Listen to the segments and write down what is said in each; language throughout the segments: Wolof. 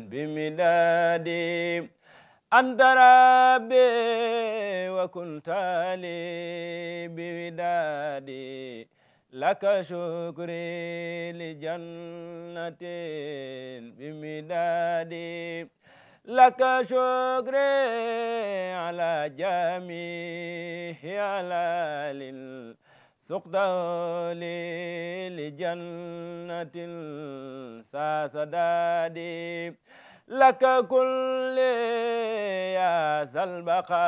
بمدادي أنت ربي وكنت لي بودادي لك شكري لجنة بمدادي لك شكري على جميع علال سقدا لي لجنة ساسدادي لك كل يا سلبقا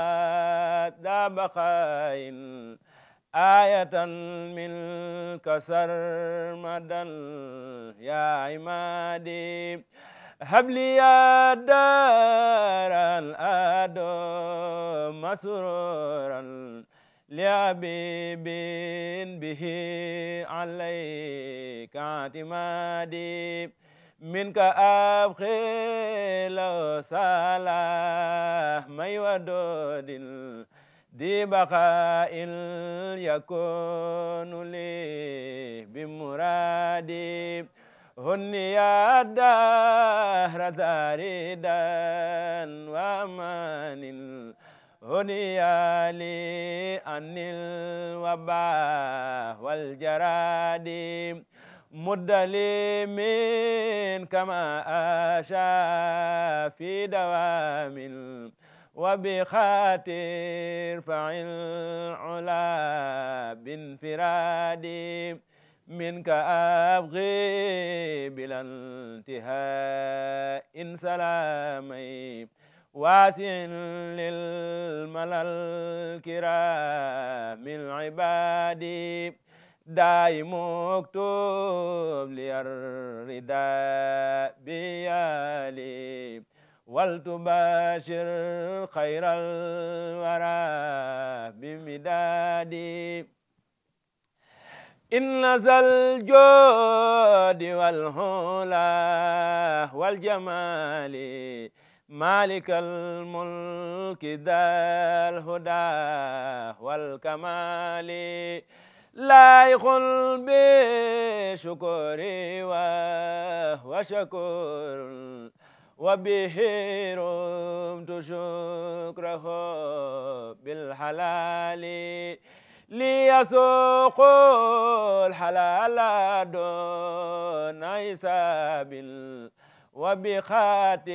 دابقاين آية منك سرمدا يا عمادي هب لي يا دار الأدو مسرورا لحبيب به عليك اعتمادي منك أبخي لو صلاح ما يودد ذي بقاء يكون لي بمرادي هني الدهر تاردا وأمان هني لي أن الوباء والجراد مد لي من كما أشاء في دوام وبخاتر فعل علا بانفراد منك أبغي بلا انتهاء سلامي واسع للملل كرام العباد دائم مكتوب للرداء بيالي ولتباشر خير الورى بمدادي إن ذا الجود والهلا والجمال مالك الملك ذا الهدى والكمال لائق بشكر وشكر وبه رمت شكره بالحلال ليسوق الحلال دون حساب وبخات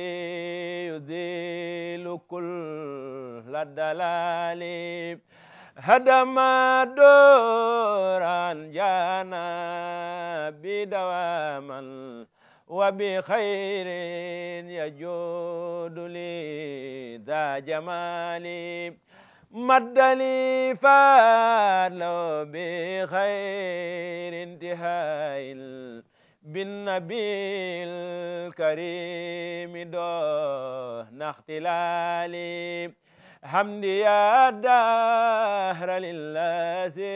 يذيل كل الدلال هدم دورا جانا بدواما وبخير يجود لي ذا جمال مد لي فادله بخير انتهاء بالنبي الكريم دون اختلالي حمد يا دهر للذي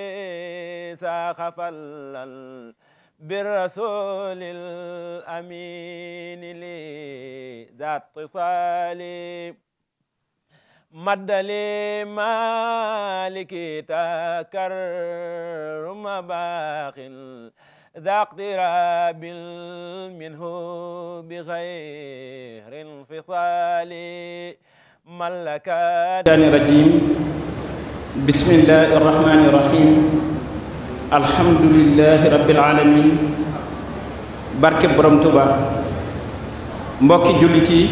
ساق فلل بالرسول الأمين لي ذا اتصالي مد لي مالك تكرم باخ ذا اقتراب منه بغير انفصال ملك الرجيم بسم الله الرحمن الرحيم الحمد لله رب العالمين barke borom Tuuba mbokki jullit yi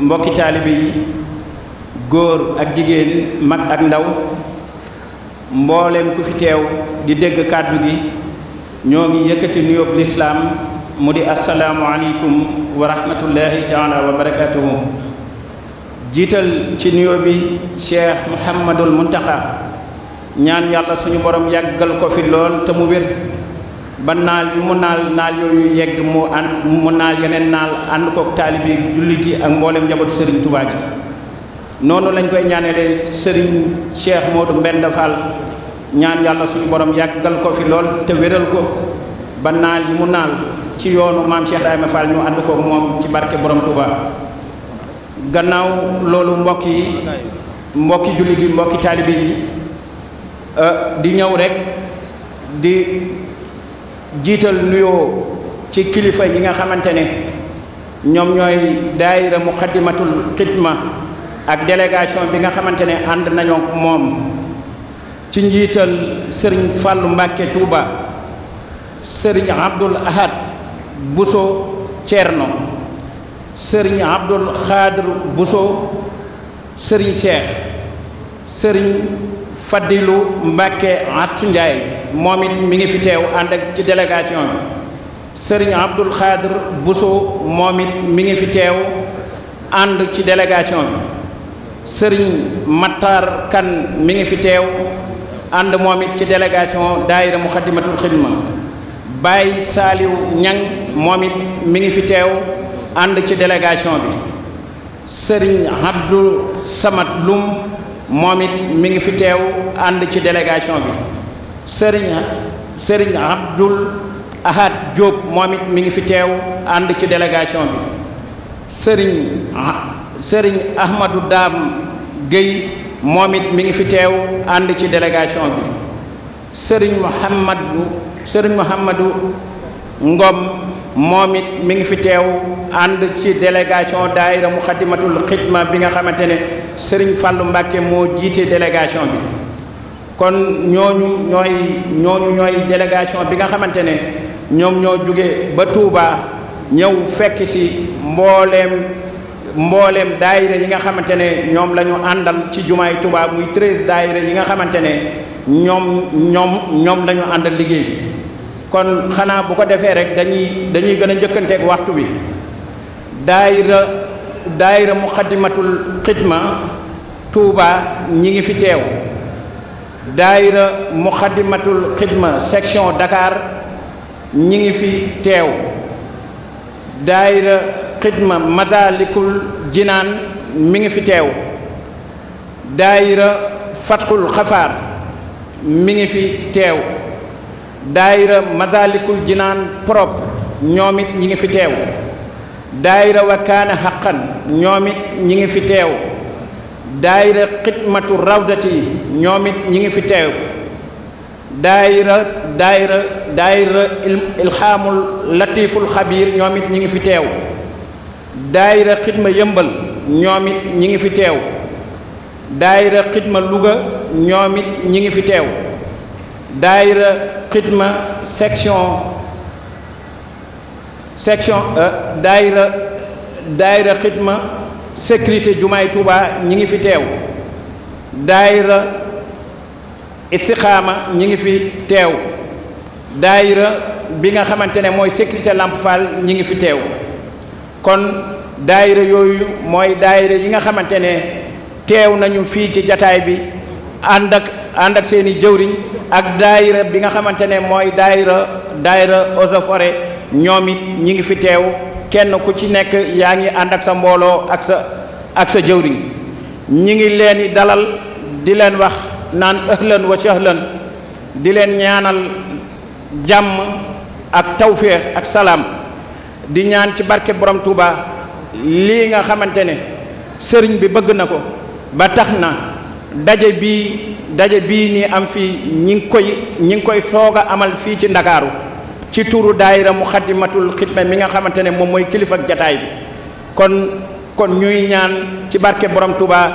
mbokki taalibe yi góor ak jigéen mag ak ndaw mbooleem ku fi teew di dégg kàddu gi ñoo ngi yëkkati nuyób lislaam mu di asalaamu aleykum wa rahmatullahi taala wa barakatuhu jiital ci nuyó bi muhammadul muntaka ñaan yàlla suñu borom yàggal ko fi lool te mu wér ba naal yu mu naal naal yooyu yegg mu ànd mu naal yeneen naal ànd kook taalibi jullit ak mboolem njabootu sëriñ Tuubaa gi noonu lañ koy ñaanele sëriñ cheikh Modou Mbenda Fall ñaan yàlla suñu borom yàggal ko fi lool te wéral ko ba naal yi mu naal ci yoonu maam Cheikh Ibrahima Fall ñu ànd ko moom ci barke borom Touba gannaaw loolu mbokk yi mbokki jullit yi mbokki taalibe yi euh, di ñëw rek di jiital nuyoo ci kilifa yi nga xamante ne ñoom ñooy daayira muqaddimatul xidma ak délégation bi nga xamante ne ànd nañoo moom ci njiital sëriñ Fàllu Mbàkke Touba sëriñ Abdul Ahad Buso Cerno sëriñ Abdul Xaadir Buso sëriñ Cheikh sëriñ Fadilu Mbàkke Atu Njaay mi ngi fi teew ànd ci délégation bi sëriñ Abdul Xaadir Buso moom mi ngi fi teew ànd ci délégation bi sëriñ Matar Kan mi ngi fi teew ànd moom ci délégation daayira Muxaddamatul Xidma Baye Saliou Ñang moom it mi ngi fi teew ànd ci délégation bi Sëriñ Abdou Samad Lum moom mi ngi fi teew ànd ci délégation bi Sëriñ Sëriñ Abdul Ahad Diop moom mi ngi fi teew ànd ci délégation bi moom it mi ngi fi teew ànd ci délégation bi sëriñ Mouhamadou sëriñ Mouhamadou ngoom moom it mi ngi fi teew ànd ci délégation daayira Muxaddamatul Xidma bi nga xamante ne sëriñ Fàllu Mbàkke moo jiite délégation bi kon ñooñu ñooy ñooñu ñooy délégation bi nga xamante ne ñoom ñoo jóge ba Tuubaa ñëw fekk ci mbooleem mbooleem daayira yi nga xamante ne ñoom la àndal ci jumaay Tuubaa muy treize daayira yi nga xamante ne ñoom ñoom ñoom la ñu àndal liggéey bi kon xanaa bu ko defee rek dañuy dañuy gën a njëkkanteeg waxtu bi daayira daayira muqaddimatul xidma Tuubaa ñi ngi fi teew daayira muqaddimatul xidma section Dakar ñi ngi fi teew xidma masalikul jinaan mi ngi fi teew daayira fatxul xafaar mi ngi fi teew daayira masalikul jinaan prop ñoom ñi ngi fi teew daayira wakaana xaqan ñoom it ñi ngi fi teew daayira xidmatu rawdati ñoom ñi ngi fi teew daayira daayira daayira ilhaamul latiful xabiir ñoom ñi ngi fi teew daay xidma yëmbal ñoom it ñi ngi fi teew daay xidma Louga ñoom it ñi ngi fi teew daayira xidma section section euh, daayira daayira xidma sécurité jumaay Touba ñi ngi fi teew daayira istixaama ñi ngi fi teew daayira bi nga xamante ne mooy sécurité Lamp Fall ñi ngi fi teew kon daayira yooyu mooy daayira yi nga xamante ne teew nañu fii ci jataay bi ànd ak ànd ak seen jëwriñ ak daayira bi nga xamante ne mooy daayira daayira eaux et ñoom it ñi ngi fi teew kenn ku ci nekk yaa ngi ànd ak sa mbooloo ak sa ak sa jëwriñ ñi ngi leen di dalal di leen wax naan ahlan wa sahlan di leen ñaanal jàmm ak tawféex ak salaam di ñaan ci barke borom Touba lii nga xamante ne sëriñ bi bëgg na ko ba tax na daje bii daje bii nii am fii ñi ngi koy ñi ngi koy soog a amal fii ci ndakaaru ci turu daayira mu xaddimatul xidma mi nga xamante ne moom mooy kilifa jataay bi kon kon ñuy ñaan ci barke borom Touba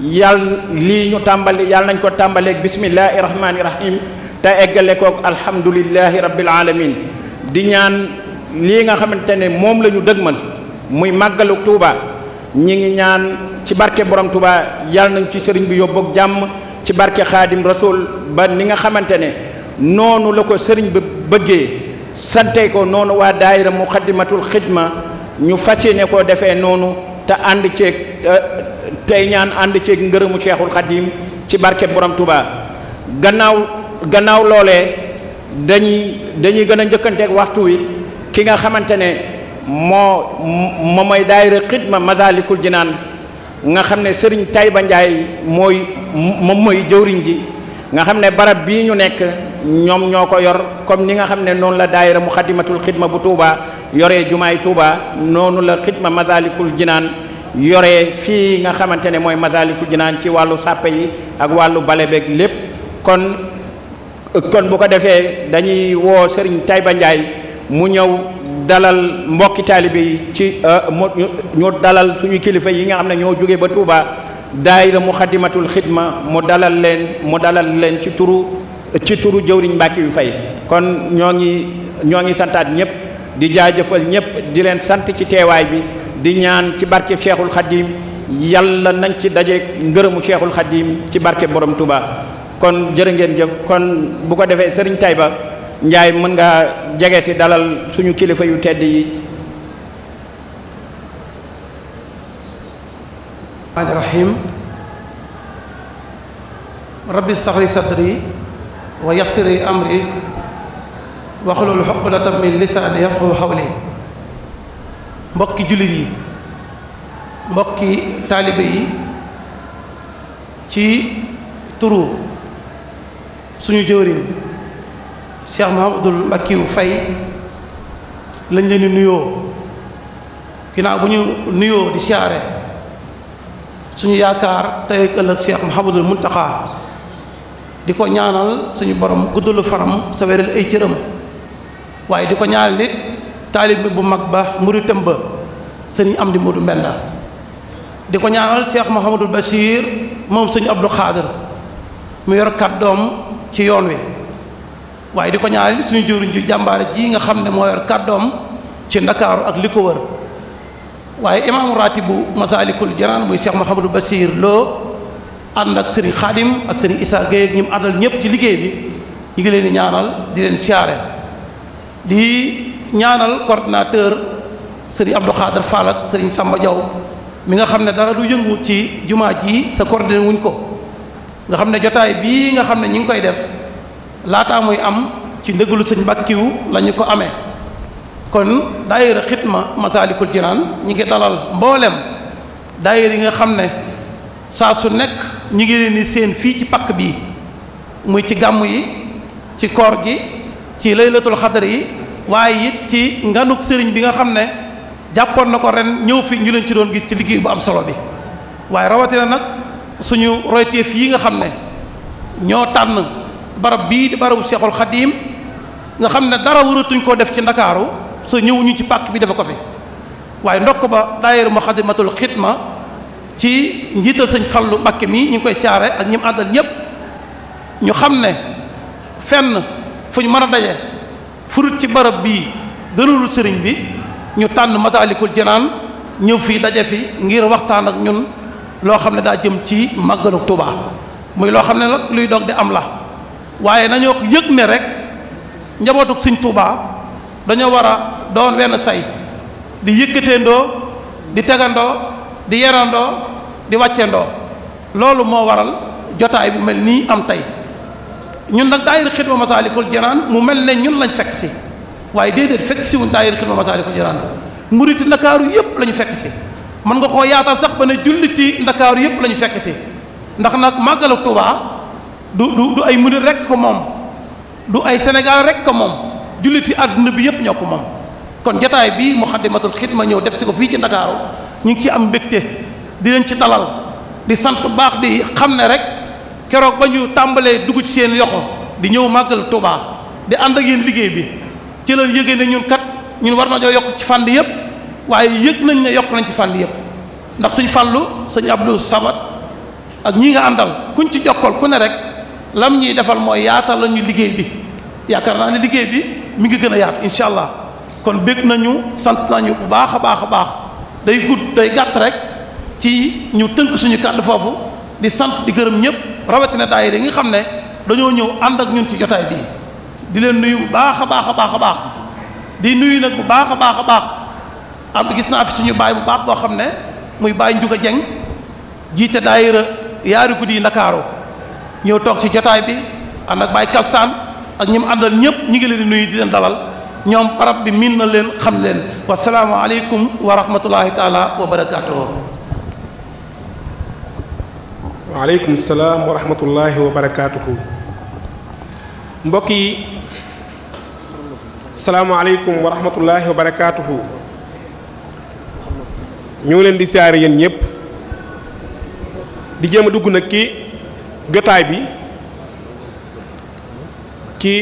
yal lii ñu tàmbali yàlla nañ ko tàmbaleek bismillahi rahmaani rahim te eggale koog alhamdulillahi rabbil di ñaan lii nga xamante ne moom lañu ñu dëgmal muy màggalu Touba ñi ngi ñaan ci barke borom Touba yàlla nañ ci sëriñ bi yóbbu jàmm ci barke xaadim rasul ba ni nga xamante ne noonu la ko sëriñ bi bëggee sante ko noonu waa mu xaddimatul xidma ñu fas yéene koo defee noonu te ànd ceeg tey ñaan ànd ceeg ngërëmu cheikhul xadim ci barke borom Touba gannaaw gannaaw loolee dañuy dañuy gën a njëkkanteeg waxtu wi ki nga xamante ne moo moo mooy daayira xidma masalikul jinaan nga xam ne sëriñ Tayba Njaay mooy moom mooy jëwriñ ji nga xam ne barab bii ñu nekk ñoom ñoo ko yor comme ni nga xam ne noonu la daayira mu xadimatul xidma bu Touba yore jumaay Touba noonu la xidma masalikul jinaan yore fii nga xamante ne mooy masalikul jinaan ci wàllu sàppe yi ak wàllu bale beeg lépp kon kon bu ko defee dañuy woo sëriñ Tayba Njaay mu ñëw dalal mbokki taalibe yi ci euh, ñu dalal suñu kilifa yi nga xam ne ñoo jóge ba Touba mu Muxaddamatul Xidma mu dalal leen mu dalal leen ci turu ci turu jëwriñ Mbàkke yu fay kon ñoo ngi ñoo ngi santaat ñëpp di jaajëfal ñëpp di leen sant ci teewaay bi di ñaan ci barke Cheikhul Khadim yàlla nañ ci daje ngërëmu Cheikhul Khadim ci barke borom Touba kon jërë jëf kon bu ko defee Serigne Tayba njaay mën ngaa jege si dalal suñu kilifa yu tedd yi rahmaani rahim rabbi saxri sadri wa yassiri amri waxlul xoqdatam min lisaani yaqu xawli mbokki jullit yi mbokki taalibe yi ci turu suñu jëwriñ Cheikh Mouhamadul Mbakiw Fay lañ leen di nuyoo ginnaaw bu ñu nuyoo di siyaare suñu yaakaar tey ak ëllëg mu Mouhamadul Muntaxa di ko ñaanal suñu borom guddalu faram sa wéral ay cëram waaye di ko ñaanal nit taalib bu mag ba muritam ba sëriñ Amdi Moodu Mbenda di ko ñaanal Cheikh Mouhamadul Bachir moom sëñ Abdou Khadir mu yor kàddoom ci yoon wi waaye di ko ñaanal suñu jëwriñ ju jàmbaare ji nga xam ne moo yor kàddoom ci ndakaaru ak li ko wër waaye imaamu ratibu masalikul jinaan muy Cheikh Mouhamadou Bassir loo ànd ak sëriñ Xaadim ak sëriñ Issa Gueye ak ñi mu àndal ñëpp ci liggéey bi ñu ngi leen di ñaanal di leen siyaare di ñaanal coordinateur sëriñ Abdou Khader Fall ak sëriñ Samba Diaw mi nga xam ne dara du yëngu ci jumaa ji sa coordonné wuñ ko nga xam ne jotaay bii nga xam ne ñi ngi koy def laataa muy am ci ndëgalu sëñ bàkkiwu la ñu ko amee kon daayira xitma masaalikul jinaan ñi ngi dalal mbooleem daayira yi nga xam ne saa su nekk ñi ngi leen di seen fii ci pakk bi muy ci gàmm yi ci koor gi ci laylatul xadar yi waaye it ci nganuk sëriñ bi nga xam ne jàppoon na ko ren ñëw fi ñu leen ci doon gis ci liggéey bu am solo bi waaye rawatina nag suñu royteef yi nga xam ne ñoo tànn barab bii di barabu Seexul Xadiim nga xam ne dara waratuñ koo def ci ndakaaru sa ñëwuñu ci pàkk bi dafa ko fi waaye ndokk ba daayira Muxaddamatul Xidma ci njiital sëñ Fallu Mbàkke mi ñu koy saare ak ñi mu ñëpp ñu xam ne fenn fu ñu mën a daje furut ci barab bii gënalul sëriñ bi ñu tànn Masaalikul Jinaan ñëw fii daje fi ngir waxtaan ak ñun loo xam ne daa jëm ci màggalu Tuubaa muy loo xam ne nag luy doog di am la waaye nañoo yëg ne rek njabootuk Sëñ Tuubaa dañoo war a doon wenn say di yëkkateendoo di tegandoo di yerandoo di wàccendoo loolu moo waral jotaay bu mel nii am tey ñun nag daayira xidma masaalikul jinaan mu mel ne ñun lañ fekk si waaye déedéet fekk si wuñ daayira xidma masaalikul jinaan muriti ndakaaru yëpp la ñu fekk si mën nga koo yaatal sax ba ne julliti ndakaaru yëpp la fekk si ndax nag màggalu Tuubaa du du du ay murit rek ko moom du ay Sénégal rek ko moom julliti àdduna bi yëpp ñoo ko moom kon jataay bii Muxaddamatul Xidma ñëw def si ko fii ci Ndakaaru ñu ngi ciy am mbégte di leen ci dalal di sant baax di xam ne rek keroog ba ñu tàmbalee dugg ci seen yoxo di ñëw màggal Tuubaa di ànd ak yéen liggéey bi ci leen yëgee ne ñun kat ñun war nañoo yokk ci fànn yëpp waaye yëg nañ ne yokk nañ ci fànn yëpp ndax suñ fàllu suñ Abdou Sabat ak ñi nga àndal kuñ ci jokkal ku ne rek. lam ñuy defal mooy yaatal la ñu liggéey bi yaakaar naa ne liggéey bi mi ngi gën a yaat incha allah kon bég nañu sant nañu bu baax a baax a baax day gudd day gàtt rek ci ñu tënk suñu kàddu foofu di sant di gërëm ñëpp rawatina daayira yi nga xam ne dañoo ñëw ànd ak ñun ci jotaay bii di leen nuyu bu baax a baax a baax a baax di nuyu nag bu baax a baax a baax am gis naa fi suñu baay bu baax boo xam ne muy baay Njuga Jeng jiite daayira yaari guddi yi Ndakaaru ñëw toog ci jotaay bi ànd ak Baye Kalsaan ak ñi àndal ñëpp ñu ngi leen di nuyu di leen dalal ñoom barab bi miin na leen xam leen wasalaamu aleykum wa rahmatullahi taala wa barakaatuhu salaam wa rahmatullahi mbokk yi salaamaaleykum wa rahmatullahi wa barakaatuhu ñu ngi leen di siyaare yéen ñëpp di jéem a dugg nag ki jotaay bi ci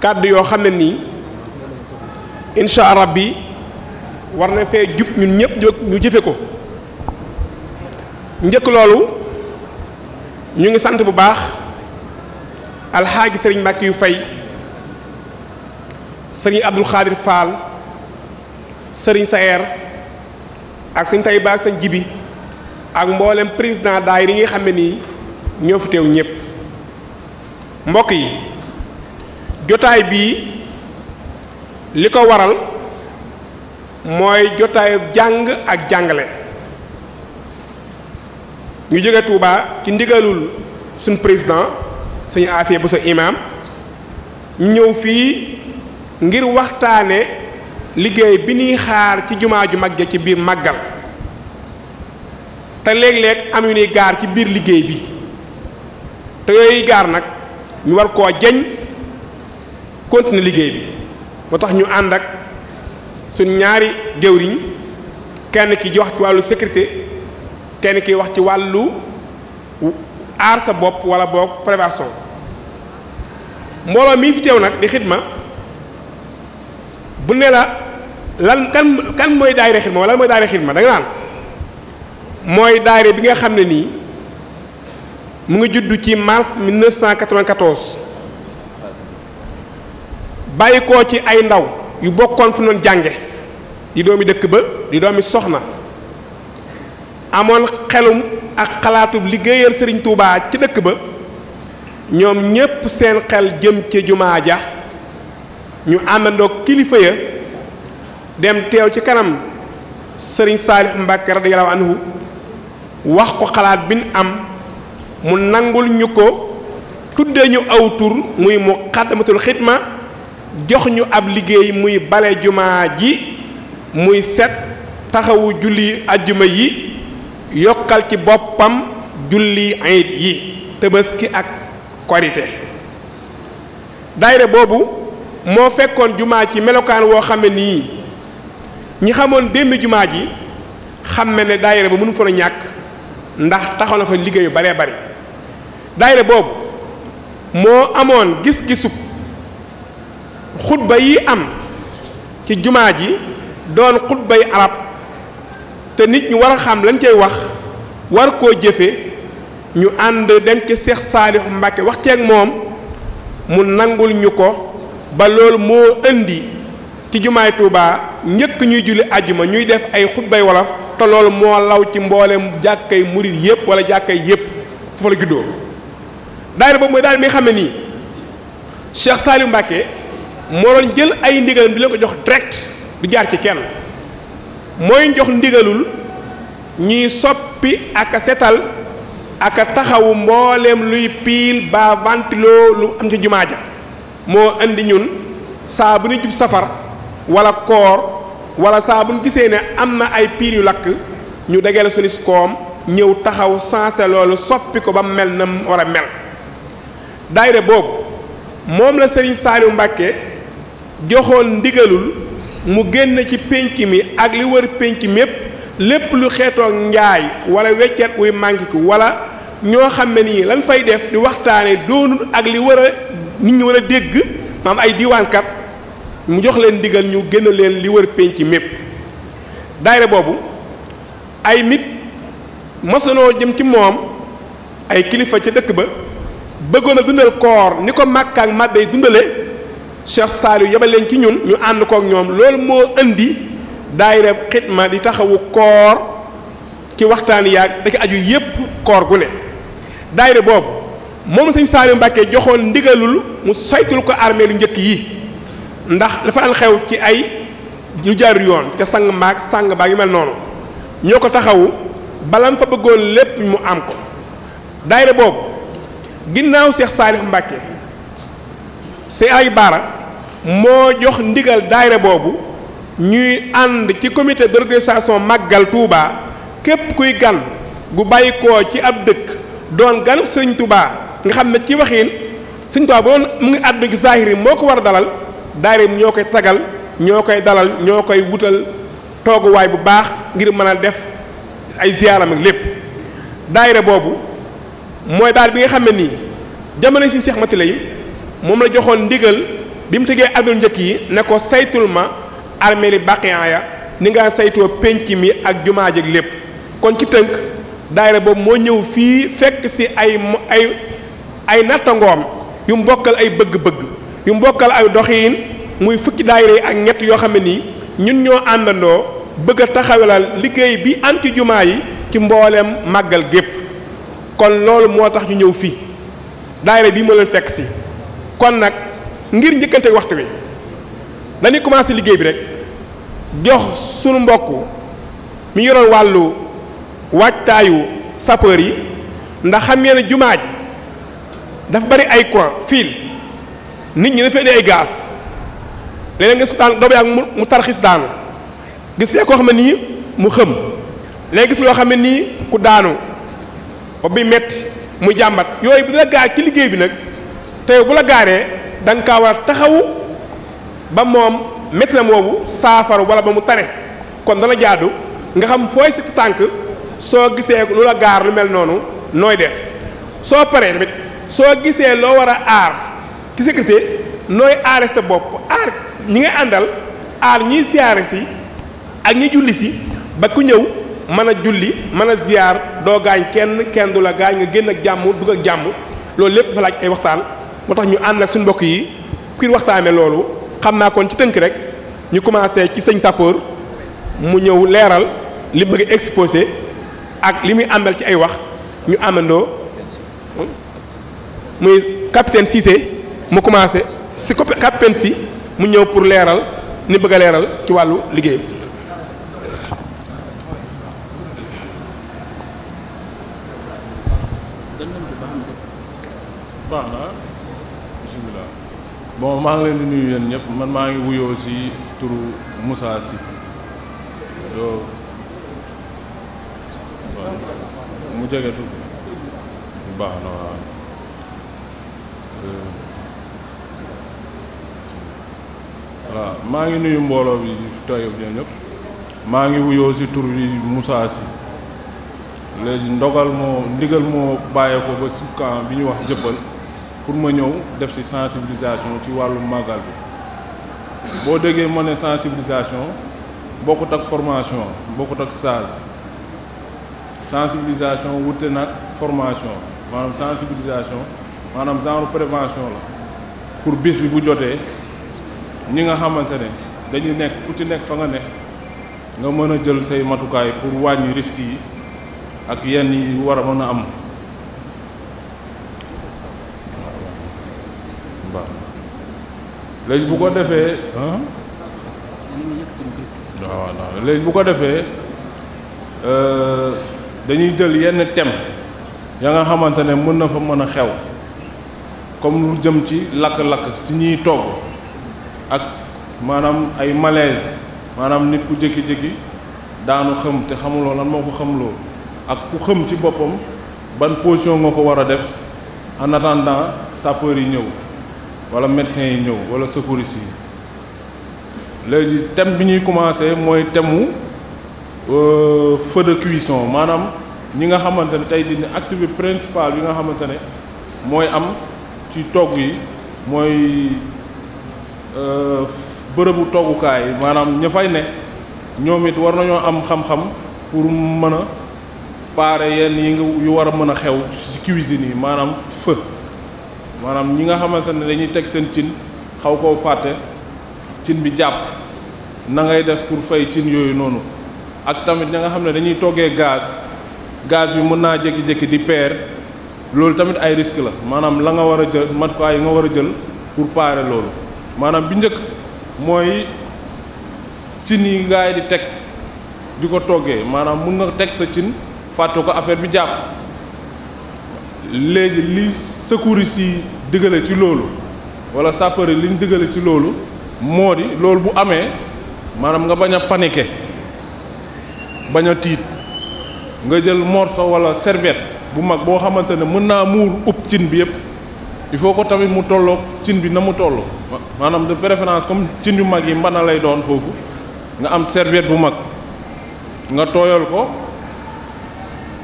kàdd yoo xam ne nii insha bi war na fee jub ñun ñëpp ñu jëfe ko njëkk loolu ñu ngi sant bu baax alxaaji sëriñ Mbàkke yu fay sëriñ Abdul Xaadir Faal sëriñ Saer ak sëñ Tayba ak sëñ Jibi ak mboolem président daay yi nga xam ne nii ñëw fi teew ñépp mbokk yi jotaay bii li ko waral mooy jotaayu jàng ak jàngale ñu jóge Touba ci ndigalul suñ président suñu affaire bu sa imam ñëw fii ngir waxtaane liggéey bi ñuy xaar ci jumaa ju mag ja ci biir màggal te léeg-léeg am yu nuy gaar ci biir liggéey bi te yooyu gaar nag ñu war koo jañ continuer liggéey bi moo tax ñu ànd ak suñ ñaari jëwriñ kenn ki di wax ci wàllu sécurité kenn ki wax ci wàllu aar sa bopp wala boog prévention mbooloo mii fi teew nag di xidma bu ne la lan kan kan mooy daayira xidma wala lan mooy daayira xidma da nga naan mooy daayira bi nga xam ne nii mu ngi juddu ci mars 1994 bàyyi koo ci ay ndaw yu bokkoon fu noon jànge di doomi dëkk ba di doomi soxna amoon xelum ak xalaatub liggéeyal sëriñ Touba ci dëkk ba ñoom ñépp seen xel jëm ci jumaa ja ñu àndandoo kilifa ya dem teew ci kanam sëriñ Saalix Mbàkke radiyallaahu wax ko xalaat bi am mu nangul ñu ko tuddee ñu aw tur muy muqaddamatul xidma jox ñu ab liggéey muy bale jumaa ji muy set taxawu julli ajjuma yi yokkal ci boppam julli ayit yi tëbaski ak korite daayira boobu moo fekkoon jumaa ci melokaan woo xam ne nii ñi xamoon démb jumaa ji xam ne ne daayira ba mënu fa ñàkk ndax taxaw na fa liggéeyu baree bari daayira boobu moo amoon gis-gisub xutba yi am ci jumaa ji doon xutbay arab te nit ñu war a xam lañ cay wax war koo jëfe ñu ànd dem ci seex saalixu mbàkke wax ceeg moom mu nangul ñu ko ba loolu moo indi ci jumaay Tuubaa njëkk ñuy julli àjjuma ñuy def ay xutbay wolof te loolu moo law ci mboole mboolem jàkkay murit yépp wala jàkkay yépp foofu la juddoo daayira boobu mooy daal mi nga xam ne nii Cheikh Saliou Mbacké moo doon jël ay ndigalam di la ko jox direct du jaar ci kenn mooy jox ndigalul ñuy soppi ak a setal ak a taxawu mboolem luy piil ba ventilo lu am ci jumaa ja moo indi ñun saa bu ñu jub safar wala koor wala saa bu gisee ne am na ay piil yu lakk ñu dagale suñu koom ñëw taxaw sensé loolu soppi ko ba mel na war a mel daayira boobu moom la Serigne Saliou Mbacke joxoon ndigalul mu génn ci pénc mi ak li wër pénc mépp lépp lu xeetoog njaay wala weccet wuy mànkiku walla ñoo xam ne nii lan fay def di waxtaane doonul ak li war a nit ñi war a dégg maam ay diwaankat mu jox leen ndigal ñu génn leen li wër pénc mépp daayira boobu ay nit masanoo jëm ci moom ay kilifa ca dëkk ba bëggoon a dundal koor ni ko Makka ak Madina dundale Cheikh Saliou yebal leen ci ñun ñu ànd kook ñoom loolu moo indi daayira xidma di taxawu koor ci waxtaan yaag da ci aju yépp koor gu ne daayira boobu moom sëñ Saliou Mbàkke joxoon ndigalul mu saytul ko armée lu njëkk yi ndax dafa daan xew ci ay lu jaarul yoon te sang maag sang baag yu mel noonu ñoo ko taxawu balam fa bëggoon lépp mu am ko daayira boobu ginnaaw Cheikh Saalih Mbacke si ay baara moo jox ndigal daayira boobu ñuy ànd ci comité d'organisation màggal Touba képp kuy gan gu bàyyi ko ci ab dëkk doon ganu sëriñ Touba nga xam ne ci waxiin sëriñ Touba boon mu ngi àddu gi zahiri moo ko war a dalal daayira ñoo koy tagal ñoo koy dalal ñoo koy wutal tooguwaay bu baax ngir mën a def ay ziyaaram lépp daayira boobu mooy baat bi nga xam ne nii jamono si Seex Mati Lay moom la joxoon ndigal bi mu tëggee abdul njëkk yi ne ko saytul ma armeeli Baqiya ya ni nga saytoo penc mi ak jumaa jëg lépp kon ci tënk daayira boobu moo ñëw fii fekk si ay ay ay nattangoom yu mbokkal ay bëgg-bëgg yu mbokkal ay doxiin muy fukki daayira yi ak ñett yoo xam ne nii ñun ñoo àndandoo bëgg a liggéey bi anti jumaa yi ci mbooleem màggal gépp kon loolu moo tax ñu ñëw fii daayira bii ma leen fekk si kon nag ngir njëkkante waxtu wi dañuy commencé liggéey bi rek jox sunu mbokk mi yoroon wàllu waajtaayu sapeur yi ndax xam ngeen ne jumaa ji dafa bari ay coin fiil nit ñi dafa indi ay gaz léeg nga gis ko daan doomu yaa mu tarxiis daanu gis fee koo xam nii mu xëm léegi gis loo xam ne nii ku daanu ba bi metti mu jàmbat yooyu bu la gaar ci liggéey bi nag tey bu la gaaree danga nga war a taxawu ba moom metti na moobu saafaru wala ba mu tane kon dana jaadu nga xam fooy si tànk soo gisee lu la gaar lu mel noonu nooy def soo paree tamit soo gisee loo war a aar ci sécurité nooy aare sa bopp aar ñi nga àndal aar ñiy siyaare si ak ñi julli si ba ku ñëw mën a julli mën a ziyaar doo gaañ kenn kenn du la gaañ nga génn ak jàmm dugg ak jàmm loolu lépp dafa laaj ay waxtaan moo tax ñu ànd ak suñ mbokk yi kuy waxtaanee loolu xam naa kon ci tënk rek ñu commencé ci sëñ Sapeur mu ñëw leeral li bëgg exposé ak li muy àmbal ci ay wax ñu amandoo muy capitaine Cissé mu commencé si capitaine si mu ñëw pour leeral ni bëgg a leeral ci wàllu liggéeyam. baax na bisimilah bon maa ngi leen nuyu yéen ñëpp man maa ngi wuyoo si turu Moussa si mu jege tuuti baax na maa ngi nuyu mbooloo bi tey yéen ñëpp maa ngi wuyoo si bi Moussa Sy léegi ndogal moo ndigal moo bàyyee ko ba si camp bi ñu wax jëppal pour ma ñëw def si sensibilisation ci wàllu màggal bi boo déggee ma ne sensibilisation bokkut ak formation bokkut ak stage sensibilisation wute nag formation maanaam sensibilisation maanaam genre prévention la pour bis bi bu jotee ñi nga xamante ne dañuy nekk ku ci nekk fa nga nekk nga mën a jël say matukaay pour wàññi risques yi ak yenn yi war a mën a am léegi bu ko defee waaw léegi bu ko defee euh, dañuy jël yenn thème ya nga xamante ne mën na fa mën a xew comme lu jëm ci lakk-lakk si ñuy togg ak maanaam ay malaise maanaam nit ku jékki-jékki daanu xëm te xamuloo lan moo ko xamloo ak ku xëm ci boppam ban position nga ko war a def en attendant sapeur yi ñëw wala médecins yi ñëw wala secouristes yi léegi thème bi ñuy commencé mooy thème mu euh, feu de cuisson maanaam ñi nga xamante ne tey dina acte bi principal bi nga xamante ne mooy am ci togg yi mooy euh, bërëbu toggukaay yi maanaam ña fay ne ñoom it war nañoo am xam-xam pour mën a paare yenn yi nga yu war a mën a xew ci cuisine yi maanaam feu maanaam ñi nga xamante ne dañuy teg seen cin xaw koo fàtte cin bi jàpp na ngay def pour fay cin yooyu noonu ak tamit ña nga xam ne dañuy toggee gaz gaz bi mën naa jékki-jékki di peer loolu tamit ay risque la maanaam la nga war a jël matukaay yi nga war a jël pour parer loolu maanaam bi njëkk mooy cin yi ngaay di teg di ko toggee maanaam mun nga teg sa cin fàtte ko affaire bi jàpp léegi li secouriste yi digale ci loolu wala sapeur yi liñ digale ci loolu moo di loolu bu amee maanaam nga bañ a paniquer bañ a tiit nga jël morceau wala serviette bu mag boo xamante ne mën naa muur ub cin bi yëpp il faut ko tamit mu tolloog cin bi na mu toll maanaam de préférence comme cin yu mag yi mbana lay doon foofu nga am serviette bu mag nga tooyal ko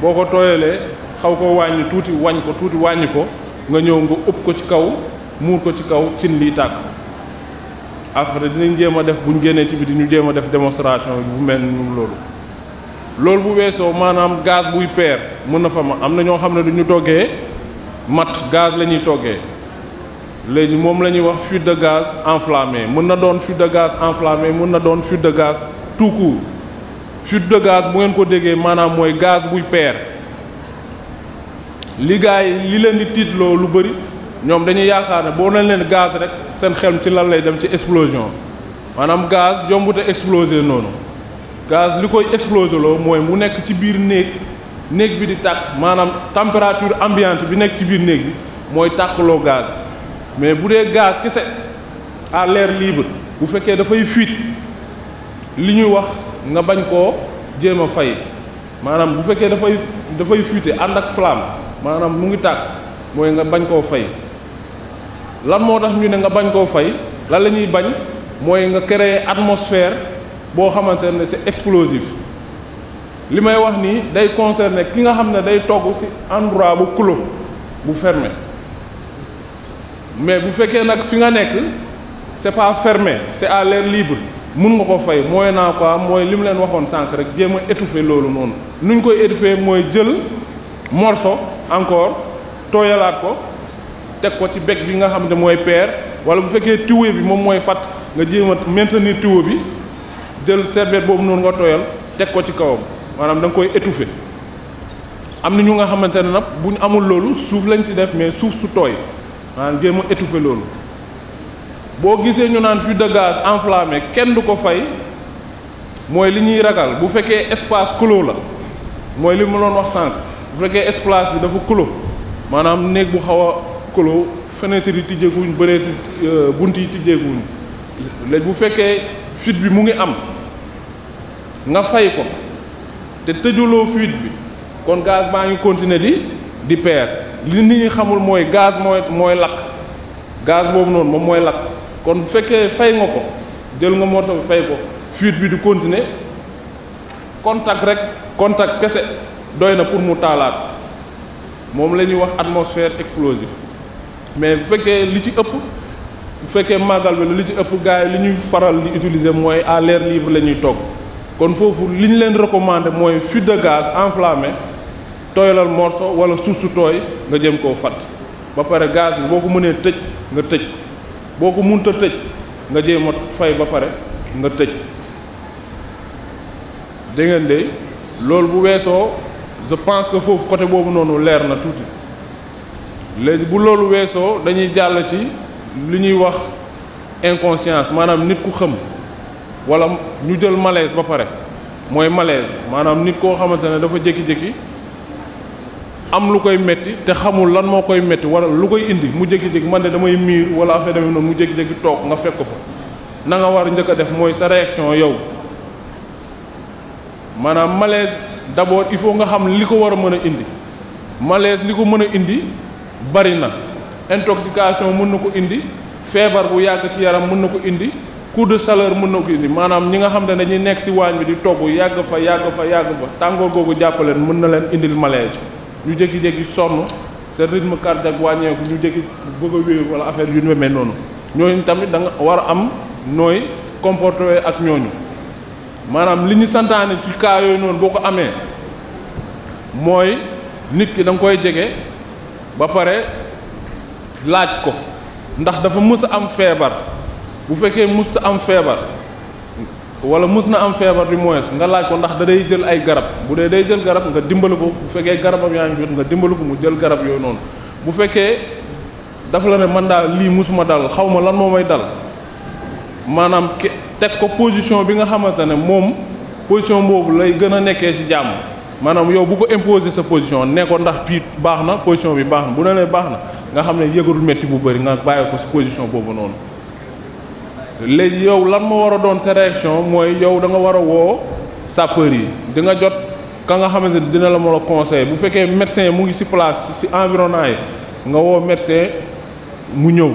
boo ko tooyalee xaw koo wàññi tuuti wañ ko tuuti wàññi ko nga ñëw nga ëpp ko ci kaw muur ko ci kaw cin liy tàkk après dinañ jéem a def buñ génnee ci biti ñu jéem a def démonstration bu mel ni loolu loolu bu weesoo maanaam gaz buy peer mën na fa ma am na ñoo xam ne du ñu toggee mat gaz la ñuy toggee léegi moom la ñuy wax fuite de gaz enflammé mën na doon fuite de gaz enflammé mën na doon fuite de gaz tout court fuite de gaz bu ngeen ko déggee maanaam mooy gaz buy peer li gars yi li leen di tiitloo lu bëri ñoom dañuy yaakaar ne boo nañ leen gaz rek seen xel ci lan lay dem ci explosion maanaam gaz yombut a explosé noonu gaz li koy explosé loo mooy mu nekk ci biir néeg néeg bi di tàkk maanaam température ambiante bi nekk ci biir néeg bi mooy tàkkloo gaz mais bu dee gaz kese à l'air libre bu fekkee dafay fiite li ñuy wax nga bañ koo jéem a fay maanaam bu fekkee dafay dafay fuite ànd ak flam maanaam mu ngi tàkk mooy nga bañ koo fay lan moo tax ñu ne nga bañ koo fay lan la ñuy bañ mooy nga créer atmosphère boo xamante ne c'est explosif li may wax nii day concerner ki nga xam ne day togg ci endroit bu clos bu ferme mais bu fekkee nag fi nga nekk c'est pas fermé c'est à l'air libre mun nga ko fay mooy naa quoi mooy li mu leen waxoon sànq rek jéem a étouffer loolu noonu nuñ koy étouffer mooy jël morceau encore tooyalaat ko teg ko ci beg bi nga xam ne mooy peer wala bu fekkee tuyau bi moom mooy fat nga jéem a maintenir tuyau bi jël serviette boobu noonu nga tooyal teg ko ci kawam maanaam danga koy étouffer am na ñu nga xamante ne nag bu ñu amul loolu suuf lañ si def mais suuf su tooy maanaam jéem a étouffer loolu boo gisee ñu naan fût de gaz enflammé kenn du ko fay mooy li ñuy ragal bu fekkee espace clos la mooy li ma doon wax sànq bu fekkee espace bi dafa clos maanaam néeg bu xaw a clos fenêtre yi tijjeekuñ bëreeti euh, bunt yi tijjeekuñ léegi bu fekkee fuite bi mu ngi am nga fay ko te tëjuloo fuite bi kon gaz baa ngi continuer di di peer li nit ñi xamul mooy gaz mooy mooy lakk gaz boobu noonu moom mooy lakk kon bu fekkee fay nga ko jël nga morceau bi fay ko fuite bi di continuer contact rek contact kese doy na pour mu taalaat moom la ñuy wax atmosphère explosive mais bu fekkee li ci ëpp bu fekkee màggal bi li ci ëpp gars yi li ñuy faral di utiliser mooy à l'air libre la ñuy togg kon foofu li ñu leen recommander mooy fût de gaz enflammé tooyalal morceau wala suuf su tooy nga jëm koo fatt ba pare gaz bi boo ko mënee tëj nga tëj boo ko munta tëj nga jéem a fay ba pare nga tëj dégg ngeen de loolu bu weesoo. je pense que foofu côté boobu noonu leer na tuuti léegi bu loolu weesoo dañuy jàll ci li ñuy wax inconscience maanaam nit ku xëm wala ñu jël malaise ba pare mooy malaise maanaam nit koo xamante ne dafa jékki-jékki am lu koy metti te xamul lan moo koy metti wala lu koy indi mu jékki-jékki man de damay miir wala affaire demee noonu mu jékki-jékki toog nga fekk fa na nga war njëkk a def mooy sa réaction yow maanaam malaise. d'abord il faut nga xam li ko war a mën a indi malaise li ko mën a indi bari na intoxication mën na ko indi feebar bu yàgg ci yaram mën na ko indi coup de chaleur mën na ko indi maanaam ñi nga xam ne dañuy nekk ci waañ bi di togg yàgg fa yàgg fa yàgg fa tàngoor googu jàppaleen mën na leen indil malaise ñu jékki-jékki sonn sa rythme cardiaque wàññeeku ñu jékki bëgg a wéeru walla affaire yu ñu mel noonu ñooñu tamit da nga war a am nooy comporté ak ñooñu maanaam li ñu santaane ci cas yooyu noonu boo ko amee mooy nit ki danga koy jege ba pare laaj ko ndax dafa mës am feebar bu fekkee mësta am feebar wala mës na am feebar du moins nga laaj ko ndax da day jël ay garab bu dee dee jël garab nga dimbali ko bu fekkee garabam yaa ngi nga dimbali ko mu jël garab yooyu noonu bu fekkee dafa la ne man daal lii mësuma dal xaw ma lan moo may dal maanaam teg ko position bi nga xamante ne moom position boobu lay gën a nekkee si jàmm maanaam yow bu ko imposer sa position ne ndax piit baax na position bi baax na bu ne lee baax na nga xam ne yëgalul métti bu bëri nga bàyyi ko ci position boobu noonu. léegi yow lan ma war a doon sa réaction mooy yow da nga war a woo sapeur yi di nga jot ka nga xamante ne dina la mën a conseiller bu fekkee médecin mu ngi si place si environnement yi nga woo médecin mu ñëw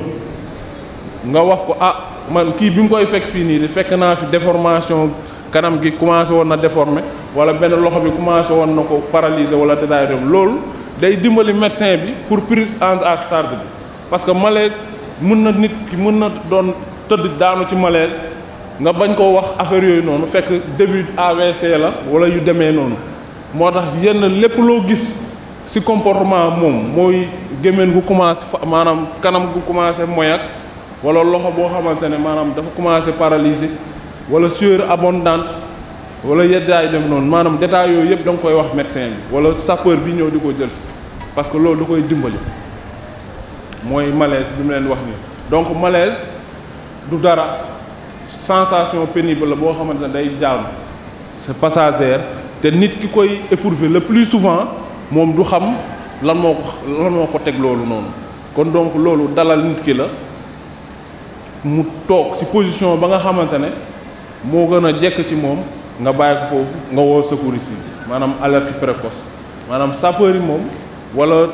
man kii bi mu koy fekk fii nii di fekk naa fi déformation kanam gi commencé woon na déformé wala benn loxo bi commencé woon na ko paralysé wala détaillé dem loolu day dimbali médecin bi pour prise en charge bi parce que malaise mun na nit ki mën na doon tëdd daanu ci malaise nga bañ koo wax affaire yooyu noonu fekk début AVC la wala yu demee noonu moo tax yenn lépp loo gis ci comportement moom mooy gémmeen gu commencé fa maanaam kanam gu commencé moy wala loxo boo xamante ne maanaam dafa commencé paralysé wala sueur abondante wala yeddaay dem noonu maanaam détail yooyu yëpp da nga koy wax médecin bi wala sapeur bi ñëw di ko jël si parce que loolu da koy dimbali mooy malaise bi mu leen wax nii donc malaise du dara sensation pénible la boo xamante ne day jàll c'est passagère te nit ki koy éprouver le plus souvent moom du xam lan moo ko lan moo ko teg loolu noonu kon donc loolu dalal nit ki la mu toog ci position ba nga xamante ne moo gën a jekk ci moom nga bàyyi ko foofu nga woo secouriste yi maanaam alerte précoce maanaam sapeur yi moom wala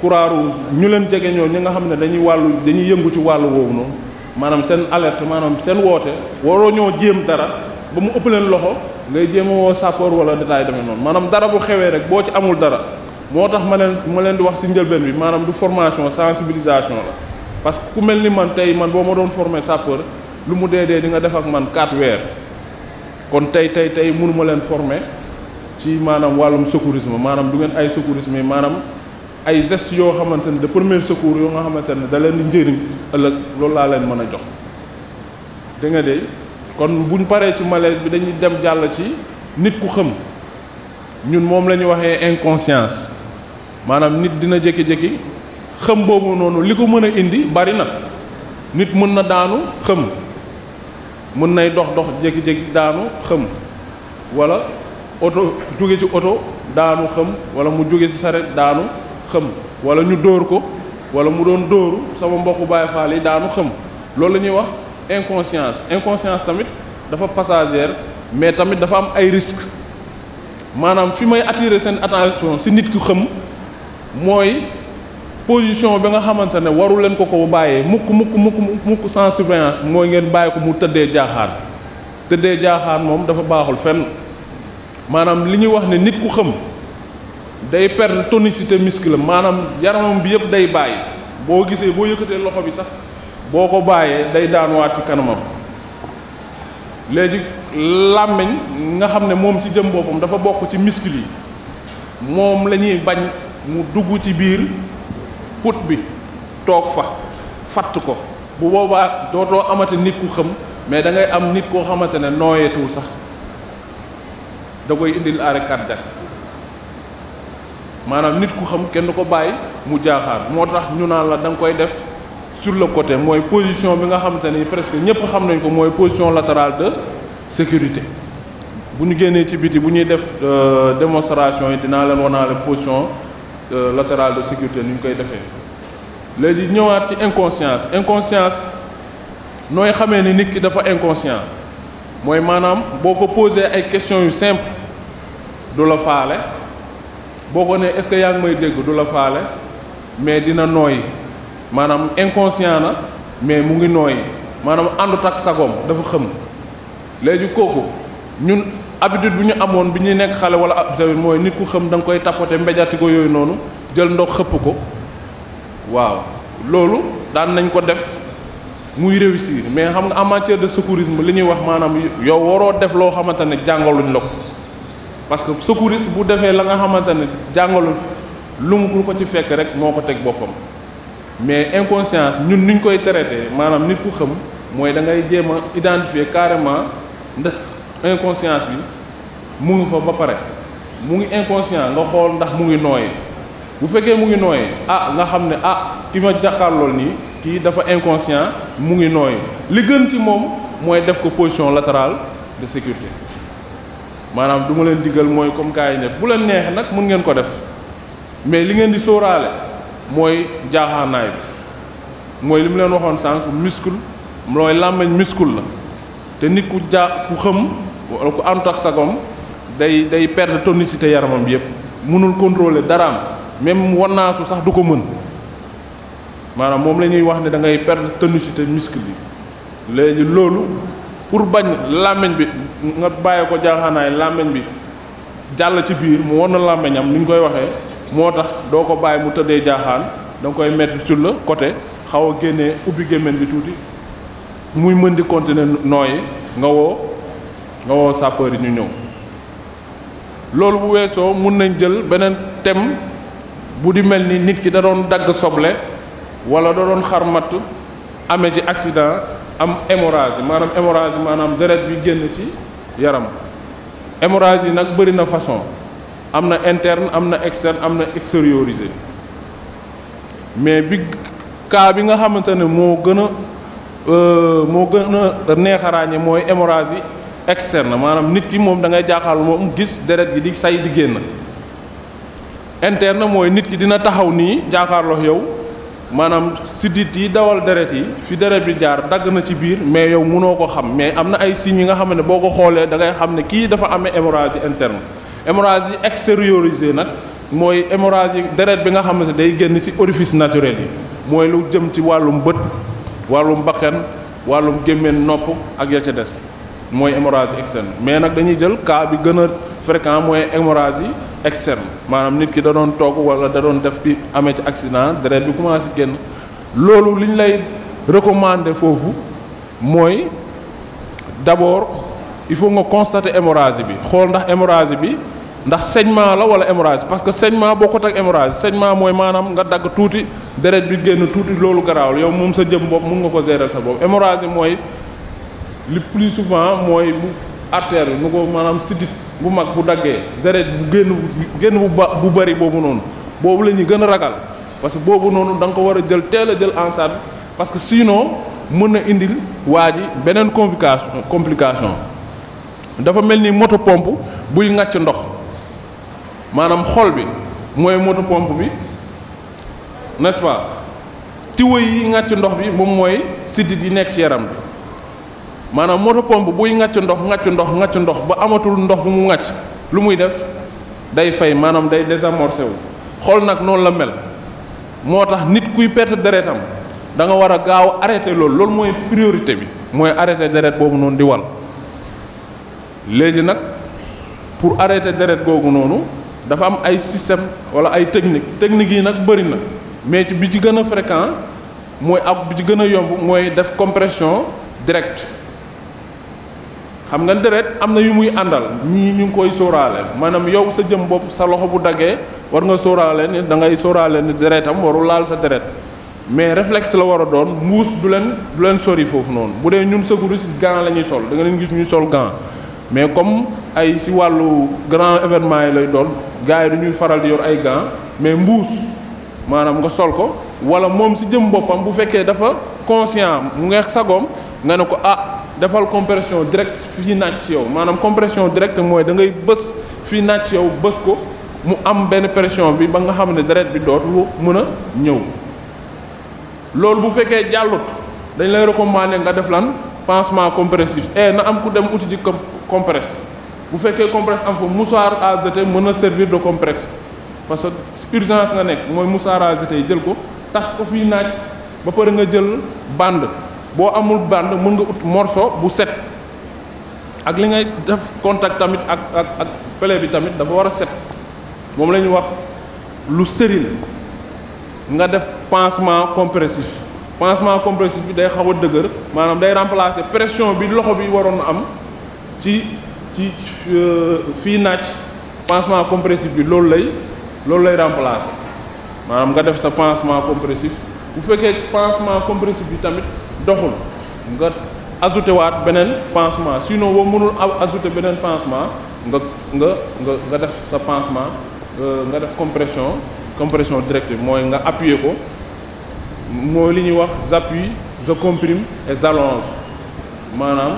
kuraaru euh, ñu leen jege ñoo ñi nga xam ne dañuy wàllu dañuy yëngu ci wàllu woowu noonu maanaam seen alerte maanaam seen woote waroo ñoo jéem dara ba mu ëpp leen loxo ngay jéem a woo sapeur wala détail demee noonu maanaam dara bu xewee rek boo ci amul dara moo tax ma leen ma leen di wax ci njëlbeen bi maanaam du formation sensibilisation parce que ku mel ni man tey man boo ma doon former sapeur lu mu dee dee di nga def ak man 4 weer kon tey tey tey mënuma leen former ci maanaam wàllum secourisme maanaam du ngeen ay secourisme yi maanaam ay gestes yoo xamante ne de premier secours yoo nga xamante ne da leen di njëriñ ëllëg loolu laa leen mën a jox danga nga de kon buñ paree ci malaise bi dañuy dem jàll ci nit ku xëm ñun moom la ñu waxee inconscience maanaam nit dina jékki-jékki xëm boobu noonu li ko mën a indi bari na nit mën na daanu xëm mën nay dox dox jékki-jékki daanu xëm wala oto jóge ci oto daanu xëm wala mu jóge ci saret daanu xëm wala ñu dóor ko wala mu doon dóoru sama mbokku Baay Faal yi daanu xëm loolu la ñuy wax inconscience inconscience tamit dafa passager mais tamit dafa am ay risque maanaam fi may attire seen attention ci nit ku xëm mooy position bi nga xamante ne waru leen ko ko bàyyee mukk mukk mukk mukk sans surveillance mooy ngeen bàyyi ko mu tëddee jaaxaan tëddee jaaxaan moom dafa baaxul fenn maanaam li ñuy wax ne nit ku xam day perdre tonicité la maanaam yaramam bi yëpp day bàyyi boo gisee boo yëkkatee loxo bi sax boo ko bàyyee day waat ci kanamam léegi làmmiñ nga xam ne moom ci jëm boppam dafa bokk ci muscle yi moom lañuy bañ mu dugg ci biir put bi toog fa fatt ko bu boobaa dootoo amati nit ku xam mais da am nit koo xamante ne nooyeetul sax da koy indil arrêt cardiaque maanaam nit ku xam kenn du ko bàyyi mu jaaxaar moo tax ñu naan la danga koy def sur le côté mooy position bi nga xamante ni presque ñëpp xam nañ ko mooy position latérale de sécurité bu ñu génnee ci biti bu ñuy def euh, démonstration yi dinaa leen wanaale position Euh, latérale de sécurité ni ñu koy defee léegi ñëwaat ci inconscience inconscience nooy xamee ni nit ki dafa inconscient mooy maanaam boo ko posé ay questions yu simple du la faale boo ko nee est-ce que yaa ngi may dégg du la faale mais dina nooy maanaam inconscient na mais mu ngi nooy maanaam àndut ak sagoom dafa xëm léegi kooku ñun habitude bi ñu amoon bi ñuy nekk xale wala habitude mooy nit ku xam danga koy koy tapoter ko yooyu noonu jël ndox xëpp ko waaw loolu daan nañ ko def muy réussir mais xam nga en matière de secourisme li ñuy wax maanaam yow waroo def loo xamante ne jàngaluñ la ko parce que secouriste bu defee la nga xamante ne jàngaluñ lu mu ko ci fekk rek moo ko teg boppam mais inconscience ñun niñ koy traité maanaam nit ku xam mooy da ngay jéem a identifier carrément ndax inconscience bi mu ngi fa ba pare mu ngi inconscient nga xool ndax mu ngi nooy bu fekkee mu ngi nooy ah nga xam ne ah ki ma jàkkaarlool nii kii dafa inconscient mu ngi nooy li gën ci moom mooy def ko position latérale de sécurité maanaam du ma leen diggal mooy comme gars yi ne bu leen neex nag mun ngeen ko def mais li ngeen di sooraale mooy jaaxaanaay bi mooy li mu leen waxoon sànq muscle mooy làmmiñ muscle la te nit ku jaa ku xëm wala ku àndut ak sagoom day day perdre tonicité yaramam bi yëpp mënul contrôler daraam même wannaasu sax du ko mën maanaam moom la ñuy wax ne da ngay perdre tonicité muscle bi léegi loolu pour bañ làmmiñ bi nga bàyyi ko jaaxaanaay làmmiñ bi jàll ci biir mu won na làmmiñam ni ñu koy waxee moo tax doo ko bàyyi mu tëddee jaaxaan danga koy mettre sur le côté xaw a génnee ubbi gémmiñ bi tuuti muy mën di continuer nooyi nga woo nga woo sapeur yi ñu ñëw loolu bu weesoo mun nañ jël beneen thème bu di mel ni nit ki da doon dagg soble wala da doon xar matt amee ci accident am hémorragie maanaam hémorragie maanaam deret bi génn ci yaram hémorragie yi nag bëri na façon am na interne am na externe am na extériorisé mais bi cas bi nga xamante ne moo gën a euh, moo gën a neex a mooy hémorragie yi externe maanaam nit ki moom dangay ngay jaaxal moom gis deret gi di say di génn interne mooy nit ki dina taxaw nii jàkkaarloo yow maanaam sidit yi dawal deret yi fi deret bi jaar dagg na ci biir mais yow mënoo ko xam mais am na ay signes yi nga xam ne boo ko xoolee da ngay xam ne kii dafa amee hémorragie interne yi extériorisée nag mooy hémorragie deret bi nga xam ne day génn ci orifice naturel yi mooy lu jëm ci wàllum bët wàllum bakkan wàllum gémmiñ nopp ak ya ca des mooy hémorragie externe mais nag dañuy jël cas bi gën a fréquent mooy hémorragie yi externe maanaam nit ki da doon togg wala da doon def bi amee ci accident deret bi commencé génn loolu li ñu lay recommander foofu mooy d'abord il faut nga constater hémorragie bi xool ndax hémorragie bi ndax saignement la wala hémorragie parce que saignement bokkut ak hémorragie saignement mooy maanaam nga dagg tuuti deret bi génn tuuti loolu garaaw yow moom sa jëm bopp mun nga ko gérer sa bopp hémorragie mooy. li plus souvent mooy bu bi nu ko maanaam sidit bu mag bu daggee deret bu génn génn bu ba bu bëri boobu noonu boobu la ñuy gën a ragal parce que boobu noonu da nga ko war a jël teel a jël en charge parce que sinon mën na indil waa ji beneen complication complication dafa mel ni moto pompe buy ŋàcc ndox maanaam xol bi mooy moto pompe bi n'est-ce pas yi ŋàcc ndox bi moom mooy sidit yi nekk ci yaram bi maanaam moto pompe buy ŋàcc ndox ŋàcc ndox ŋàcc ndox ba amatul ndox bu mu ngàcc lu muy def day fay maanaam day désamorcé wu xool nag noonu la mel moo tax nit kuy perte deretam da nga war a gaaw arrêté loolu loolu mooy priorité bi mooy arrêté deret boobu noonu di wal léegi nag pour arrêté deret googu noonu dafa am ay système wala ay technique techniques yi nag bëri na mais ci bi ci gën a fréquent mooy ab bi ci gën a yomb mooy def compression directe xam nga deret am na yu muy àndal ñii ñu ngi koy sóoraale maanaam yow sa jëm bopp sa loxo bu daggee war nga sóoraale ne da ngay sóoraale ni deretam waru laal sa deret mais réflexe la war a doon mbuus du leen du leen sori foofu noonu bu dee ñun secouriste gant la ñuy sol danga leen gis ñuy sol gant mais comme ay si wàllu grand événement yi lay doon gars yi dañuy faral di yor ay gants mais mbuus maanaam nga sol ko wala moom si jëm boppam bu fekkee dafa conscient mu ngeex sagoom nga ne ko ah defal compression direct fii naaj si yow maanaam compression direct mooy dangay bës fii naaj si yow bës ko mu am benn pression bi ba nga xam ne deret bi dootul mën a ñëw loolu bu fekkee jàllut dañ lay recommander nga def lan pansement compressif e na am ku dem uti ji compresse bu fekkee compresse am fa mouchoir à mën a servir de compresse parce que urgence nga nekk mooy mouchoir à yi jël ko tax ko fii naaj ba pare nga jël bande boo amul bande mën nga ut morso bu set ak li ngay def contact tamit ak ak ak pele bi tamit dafa war a set moom la ñuy wax lu sëriñ nga def pansement compressif pansement compressif bi day xaw a dëgër maanaam day remplacer pression bi loxo bi waroon am ci ci euh, fii naaj pansement compressif bi loolu lay loolu lay remplacer maanaam nga def sa pansement compressif bu fekkee pansement compressif bi tamit doxul nga ajouté waat beneen pansement sinon boo mënul ajouté beneen pansement nga nga nga nga def sa pansement euh, nga def compression compression directive mooy nga appuyer ko mooy li ñuy wax j'appuie sa comprime et j'allonge maanaam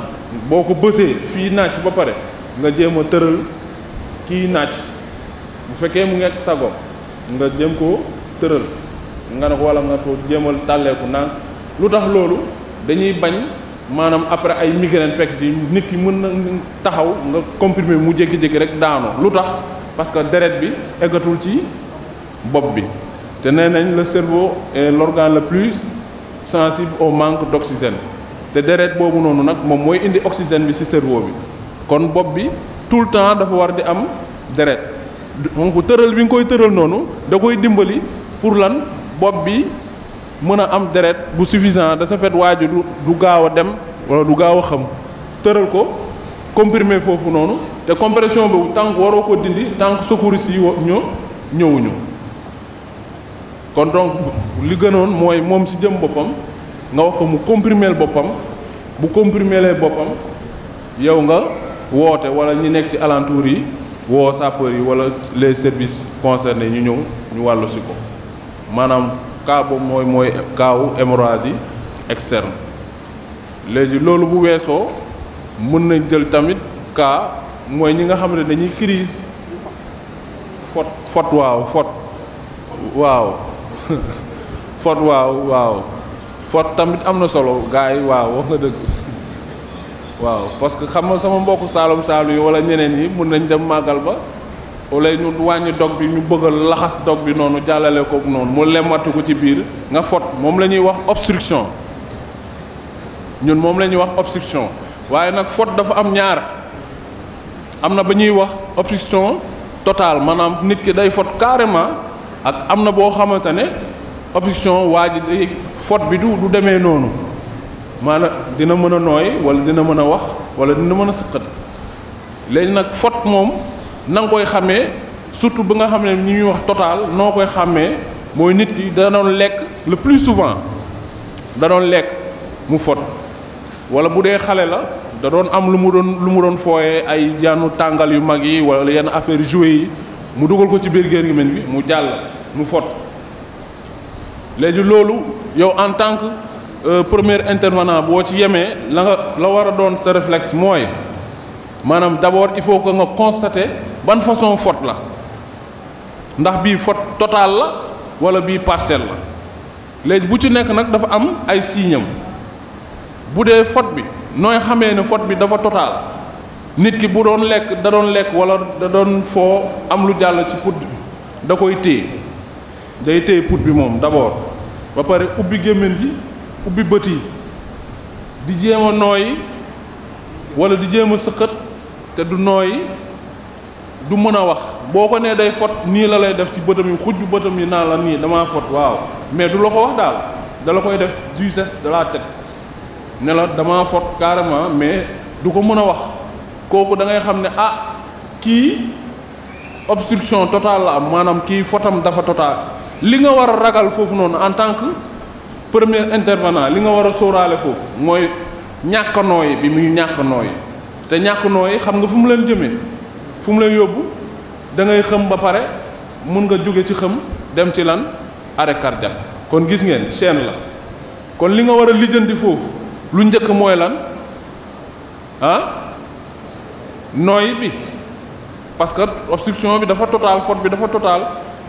boo ko bësee fii nàcc ba pare nga jéem a tëral kii nàcc bu fekkee mu nekk sago nga jéem ko tëral nga ne ko wala nga ko jéemal tàlleeku naan lu tax loolu dañuy bañ maanaam après ay migraine fekk ci nit ki mën na taxaw nga comprimé mu jékki-jékki rek daanu lu tax parce que deret bi eggatul ci bopp bi te nee nañ le cerveau est l'organe le plus sensible au manque d'oxygène te deret boobu noonu nag moom mooy indi oxygène bi ci cerveau bi kon bopp bi tout le temps dafa war di am deret donc tëral bi nga koy tëral noonu da koy dimbali pour lan bopp bi mën a am deret bu suffisant de ce fait waa ji du du gaaw a dem wala du gaaw a xam tëral ko comprimé foofu noonu te compression boobu tànk waroo ko dindi tànk secouriste yi ñoo ñëwuñu kon donc li gënoon mooy moom ci jëm boppam nga wax ko mu comprimeel boppam bu comprimeelee boppam yow nga woote wala ñi nekk ci alentour yi woo sapeurs yi wala les services concernés ñu ñëw ñu wàllu si ko maanaam cas boobu mooy mooy kaawu hémorragie externe léegi loolu bu weesoo mën nañ jël tamit kaa mooy ñi nga xam ne dañuy crise fot fot waaw fot waaw fot waaw waaw fot tamit am na solo gars waaw wax nga dëgg waaw parce que xam nga sama mbokku saalum saalum yi wala ñeneen yi mën nañ dem màggal ba wala ñu wàññi dog bi ñu bëgg laxas dog bi noonu jàllale ko noonu mu lemmatu ko ci biir nga fot moom la ñuy wax obstruction ñun moom la ñuy wax obstruction waaye nag fot dafa am ñaar am na ba ñuy wax obstruction totale maanaam nit ki day fot carrément ak am na boo xamante ne obstruction waa ji day fot bi du du demee noonu maana dina mën a nooy wala dina mën a wax wala dina mën a sëqat léegi nag fot moom. na nga koy xàmmee surtout ba nga xam ne ñu wax total noo koy xàmmee mooy nit ki da doon lekk le plus souvent da doon lekk mu fot wala bu dee xale la da doon am lu mu doon lu mu doon fooyee ay jaanu tàngal yu mag yi wala yenn affaire jouet yi mu dugal ko ci biir gémmiñ bi mu jàll mu fot léegi loolu yow en tant que euh, premier intervenant boo ci yemee la nga la war a doon sa réflexe mooy maanaam d'abord il faut que nga constater ban façon faute la ndax bii fot totale la wala bii parcelle la léegi bu ci nekk nag dafa am ay signam bu dee fot bi nooy xamee ne faute bi dafa totale nit ki bu doon lekk da doon lekk wala da doon foo am lu jàll ci put bi da koy téye day téye put bi moom d'abord ba pare ubbi gémmiñ gi ubbi bët yi di jéem a nooyi wala di jéem a sëqat te du nooy du mën a wax boo ko nee day fot nii la lay def ci bëtam yi xujj bëtam yi naa la nii damaa fot waaw mais du la ko wax daal dala koy def du geste de la tête ne fot carrément mais du ko mën a wax kooku da ngay xam ne ah kii obstruction totale la am maanaam kii fotam dafa total li nga war a ragal foofu noonu en tant que premier intervenant li nga war a sóoraale foofu mooy ñàkk nooy bi muy ñàkk nooyi te ñàkk nooy xam nga fu mu leen jëmee fu mu leen yóbbu da xëm ba pare mun nga jóge ci xëm dem ci lan arrêt cardiaque kon gis ngeen chaîne la kon li nga war a lijjanti foofu lu njëkk mooy lan ah nooy bi parce que obstruction bi dafa total faute bi dafa total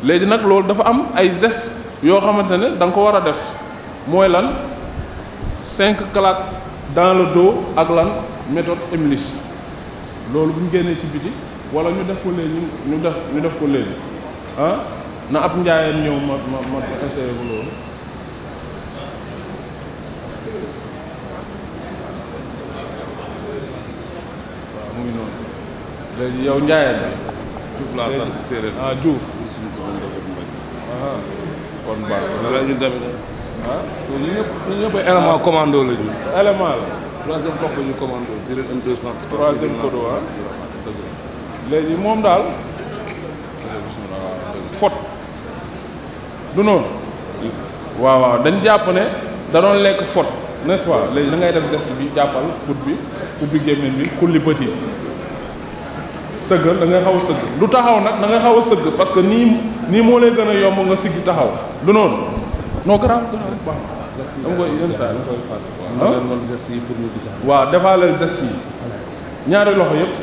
léegi nag loolu dafa am ay gestes yoo xamante ne da nga ko war a def mooy lan cinq claques dans le doo ak lan méthode Emlist loolu bu ñu génnee ci biti wala ñu def ko léegi ñu def ñu def ko léegi ah na ab njaayeen ñëw ma ma ma essayé ko loolu waaw muy noonu léegi yow njaayeen la Diouf laa sant séeréer ah Diouf ah. kon baax na la ah. ñu demee ah ñun ñëpp ñun ñëpp ay élément ah, commando la ñu élément la troisième pompe ñu commandé tiré M203. troisième kodo waaw léegi moom daal. fot du noonu. waaw waaw dañ jàpp ne da doon lekk fot n'est-ce pas léegi da ngay def geste bi jàppal put bi ubbi gémmiñ bi kulli bët yi sëggal da ngay xaw a sëgg lu taxaw nag da ngay xaw a sëgg parce que nii nii moo lay gën a yomb nga siggi taxaw du noonu non garaaw garaaw baax dama koy yenn saa yi koy fàttali waaw defaaleel geste yi ñaari loxo yëpp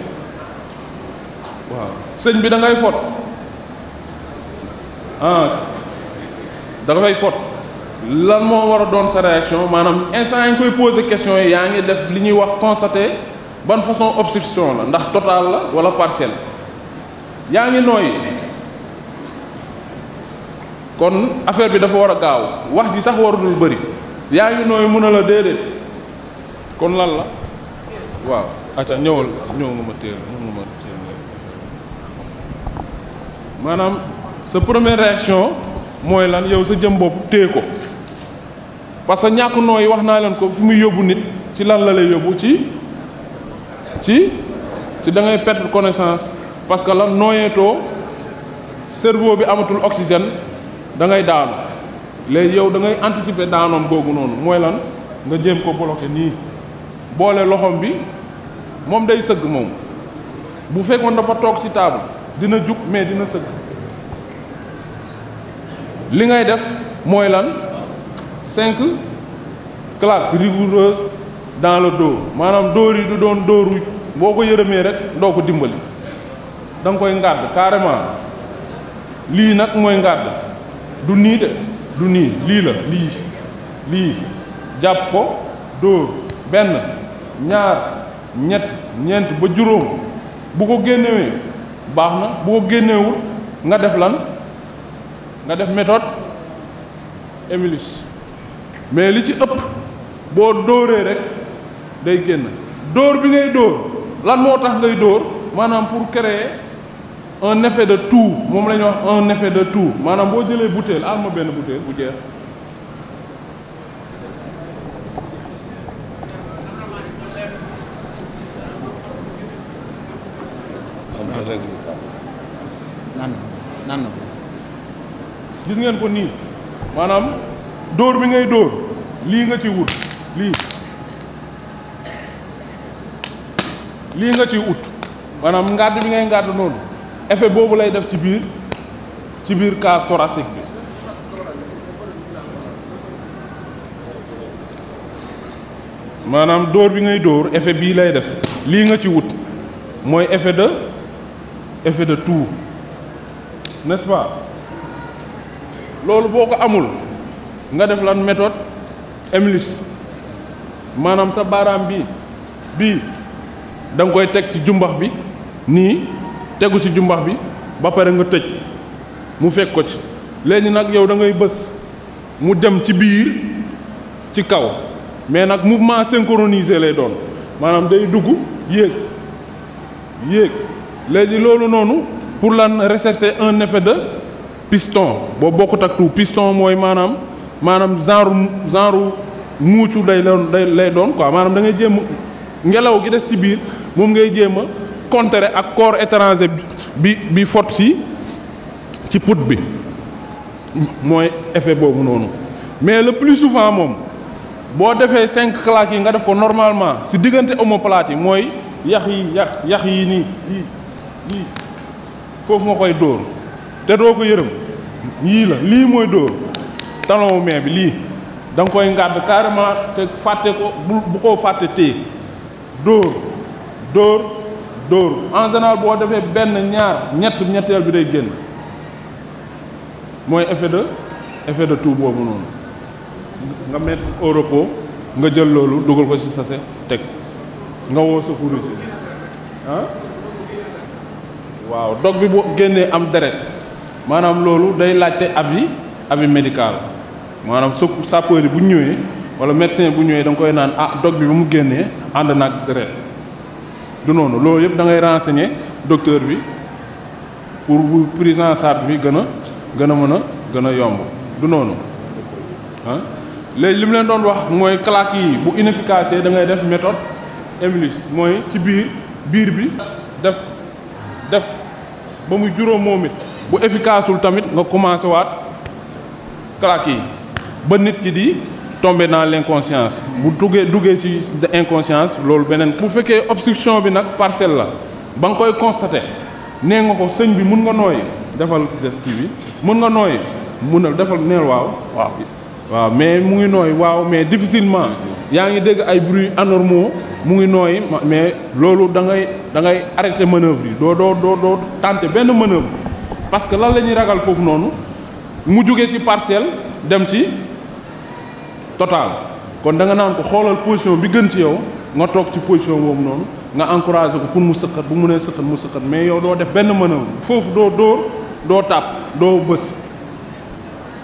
waaw sëñ bi da ngay fot ah da nga fay lan moo war a doon sa réaction maanaam instant yi nga koy posé question yi yaa ngi def li ñuy wax constaté ban façon obstruction la ndax total la wala partielle yaa ngi nooyi kon affaire bi dafa war a gaaw wax ji sax warutul bëri yaa ngi nooy mun a la déedéet kon lan la waaw acca ñëwal ñëw nga ma téel nga ma sa première réaction mooy lan yow sa jëm bopp téye ko parce que ñàkk nooy wax naa leen ko fu muy yóbbu nit ci lan la lay yóbbu ci ci ci da ngay perdre connaissance parce que lan nooyeetoo cerveau bi amatul oxygène da ngay daanu léegi yow da ngay anticiper daanoom googu noonu mooy lan nga jéem ko bloquer nii boole loxom bi moom day sëgg moom bu fekkoon dafa toog ci table dina jug mais dina sëgg li ngay def mooy lan cinq claques rigoureuses dans le dos maanaam dóor yi du doon dóoru boo ko yërëmee rek doo ko dimbali da koy ngàdd carrément lii nag mooy ngàdd du nii de du nii lii la lii lii jàpp ko dóor benn ñaar ñett ñeent ba juróom bu ko génnewee baax na bu ko nga def lan nga def méthode Emilius mais li ci ëpp boo dóoree rek day génn dóor bi ngay dóor lan moo tax lay dóor maanaam pour créer un effet de tout moom la ñuy un effet de tout maanaam boo jëlee bouteille al ma benn bouteille bu jeex nan nan na gis ngeen ko nii maanaam dóor bi ngay dóor lii nga ci wut lii lii nga ci wut maanaam ngàdd bi ngay ngàdd noonu effet boobu lay def ci biir ci biir cage thoracique bi maanaam dóor bi ngay dóor effet bii lay def lii nga ci wut mooy effet de effet de tout nest loolu boo ko amul nga def lan méthode Heimlich maanaam sa baaraam bii bii danga koy teg ci jumbax bi nii tegu ci jumbax bi ba pare nga tëj mu fekk ko ci léegi nag yow da ngay bës mu jëm ci biir ci kaw mais nag mouvement synchronisé lay doon maanaam day dugg yéeg yéeg léegi loolu noonu pour lan rechercher en effet de piston boo bokkut ak tout piston mooy maanaam maanaam genre genre muucu day doon day lay doon quoi maanaam da ngay jéem ngelaw gi des ci biir moom ngay jéem contrer ak corps étranger bi bi fot si ci put bi mooy effet boobu noonu mais le plus souvent moom boo defee cinq claques yi nga def ko normalement si diggante omoplate yi mooy yax yi yax yax yi nii yii yii foofu nga koy dóor te doo ko yërëm yii la lii mooy dóor talon main bi lii da nga koy ngàdd carrément te fàtte ko bu koo fàtte téye dóor dóor dóor en général boo defee benn ñaar ñett ñetteel bi day génn mooy effet de effet de tout boobu noonu nga mettre au nga jël loolu dugal ko ci sachet teg nga woo secours yi waaw dog bi boo génnee am deret maanaam loolu day laajte avis avis médical maanaam su sapeur yi bu ñëwee walla médecin bu ñëwee da nga koy naan ah dog bi ba mu génnee ànd naag deret du noonu loolu yëpp da ngay renseigner docteur bi pour bu prise en bi gën a gën a mën a gën a yomb du noonu léegi li mu leen doon wax mooy claque yi bu inefficace da ngay def méthode Emilus mooy ci biir biir bi def def ba muy juróom moom it bu efficaceul tamit nga commencé waat claque yi ba nit ki di tombe naa dans l'inconscience bu duggee duggee ci inconscience loolu beneen bu fekkee obstruction bi nag parcelle la ba nga koy constater nee nga ko sëñ bi mun nga nooy defal geste bi mun nga nooy mun defal neel waaw waaw mais mu ngi nooy waaw mais difficilement yaa ngi dégg ay bruits anormaux mu ngi nooy mais loolu da ngay da ngay arrêter manœuvre yi doo doo doo doo tenter benn manœuvre parce que lan la ñuy ragal foofu noonu mu jógee ci parcelle dem ci total kon da nga naan ko xoolal position bi gën ci yow nga toog ci position boobu noonu nga encouragé ko pour mu sëqat bu mu nee sëqat mu sëqat mais yow doo def benn mën a foofu doo dóor doo tàpp doo bës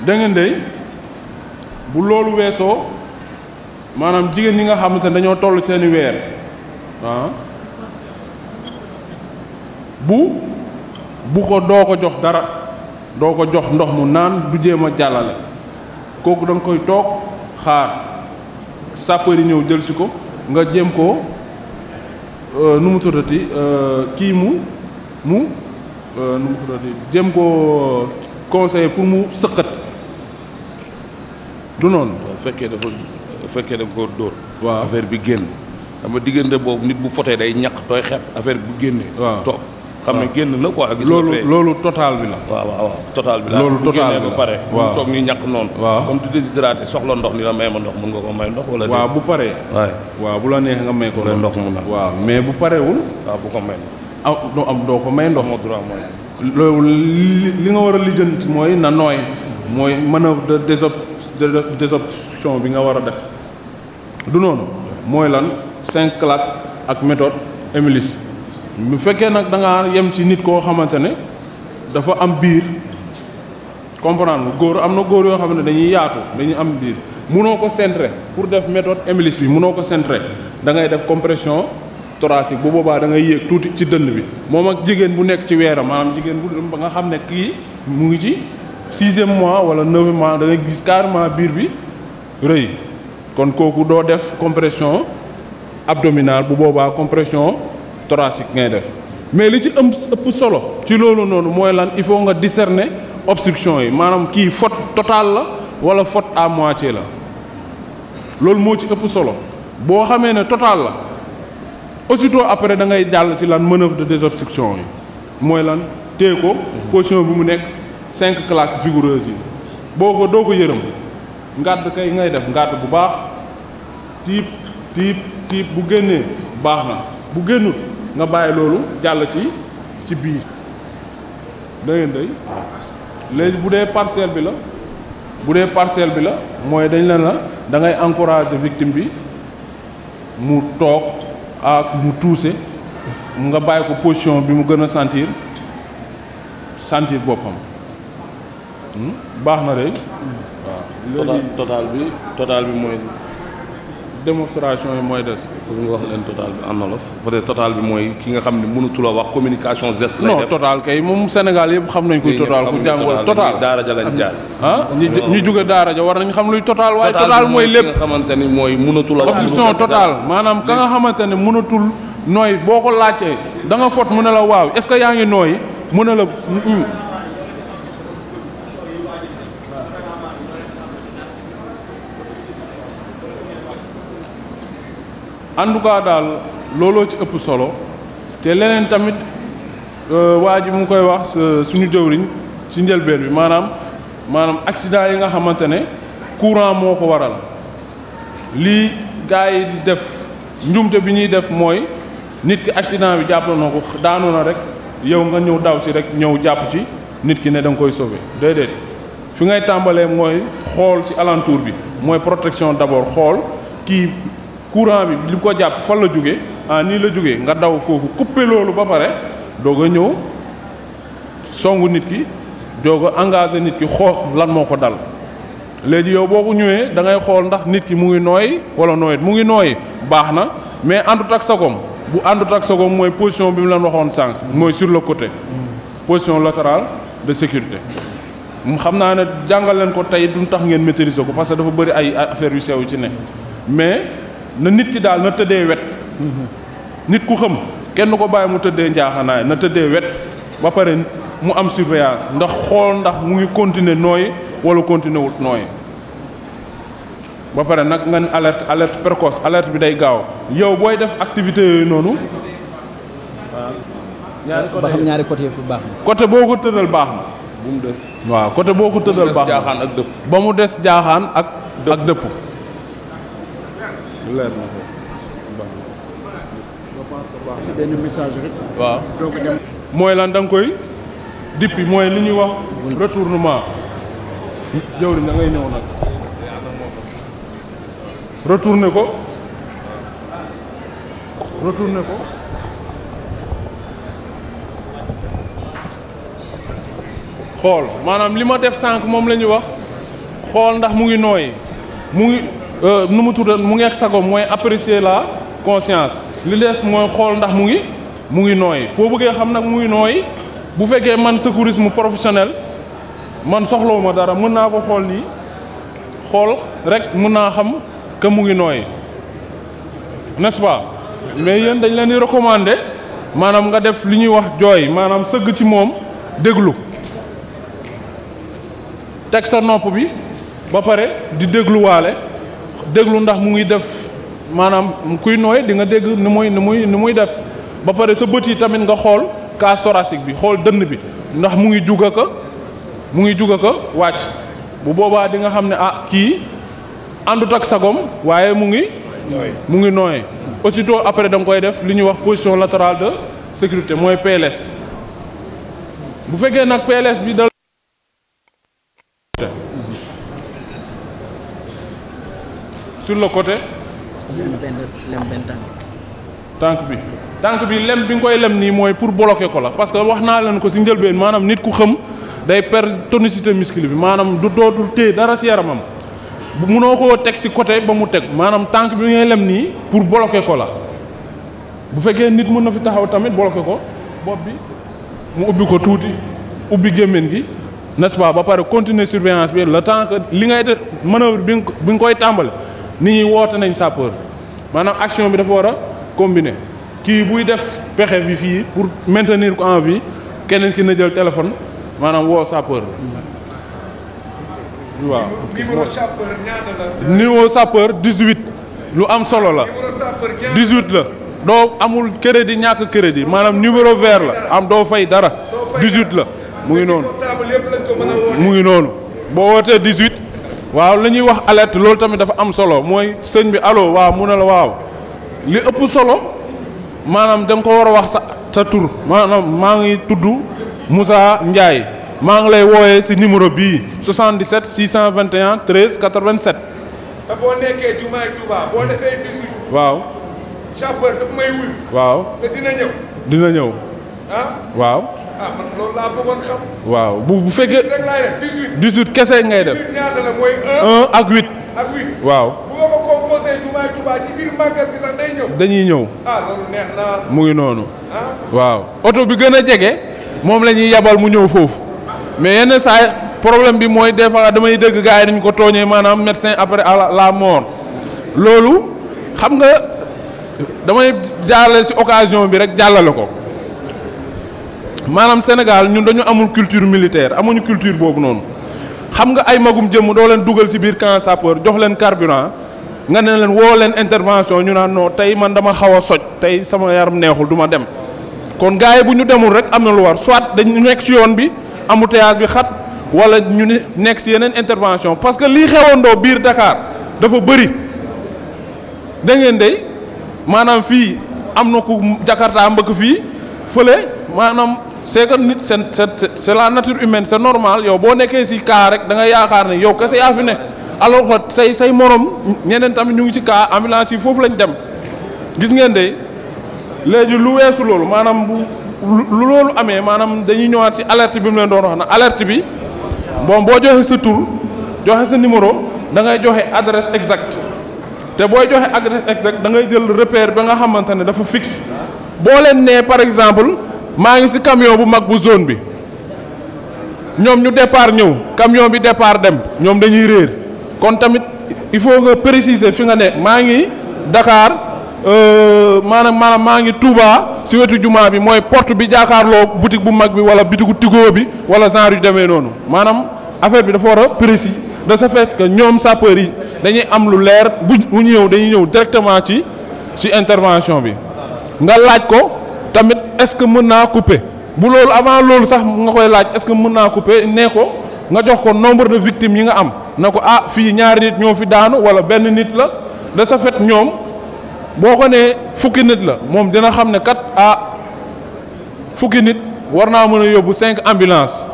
da ngeen bu loolu weesoo maanaam jigéen ñi nga xamante ne dañoo toll seeni weer ah, bu bu ko doo ko jox dara doo ko jox ndox mu naan du jéem a jàllale kooku da koy toog xaar sapeur yi ñëw jël si ko nga jéem koo euh, nu mu tuddati euh, kii mu mu euh, nu mu tuddati jéem koo pour mu sëqat du noonu. fekkee dafa fekkee da nga ko dóor. waaw affaire bi génn. xam diggante boobu nit bu fotee day ñaq tooy xet affaire bi bu génnee. waaw xam ne génn na quoi. gis loolu loolu bi la. waaw waaw bi la. loolu total bi la pare. waaw waaw comme tu déshydraté ndox la may ma ndox mun nga ko waaw bu paree. waaw bu la neex nga may ko. ndox mun na waaw mais bu parewul. waaw ah, bu am doo ko may ndox. loolu li nga war a lijjanti mooy na nooy. mooy manœuvre de désop désobstruction bi nga war a def. du noonu. mooy lan cinq claques ak méthode Émilis. lu fekkee nag da nga yem ci nit koo xamante ne dafa am biir comprendre góor am na góor yoo xam ne dañuy yaatu dañuy am biir munoo ko centrer pour def méthode Emilis bi munoo ko centrer dangay def compression thoracique bu boobaa da ngay yéeg tuuti ci dënn bi moom ak jigéen bu nekk ci weeram maanaam jigéen bu ba nga xam ne kii mu ngi ci sixième mois wala neuvième mois da gis carrément biir bi rëy kon kooku doo def compression abdominale bu boobaa compression thoracique ngay def mais li ci ëm ëpp solo ci loolu noonu mooy lan il faut nga discerner obstruction yi maanaam kii faute totale la wala fot à moitié la loolu moo ci ëpp solo boo xamee ne total la aussitôt après da ngay jàll ci lan manœuvre de désobstruction yi mooy lan téye ko position bi mu nekk cinq claques vigoureuses yi boo ko doo ko yërëm ngàdd kay ngay def ngàdd bu baax tiib tiib tiib bu génnee baax na bu génnut nga bàyyi loolu jàll ci ci biir da day léegi bu dee parcelle bi la bu dee parcelle bi la mooy dañ la na da ngay encourager bi mu toog ak mu tuuse nga bàyyi ko position bi mu gën a sentir sentir boppam hmm? baax na rek hmm. waaw total bi total bi mooy démonstration yi mooy des. pour nga wax leen total bi mooy ki nga xam ne mënatula wax communication geste. lay def non total kay moom Sénégal yëpp xam nañ kuy total ku jàngul total daara ja lañ jaar. ah ñi ñu jóge daara war nañ xam luy total. waaye total mooy lépp nga xamante ni mooy mënatula. option total maanaam ka nga xamante ne mënatul nooy boo ko laajtee da nga fot mu ne la waaw est que yaa ngi nooy mu la. en tout cas daal looloo ci ëpp solo te leneen tamit euh, waa ji mu ngi koy wax suñu jëwriñ si njëlbeen bi maanaam maanaam accident yi nga xamante ne courant moo ko waral lii gars yi di def njumte bi ñuy def mooy nit ki accident bi jàpp na ko daanu na rek yow nga ñëw daw ci rek ñëw jàpp ci nit ki ne da nga koy sauver déedéet fi ngay tàmbalee mooy xool ci alentour bi mooy protection d'abord xool kii courant bi li ko jàpp fan la jógee ah nii la jógee nga daw foofu couper loolu ba pare doog a ñëw songu nit ki doog a engagé nit ki xoox lan moo ko dal. léegi yow boo ko ñëwee da ngay xool ndax nit ki mu ngi nooy wala nooyit mu ngi nooy baax na mais àndut ak sagom bu àndut ak sagom mooy position bi mu leen waxoon sànq mooy sur le côté position latérale de sécurité. mu xam naa ne jàngal leen ko tey mu tax ngeen maîtriser ko parce que dafa bëri ay affaires yu sew ci ne na nit ki daal na tëddee wet mhm. nit ku xam kenn ko bàyyi mu tëddee njaaxanaay na tëddee wet ba pare mu am surveillance ndax xool ndax mu ngi continuer nooy wala continuer wut nooyi ba pare nag nga alerte alerte précoce alerte bi day gaaw yow booy def activité yooyu noonu. ñaari côté ñaari côté yëpp baax côté boo ko tëddal baax na. bu mu waaw côté boo ko tëddal baax na ba mu des jaaxaan ak ak dëpp. leer na ko baax na. waaw doo ko dem. mooy lan da koy dippi mooy li ñuy wax retournement. jëwriñ da ngay ñëw nag. retourné ko. retourné ko. xool maanaam li ma def sànq moom la ñu wax xool ndax mu ngi nooyi mu ngi. Euh, nu mu tuddal mu ngi ak mooy apprécier la conscience li des mooy xool ndax mu ngi mu ngi nooy foo bëggee xam nag mu ngi nooy bu fekkee man secourisme professionnel man soxlawu ma dara mën naa ko xool nii xool rek mën naa xam que mu ngi nooy nest mais yéen dañ leen di recommander maanaam nga def li ñuy wax jooy maanaam sëgg ci moom déglu teg sa nopp bi ba pare di dégluwaale déglu ndax mu ngi def maanaam kuy nooy di nga dégg ni muy ni muy ni muy def ba pare sa bët yi tamit nga xool cage bi xool dënn bi ndax mu ngi jug a ka mu ngi jug a ka wàcc bu boobaa di nga xam ne ah kii àndut ak sagom waaye mu ngi mu ngi nooy aussitôt après da nga koy def li ñuy wax position latérale de sécurité mooy PLS bu fekkee nag PLS bi sur le côté. bi tànk bi lem bi nga koy lem nii mooy pour bloquer ko la parce que wax naa leen ko si njëlbeen maanaam nit ku xëm day perdre tonicité musculaire bi maanaam du dootul téye dara si yaramam. bu munoo koo teg si côté ba mu teg maanaam tànk bi ngay lem nii pour bloquer ko la bu fekkee nit mën na fi taxaw tamit bloquer ko bopp bi mu ubbi ko tuuti ubbi gémmiñ gi n'est-ce ba pare continuer surveillance bi le temps li ngay def manœuvre bi nga koy tàmbale nit ñi woote nañ sapeur maanaam action bi dafa war a combiner kii buy def pexe bi fii pour maintenir ko en vie keneen ki na jël téléphone maanaam woo sapeur. waaw numéro sapeur ñaata la. numéro lu am solo la. 18 la doo amul crédit ñàkk crédit maanaam numéro vert la am doo fay dara 18 la mu ngi noonu. mu ngi noonu boo wootee 18. waaw lañuy wax alerte loolu tamit dafa am solo mooy sëñ bi allo waa mu a la waaw li ëpp solo maanaam da ko war a wax sa sa tur maanaam maa ngi tudd Moussa Ndiaye maa ngi lay wooyee si numéro bii 77 621 13 87. te boo nekkee jumaay Touba boo defee 18. waaw. chauffeur daf may wuyu. waaw te dina ñëw. dina ñëw. Ah. waaw. Ah, waaw bu bu fekkee. 18 rek kese ngay def 18 ak 8. waaw. dañuy ñëw. ah mu ngi noonu. Ah. waaw oto bi gën a jege moom lañuy yabal mu ñëw foofu mais yenn saa problème bi mooy des fois damay dëgg gars yi dañu ko tooñee maanaam médecin après à la mort loolu xam nga damay jaarale si occasion bi rek jàllale ko. maanaam Sénégal ñun dañu amul culture militaire amuñu culture boobu noonu xam nga ay magum jëmm doo leen dugal ci biir camp sapeur jox leen carburant nga ne leen woo leen intervention ñu naan non tey man dama xaw a soj tey sama yaram neexul duma dem kon gars bu ñu demul rek am na lu war soit dañu nekk ci yoon bi embouteillage bi xat wala ñu ne nekk ci yeneen intervention parce que lii xewandoo biir Dakar dafa bëri da ngeen maanaam fii am na ku Jakarta mbëkk fii fële maanaam c'est que nit seen c'est la nature humaine c'est normal yow boo nekkee si cas rek da yaakaar ne yow kese yaa fi ne alors say say morom ñeneen tamit ñu ngi ci kaa ambulance yi foofu lañ dem gis ngeen de léegi lu weesu loolu maanaam bu lu loolu amee maanaam dañuy ñëwaat si alerte bi mu leen doon wax na alerte bi bon boo joxe sa tur joxe sa numéro da ngay joxe adresse exacte te booy joxe adresse exacte da ngay jël repère ba nga xamante ne dafa fixe boo leen par exemple. maa ngi ci camion bu mag bu zone bi ñoom ñu départ ñëw camion bi départ dem ñoom dañuy réer kon tamit il faut nga préciser fi nga ne maa ngi Dakar euh, maanaam maanaam maa ngi Touba ci wetu jumaa bi mooy porte bi jaakaarloo boutique bu mag bi walla bitigu Tigo bi walla genre yu demee noonu maanaam affaire bi dafa war a précis de ce fait que ñoom sapeurs yi dañuy am lu leer bu ñëw dañuy ñëw directement ci ci intervention bi nga laaj ko. tamit est-ce que mën naa couper bu loolu avant loolu sax nga koy laaj est-ce que mën naa couper nee ko nga jox ko nombre de victimes yi nga am na ko ah fii ñaari nit ñoo fi daanu walla benn nit la de ce fait ñoom boo ko nee fukki nit la moom dina xam ne kat ah fukki nit war naa mën a yóbbu cinq ambulance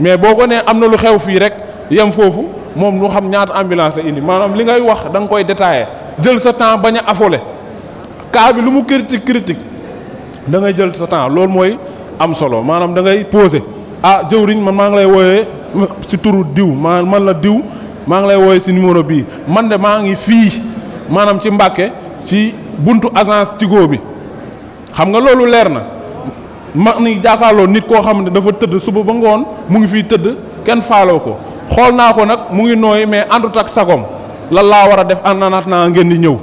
mais boo ko nee am na lu xew fii rek yem foofu moom lu xam ñaata ambulance la indi maanaam li ngay wax da nga koy détaillé jël sa temps bañ afole affolé cas bi lu mu critique da ngay jël sa temps loolu mooy am solo maanaam dangay ngay posé ah jëwriñ man maa ngi lay wooyee si turu diw maa man la diw maa ngi lay wooyee si numéro bii man de maa ngi fii maanaam ci Mbàkke ci buntu agence Tigo bi xam nga loolu leer na ma ngi jàkkaarloo nit koo xam ne dafa tëdd suba ba ngoon mu ngi fii tëdd kenn faaloo ko xool naa ko nag mu ngi nooy mais àndut ak sagom lan laa war a def àndanaat naa ngeen di ñëw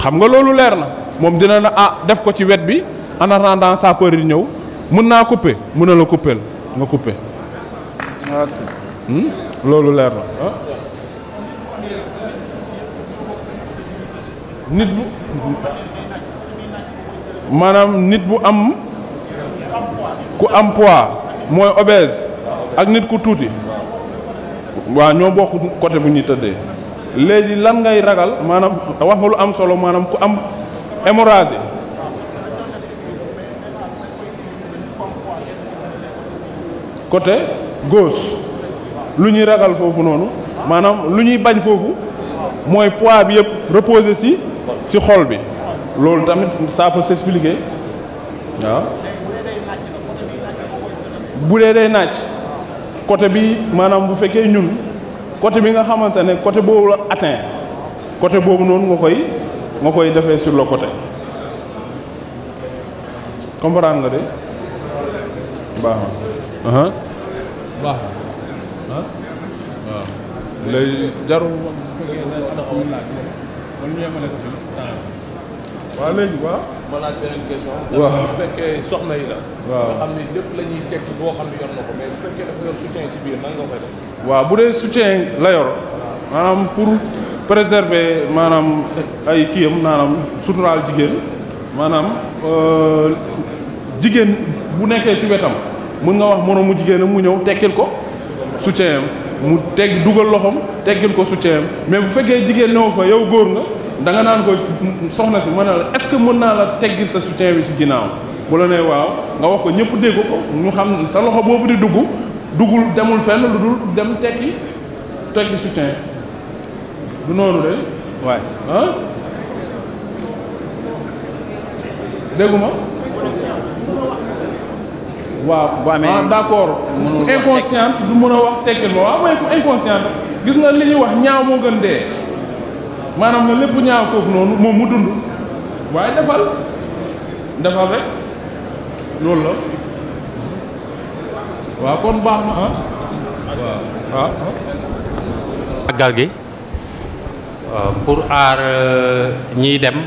xam nga loolu leer na moom dina na ah def ko ci wet bi en attendant sapeur yi ñëw mun naa couper mun na la couper nga couper. Hmm? loolu leer na ah. nit bu maanaam nit bu am ku am poids mooy obèse ak nit ku tuuti waaw ñoo bokk côté bu ñuy tëddee léegi lan ngay ragal maanaam wax nga lu am solo maanaam ku am. hémorragie côté gauche lu ñuy ragal foofu noonu maanaam lu ñuy bañ foofu mooy poids bi yëpp reposer si si xol bi loolu tamit ça peut s'expliquer waaw bu dee day naaj côté bi maanaam bu fekkee ñun côté bi nga xamante ne côté boobu la atteint côté boobu noonu nga koy nga koy defee sur le côté comprendre nga de baax na baax na léegi jarul woon bu fekkee question waaw bu yi la waaw nga xam ne lépp la dee soutien layor yor maanaam pour préserver maanaam ay kiyam maanaam suturaal jigéen maanaam euh, jigéen bu nekkee ci wetam mën nga wax moroomu jigéenam mu ñëw tekkil ko soutien mu teg dugal loxoom teggil ko soutien mais bu fekkee jigéen new fa yow góor nga da nga naan ko soxna si mën na la est-ce que mën naa la teggil sa soutien yi ci ginnaaw bu la nee waaw nga wax ko ñëpp dégg ko ñu xam sa loxo boobu di dugg duggul demul fenn lu dul dem tekki tekki soutien du noonu de waay dégguma waaw bu amee ah d'accord inconsciente du mën a wax tekkil ma waaw mooy inconsciente gis nga li ñuy wax ñaaw moo gën dee maanaam na lépp ñaaw foofu noonu moom mu dund waaye defal defal rek loolu la waaw kon baax na ah waaw waaw màggal gi Euh, pour aar euh, ñiy dem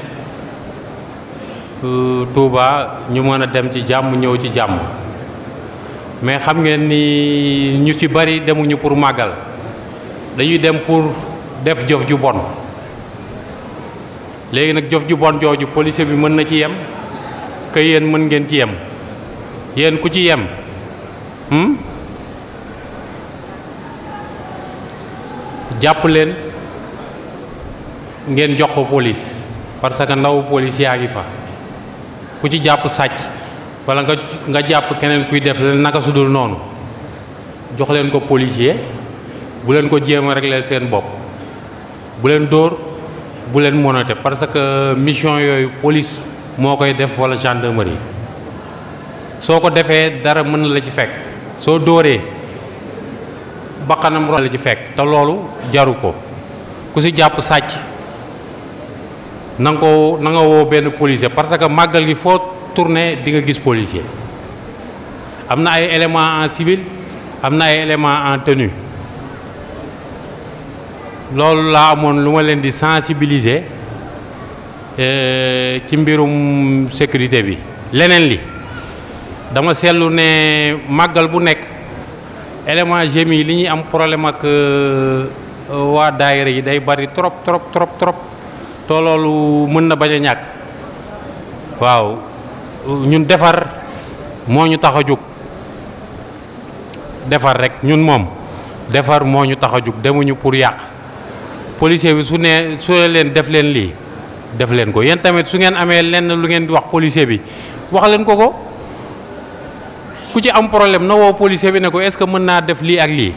euh, Touba ñu mën a dem ci jàmm ñëw ci jàmm mais xam ngeen ni ñu si bari demuñu pour màggal dañuy dem pour def jëf ju bon léegi nag jëf ju bon jooju policier bi mën na ci yem que yéen mën ngeen ci yem yéen ku ci yem hmm? jàpp leen ngeen jox ko police parce que ndaw police yaa ngi fa ku ci jàpp sàcc wala nga nga jàpp keneen kuy def leen naka su dul noonu jox leen ko policier bu leen ko jéem a régler seen bopp bu leen dóor bu leen monote parce que mission yooyu police moo koy def wala gendarmerie soo ko defee dara mën na la ci fekk soo dóoree bakkanam rox la ci fekk te loolu jaru ko ku si jàpp sàcc na nga ko na nga benn policier parce que màggal gi foo tourné di nga gis policier am na ay éléments en civil am na ay éléments en tenue loolu laa amoon lu ma leen di sensibiliser euh, ci mbirum sécurité bi leneen li dama seetlu ne màggal bu nekk élément GMI li ñuy am problème ak euh, waa daayira yi day bari trop trop trop trop te loolu mën na bañ a ñàkk waaw ñun defar moo ñu tax a jóg defar rek ñun moom defar moo ñu tax a jóg demuñu pour yàq policier bi su nee su leen def leen lii def leen ko yéen tamit su ngeen amee lenn lu ngeen di wax policier bi wax leen ko ko ku ci am problème na woo policier bi ne ko est-ce que mën naa def lii ak lii.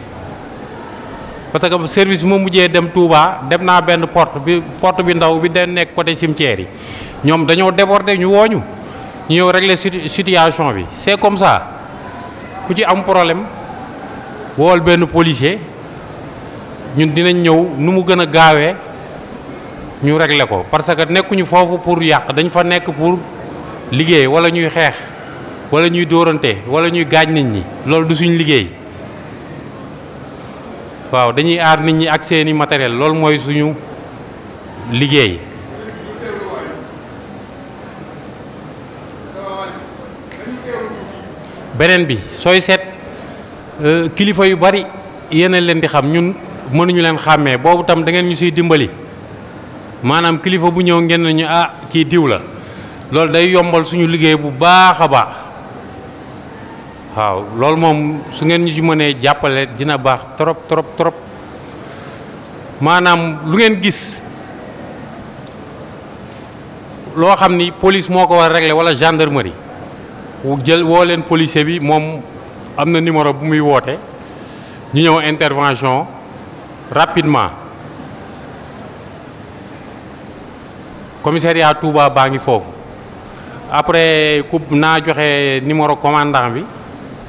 parce que service bi ma mujjee dem Touba dem naa benn porte bi porte bi ndaw bi day nekk côté cimetière yi ñoom dañoo déborder ñu wooñu ñu ñëw régler situation bi c'est comme ça ku ci am problème wool benn policier ñun dinañ ñëw nu mu gën a gaawee ñu régler ko parce que nekkuñu foofu pour yàq dañu fa nekk pour liggéey wala ñuy xeex wala ñuy dóorante wala ñuy gaañ nit ñi loolu du suñ liggéey waaw dañuy aar nit ñi ak seeni matériel loolu mooy suñu liggéey beneen bi sooy seet euh, kilifa yu bari yéen leen di xam ñun mënuñu leen xàmmee boobu tam da ngeen ñu si dimbali maanaam kilifa bu ñëw ngeen ñu ah kii diw la loolu day yombal suñu liggéey bu baax a baax waaw loolu moom su ngeen ñu ci mënee jàppale dina baax trop trop trop maanaam lu ngeen gis loo xam ni police moo ko war a régler wala gendarmerie wu jël woo leen policier bi moom am na numéro bu muy woote ñu ñëw intervention rapidement commissariat Touba baa ngi foofu après coup naa joxe numéro commandant bi.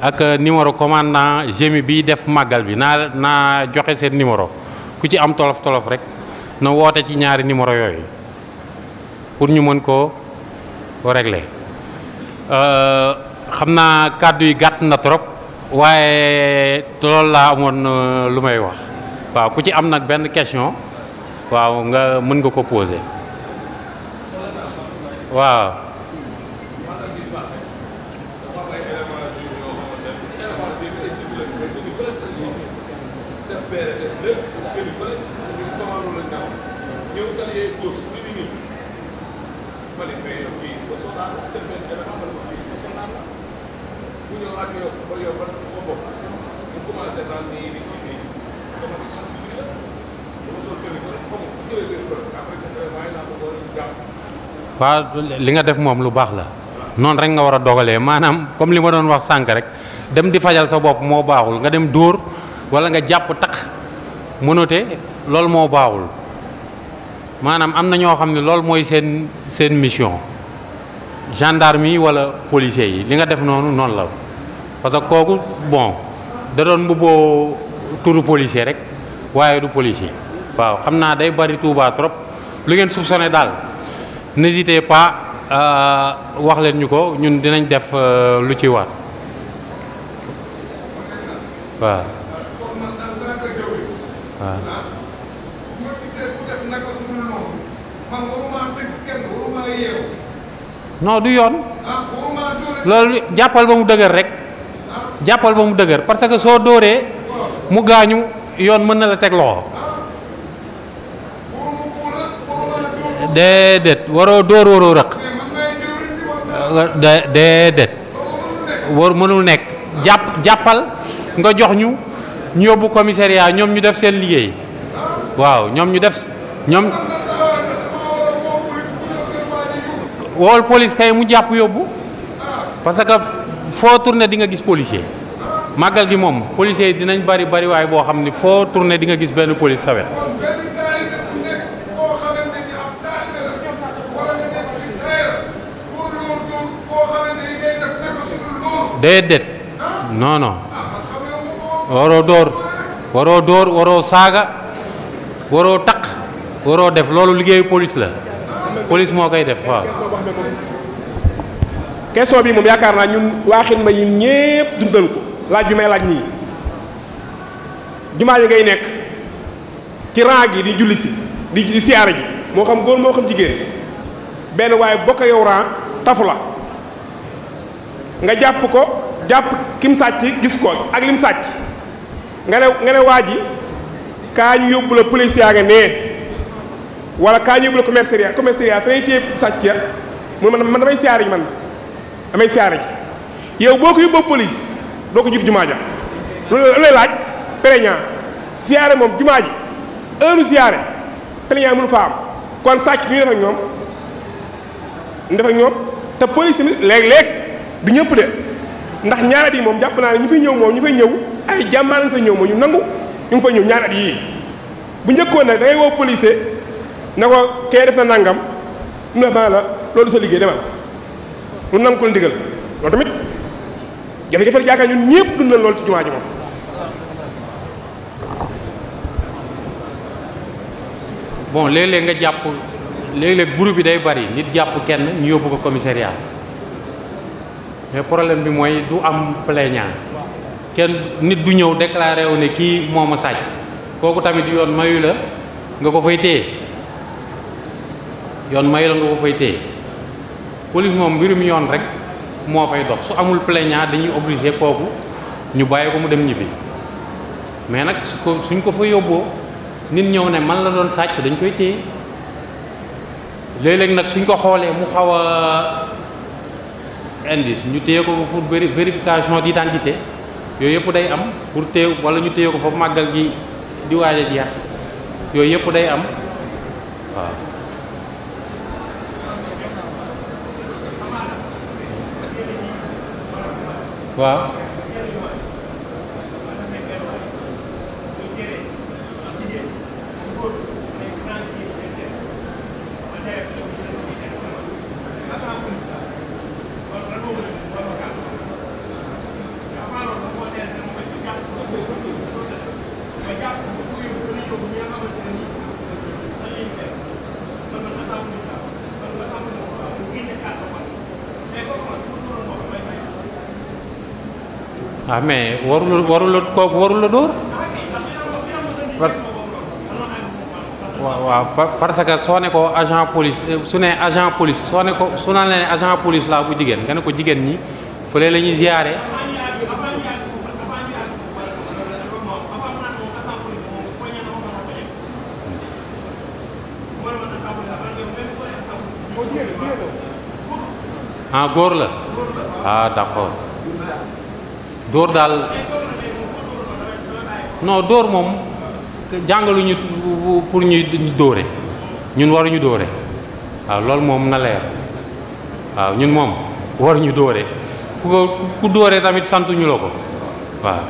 ak numéro commandant gémi bi def màggal bi naa naa joxe seen numéro ku ci am tolof tolof rek na woote ci ñaari numéro yooyu pour ñu mën koo régler euh, xam naa kàddu yi gàtt na trop waaye loolu laa amoon euh, lu may wax waaw ku ci am nag benn question waaw nga mën nga ko poser waaw waaw li nga def moom lu baax la noonu rek nga war a dogalee maanaam comme li ma doon wax sànk rek dem di fajal sa bopp moo baaxul nga dem dóor wala nga jàpp takk mënate loolu moo baaxul maanaam am na ñoo xam ne loolu mooy seen seen mission gendarme yi wala policier yi li nga def noonu noonu la parce que kooku bon da doon mbubboo turu policier rek waaye du policier waaw xam naa day bari Tuubaa trop lu ngeen soupçonné daal n'hésitez pas euh, waxleen ñu ko ñun dinañ def euh, lu ci war waaw waaw du yoon loolu jàppal ba mu dëgër rek jàppal ba mu dëgër parce que soo dóoree mu gaañu yoon mën na la teg loxo déedéet waroo dóor waroo rëq déedéet war mënul nekk jàpp jàppal nga jox ñu ñu yóbbu commissariat ñoom ñu def seen liggéey waaw ñoom ñu def ñoom wool police kay mu jàpp yóbbu parce que foo tourné di nga gis policier màggal gi moom policier dinañ bari bari waaye boo xam ni foo tourné di nga gis benn police sawet déedéet non non waroo dóor waroo dóor waroo saaga waroo taq waroo def loolu liggéeyu police la polis moo koy def waaw. question bi moom yaakaar naa ñun waaxin ma yi ñépp dundal ko laaj bi may laaj nii jumaa yi ngay nekk ci rang gi di julli si di siyaare ji moo xam góor moo xam jigéen benn waaye bokk yow rang tafu la. nga jàpp ko jàpp kim sàcc gis ko ak lim sàcc nga ne nga ne waa ji kaa ñu yóbbu la yaa nga nee wala kaa ñu yóbbu la commissariat commissariat fa ngay téye sàcc ya mu man man damay siyaare ji loolu lay laaj plaignant siyaare moom jumaa ji heure siyaare plaignant mënu fa kon sàcc bi ñu def ak ñoom ñu def ñoom te police mi léeg du ñëpp de ndax ñaari yi moom jàpp naa ne ñu fay ñëw moom ñu fay ñëw ay jàmbaar lañ fay ñëw moom ñu nangu ñu ngi fay ñëw ñaari at yii bu njëkkoon nag da ngay woo policier na ko kee def na nangam mu la loolu sa liggéey demal lu nangu ko tamit jafe-jafe la ñëpp dund na loolu ci jumaa ji bon léeg-léeg nga jàpp léeg-léeg buru bi day bari nit jàpp kenn ñu yóbbu ko commissariat mais problème bi mooy du am plaignant kenn nit du ñëw déclaré wu ne kii moom ma sàcc kooku tamit yoon mayu la nga ko fay téye yoon mayu la nga ko fay téye police moom mbirum yoon rek moo fay dox su amul plaignant dañuy obligé kooku ñu bàyyi ko mu dem ñibbi mais nag su ko suñ ko fa yóbboo nit ñëw ne man la doon sàcc dañ koy téye léeg nag suñ ko xoolee mu xaw indi indice ñu téye ko fa pour vérification d' identité yooyu yëpp day am pour téye wala ñu téye ko fa màggal gi di waaj a jeex yooyu yëpp day am waaw. waaw. ah mais warul warul kooku warul la dóor parce waaw waaw parce que soo ne ko agent police eh, su ne agent police soo ne ko su naan agent police laa bu jigéen nga ne ko jigéen ñi fële la ñuy ziyaare ah, góor la ah d'accord dóor daal non dóor moom jàngaluñu pour ñuy dóore ñun waruñu dóore waaw loolu moom na leer waaw ñun moom waruñu dóore ku ko ku dóore tamit santuñu la ko waaw.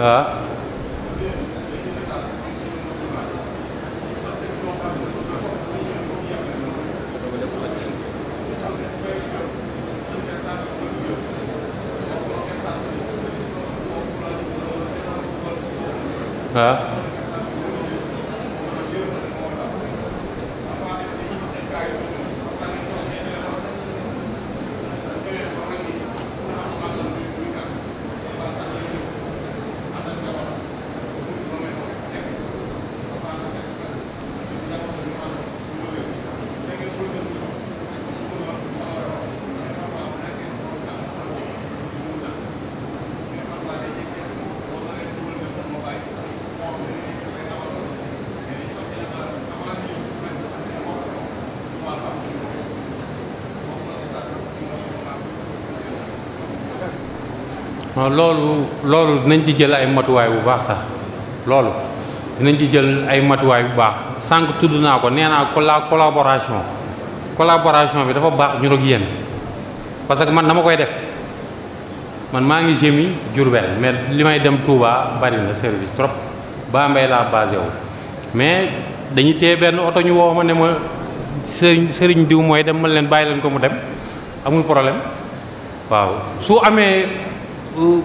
Ah. Ha? loolu loolu dinañ ci jël ay matuwaay bu baax sax loolu dinañ ci jël ay matuwaay bu baax sànq tudd naa ko nee naa ko la collaboration collaboration bi dafa baax ñu ak yéen parce que man ma koy def man maa ngi gémi Diourbel mais li may dem Touba bari na service trop baa mbay laa basé mais dañuy téye benn oto ñu woo ma ne ma sëriñ sëriñ diw mooy dem ma leen bàyyi leen ko mu dem amul problème waaw su amee Euh,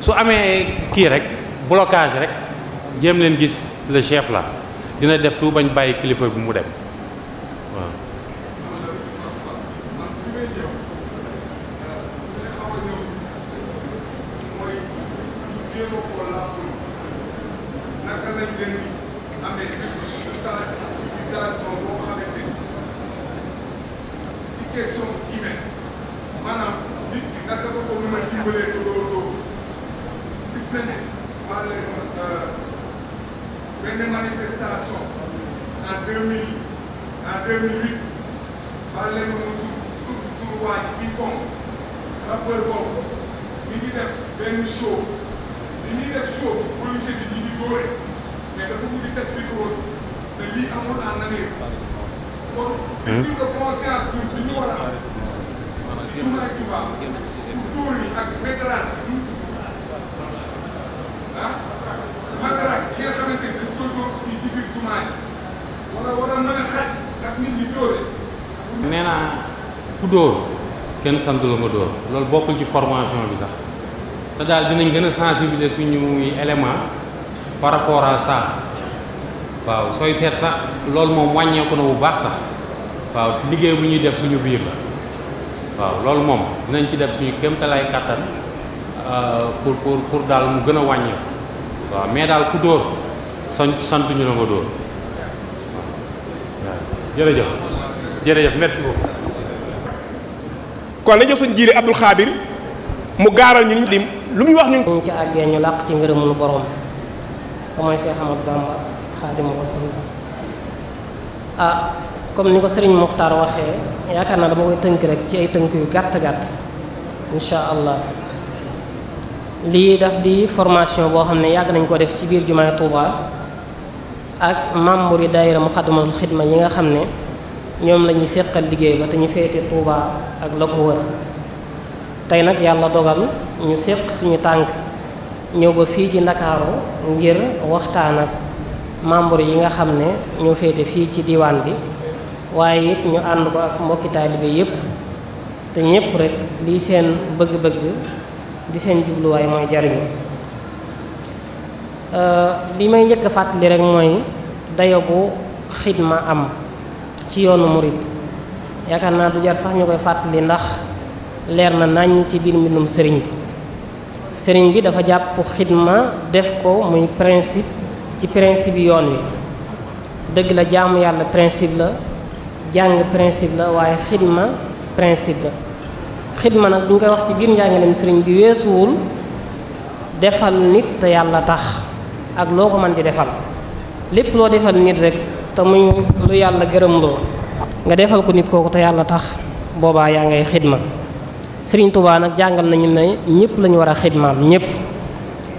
su amee kii rek blocage rek jéem leen gis le chef la dina def tout ñu bàyyi kilifa bi mu dem daal dinañ gën a sensibiliser suñuy élément par rapport à ça waaw sooy seet sax loolu moom wàññeeku na bu baax sax waaw liggéey bu ñuy def suñu biir la waaw loolu moom dinañ ci def suñu kéemtalaay kattan euh, pour pour pour daal mu gën a wàññeeku waaw mais daal ku dóor sant sant ñu la nga dóor waaw jërëjëf jërëjëf merci beaucoup. kon la jox suñ jiiri Abdul Xaabir mu gaaral ñu ni lim. lu muy wax ñun. ñu ci àggee ñu làq ci ngërëmul borom te mooy Cheikh Ahmadou Bamba Xaadimu Rasuul ah comme ni ko Serigne Mokhtar waxee yaakaar naa dama koy tënk rek ci ay tënk yu gàtt gàtt incha allah lii daf di formation boo xam ne yàgg nañ ko def ci biir jumaay Touba ak membre yi daayira Muxaddamatul Xidma yi nga xam ne ñoom la ñuy seqal liggéey ba te ñu féete Touba ak la ko wër tey nag yàlla dogal. ñu séq suñu tànk ñëw ba fii ci ndakaaru ngir waxtaan ak membre yi nga xam ne ñoo féete fii ci diwaan bi waaye it ñu ànd ko ak mbokki taalibe yépp te ñépp rek lii seen bëgg-bëgg di seen jubluwaay mooy jariñu euh, li may njëkk a fàttali rek mooy dayo bu xidma am ci yoonu murit yaakaar naa du jar sax ñu koy fàttali ndax leer na nàññ ci biir mbindum sëriñ bi sëriñ bi dafa jàpp xidma def ko muy principe ci principe yoon wi dëgg la jaamu yàlla principe la jàng principe la waaye xidma principe la xidma nag duñ koy wax ci biir njàngaleem sëriñ bi weesuwul defal nit te yàlla tax ak loo ko mën di defal lépp loo defal nit rekk te muy lu yàlla gërëm loo nga defal ko nit kooku te yàlla tax boobaa yaa ngay xidma Sëriñ Tuubaa nag jàngal nañu ne ñëpp lañu ñu war a xidmaam ñëpp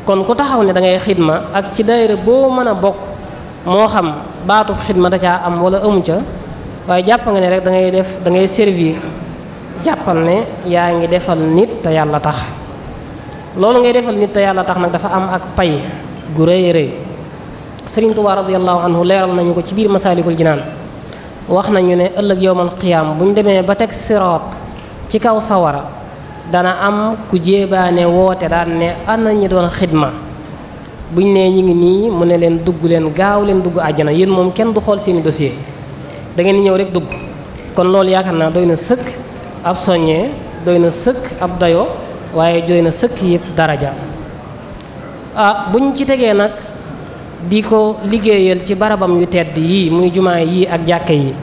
kon ku taxaw ne dangay ngay xidma ak ci daayira boo mën a bokk moo xam baatu xidma da caa am walla amu ca waaye jàpp nga ne rek da ngay def dangay ngay servir jàppal ne yaa ngi defal nit te yàlla tax loolu ngay defal nit te yàlla tax nag dafa am ak pay gu rëy rëy Sëriñ Tuubaa radiyallahu anhu leeral nañu ko ci biir Masaalikul Jinaan wax nañu ne ëllëg yowmal qiyaam bu ñu demee ba teg siroot ci kaw sawara dana am ku jéebaane woote daan ne ana ñi doon xidma buñ nee ñi ngi nii mu ne leen dugg leen gaaw leen dugg àjjana yéen moom kenn du xool seeni dossier da ngeen di ñëw rek dugg kon loolu yaakaar naa doy na sëkk ab soññee doy na sëkk ab dayo waaye doy na sëkk it daraja a buñ ci tegee nag di ko liggéeyal ci barabam yu tedd yii muy jumaa yii ak jàkke yi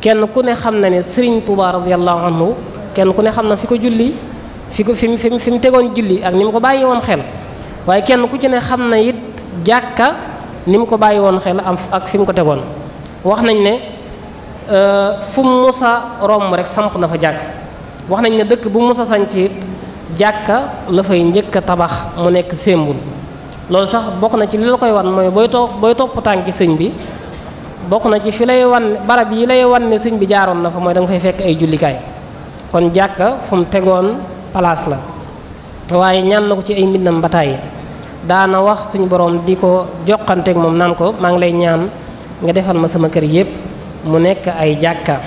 kenn ku ne xam na ne Sëriñ Tuubaa radiyallahu anhu kenn ku ne xam na fi ko julli fi ko fi mu fi mu tegoon julli ak ni mu ko bàyyi woon xel waaye kenn ku ci ne xam na it jàkka ni mu ko bàyyi woon xel am ak fi mu ko tegoon wax nañ ne euh, fu mu musa romb rek samp na fa jàkk wax nañ ne dëkk bu mu musa sanc it jàkka la fay njëkk a tabax mu nekk sémbul loolu sax bokk na ci li la koy wan mooy booy topp booy topp tànki sëñ bi bokk na ci fi lay wan barab yi lay wan ne sëñ bi jaaroon na fa mooy danga nga fay fekk ay jullikaay kon jàkka fu mu tegoon palaas la waaye ñaan na ko ci ay mbindam ba tàyyi daana wax suñu boroom di ko joxanteeg moom naan ko maa ngi lay ñaan nga defal ma sama kër yépp mu nekk ay jàkka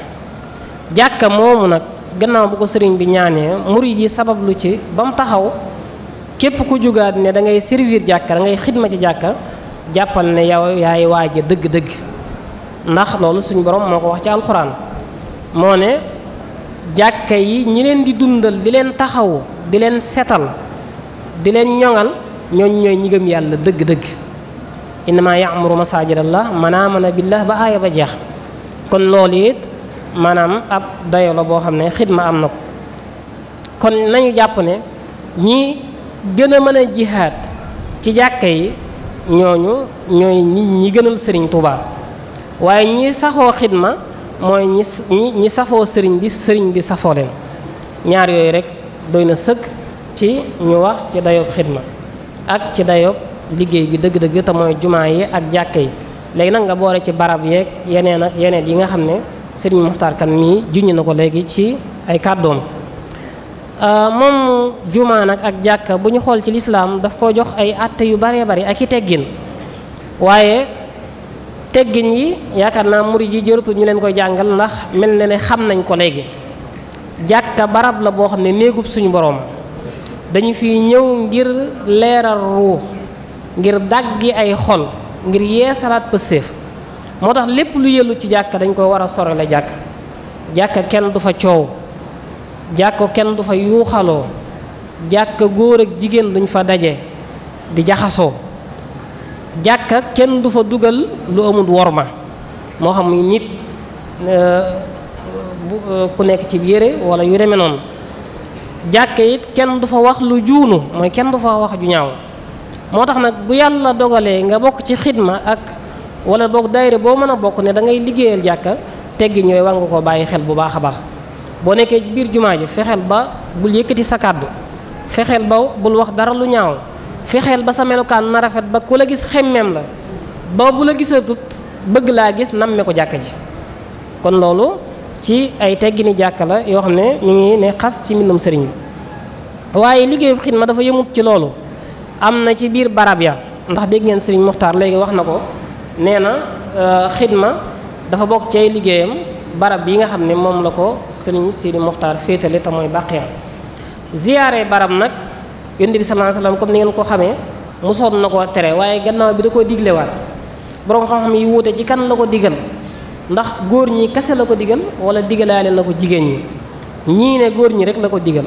jàkka moomu nag gannaaw bu ko sëriñ bi ñaanee murid yi sabablu ci ba mu taxaw képp ku jugaat ne da ngay servir jàkka da ngay xidma ci jàkka jàppal ne yow yaay waaja dëgg-dëgg ndax loolu suñu boroom moo ko wax ci alxuraan moo ne jàkka yi ñi leen di dundal di leen taxawu di leen setal di leen ñoŋal ñooñ ñooy ñi gëm yàlla dëgg-dëgg innama ya'muru masajidallah mën a billah ba aaya ba jeex kon loolu it maanaam ab dayo la boo xam ne xidma am na ko kon nañu jàpp ne ñi gën a mën a jihaad ci jàkka yi ñooñu ñooy nit ñi gënal sëriñ Tuubaa waaye ñi saxoo xidma mooy ñi ñi ñi safoo sëriñ bi sëriñ bi safoo leen ñaar yooyu rek doy na sëkk ci ñu wax ci dayoob xidma ak ci dayoob liggéey bi dëgg-dëgg te mooy jumaa yi ak jàkka yi léegi nag nga boore ci barab yeeg yeneen ak yeneen yi nga xam ne sëriñ Muxtaar Kan mii junñ na ko léegi ci ay kàddoom euh, moom jumaa nag ak jàkka bu ñu xool ci lislaam daf ko jox ay àtte yu baree bari ak i teggin waaye teggin yi yaakaar naa murid yi jërutul ñu leen koy jàngal ndax mel na ne xam nañ ko léegi jàkka barab la boo xam ne néegub suñu boroom dañu fi ñëw ngir leeral ruux ngir dàggi ay xol ngir yeesalaat pëseef moo tax lépp lu yëllu ci jàkka dañ ko war a sore la jàkk jàkka kenn du fa coow jàkko kenn du fa yuuxaloo jàkka góor ak jigéen duñ fa daje di jaxasoo jàkka kenn du fa dugal lu amul ma moo xam nit euh, euh, ku nekk ci yére wala yu demee noonu jàkka yit kenn du fa wax lu juunu mooy kenn du fa wax ju ñaaw moo tax nag bu yàlla dogalee nga bokk ci xidma ak wala boog daayira boo mën a bokk ne da ngay liggéeyal jàkka teggi ñooy war nga koo bàyyi xel bu baax a baax boo nekkee ci biir jumaa ji fexeel ba bul yëkkati sa kàddu fexeel ba bul wax dara lu ñaaw fexeel ba sa melukaan na rafet ba ku la gis xemmeem la ba bu la gisatut bëgg laa gis namme ko jàkka ji kon loolu ci ay teggini jàkka la yoo xam ne mu ngi ne xas ci mbindum sëriñ bi waaye liggéeyu xidma dafa yëmut ci loolu am na ci biir barab ya ndax dégg ngeen sëriñ Muxtaar léegi wax na ko nee na euh, xidma dafa bokk ci ay liggéeyam barab yi nga xam ne moom la ko sëriñ Sidi Muxtaar féetale te mooy bàqiya ziyaare barab nag yonent bi sallallahu alayhi wasallam comme ni ngeen ko xamee mosoon na ko tere waaye gannaaw bi da koo diglewaat borom xam-xam yi wuute ci kan la ko digal ndax góor ñi kase la ko digal wala digalaale la ko jigéen ñi ñii ne góor ñi rek la ko digal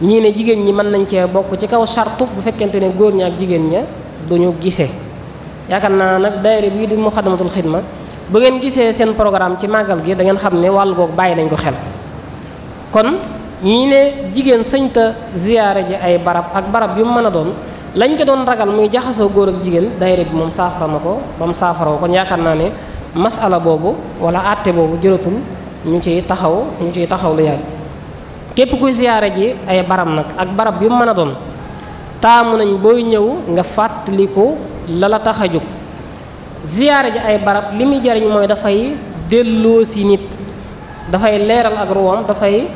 ñii ne jigéen ñi mën nañ cee bokk ci kaw sartu bu fekkente ne góor ñi ak jigéen ña duñu gisee yaakaar naa nag daayira bii di Muxaddamatul Xidma bu ngeen gisee seen programme ci màggal gi da ngeen xam ne wàll googu bàyyi nañ ko xel ñi ne jigéen sëñta ziyaare ji ay barab ak barab yu mu mën a doon lañ ko doon ragal muy jaxasoo góor ak jigéen dayre bi moom saafara ma ko ba mu saafaraw kon yaakaar naa ne masala boobu wala àtte boobu jëratul ñu ciy taxaw ñu ciy taxaw lu yàgg képp kuy ziyaare ji ay barab nag ak barab yu mën a doon taamu nañu booy ñëw nga fàttaliku la la tax a ziyaare ji ay barab li muy jariñ mooy dafay delloo si nit dafay leeral ak ruwaam dafay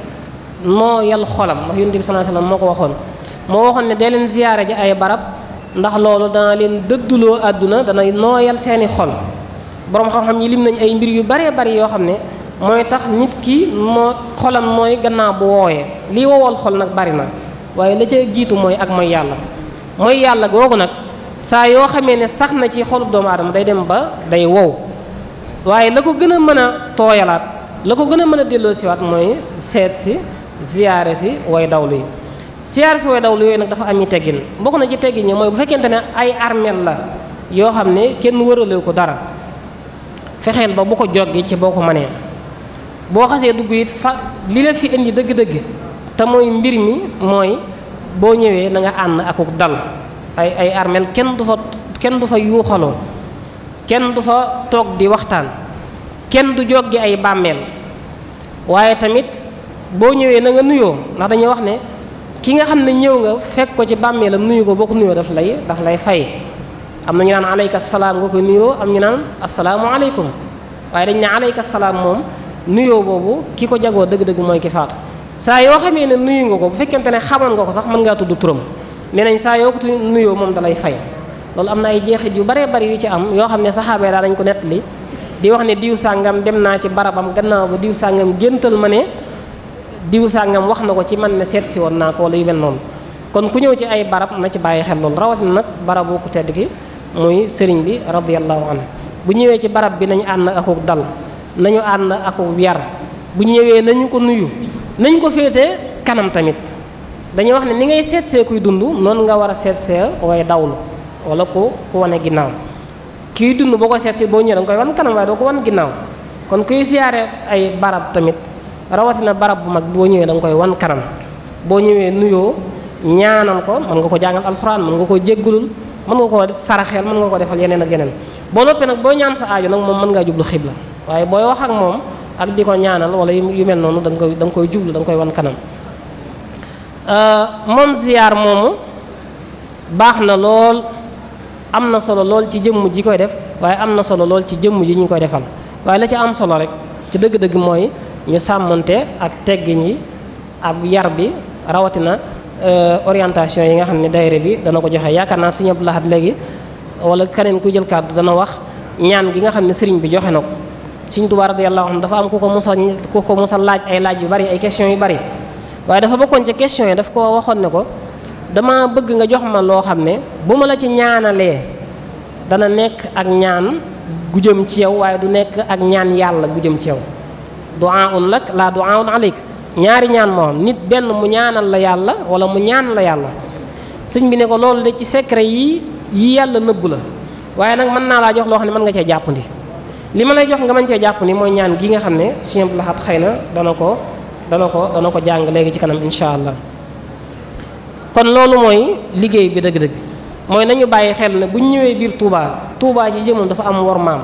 moo yal xolam wax yonent bi sallallahu moo ko waxoon moo waxoon ne dee leen ziyaare ji ay barab ndax loolu dana leen dëdduloo àdduna dana nooyal seeni xol boroom xam-xam yi lim nañ ay mbir yu baree bari yoo xam ne mooy tax nit ki moo xolam mooy gannaaw bu wooyee lii wowal xol nag bari na waaye la ca jiitu mooy ak mooy yàlla mooy yàlla googu nag saa yoo xamee ne sax na ci xolub doomu aadama day dem ba day wow waaye la ko gën a mën a tooyalaat la ko gën a mën a delloosiwaat mooy seet si ziyaare si way dawlu yi ziyaare si way dawlu yooyu nag dafa am ñu teggin bokk na ci teggin ñi mooy bu fekkente ne ay armeel la yoo xam ne kenn wëralewu ko dara fexeel ba bu ko joggi ci boo ko mënee boo xasee dugg it fa li la fi indi dëgg-dëgg te mooy mbir mi mooy boo ñëwee na nga ànd akuk dal ay ay armeel kenn du fa kenn du fa yuuxaloo kenn du fa toog di waxtaan kenn du joggi ay bàmmeel waaye tamit boo ñëwee na nga nuyoo ndax dañuy wax ne ki nga xam ne ñëw nga fekk ko ci bàmmee la nuyu ko boo ko nuyoo daf lay daf lay fay am na ñu naan aleyka salaam nga koy nuyoo am ñu naan asalaamualeykum waaye dañ ne aleyka salaam moom nuyoo boobu ki ko jagoo dëgg-dëgg mooy ki faatu saa yoo xamee ne nuyu nga ko bu fekkente ne xamoon nga ko sax mën ngaa tudd turam nee nañ saa yoo ko nuyoo moom dalay fay loolu am na ay jeexit yu baree bari yu ci am yoo xam ne saxaaba yi daa dañ ko nettali di wax ne diw sàngam dem naa ci barabam gannaaw ba diw sàngam géntal ma ne diw sàngam wax na ko ci man ne seetsi si woon naa ko wala yu mel noonu kon ku ñëw ci ay barab na ci bàyyi xel loolu rawatina nag barabu ku tedd gi muy sëriñ bi radiyallahu anhu bu ñëwee ci barab bi nañu ànd ak akuk dal nañu ànd akuk yar bu ñëwee nañu ko nuyu nañu ko féete kanam tamit dañuy wax ne ni ngay seetsee kuy dund noonu nga war a seetsee way dawlu wala ku ku wane ginnaaw kiy dund boo ko seetsee boo ñëwee da nga koy wan kanam waaye doo ko wan ginnaaw kon barab tamit rawatina barab bu mag boo ñëwee da nga koy wan kanam boo ñëwee nuyoo ñaanal ko man nga ko jàngal alxuraan mën nga ko jéggulul mën nga ko saraxeel mën nga ko defal yeneen ak yeneen boo noppee nag boo ñaan sa aajo nag moom mën ngaa jublu xibla waaye booy wax ak moom ak di ko ñaanal wala yu mel noonu danga koy da nga koy jublu da nga koy wan kanam euh, moom ziyaar moomu baax na lool am na solo lool ci jëmm ji koy def waaye am na solo lool ci jëmm ji ñu koy defal la ci am solo rek ci dëgg-dëgg mooy ñu sàmmante ak teggin yi ab yar bi rawatina euh, orientation yi nga xam ne dayre bi dana ko joxe yaakaar naa Sëriñ Abdou Lahad léegi wala keneen ku jël kàddu dana wax ñaan gi nga xam ne sëriñ bi joxe na ko Sëriñ Tuubaa radiyallaahu anhu dafa am ku ko musa ku ko musa laaj ay laaj yu bari ay questions yu bari waaye dafa bokkoon ca question yi daf ko waxoon ne ko dama bëgg nga jox ma loo xam ne bu ma la ci ñaanalee dana nekk ak ñaan gu jëm ci yow waaye du nekk ak ñaan yàlla gu jëm ci yow duaa un lak laa duaa ñaari ñaan moo nit benn mu ñaanal la yàlla wala mu ñaan la yàlla sëñ bi ne ko loolu de ci secret yi yi yàlla nëbb la waaye nag mën naa laa jox loo xam ne mën nga cee jàppandi li ma jox nga mën cee jàppandi mooy ñaan gi nga xam ne Sëñ Abdou Lahad xëy na dana ko dana ko dana ko jàng léegi ci kanam incha allah kon loolu mooy liggéey bi dëgg-dëgg mooy nañu bàyyi xel ne bu ñu ñëwee biir tuubaa tuubaa ci jëmam dafa am wormaam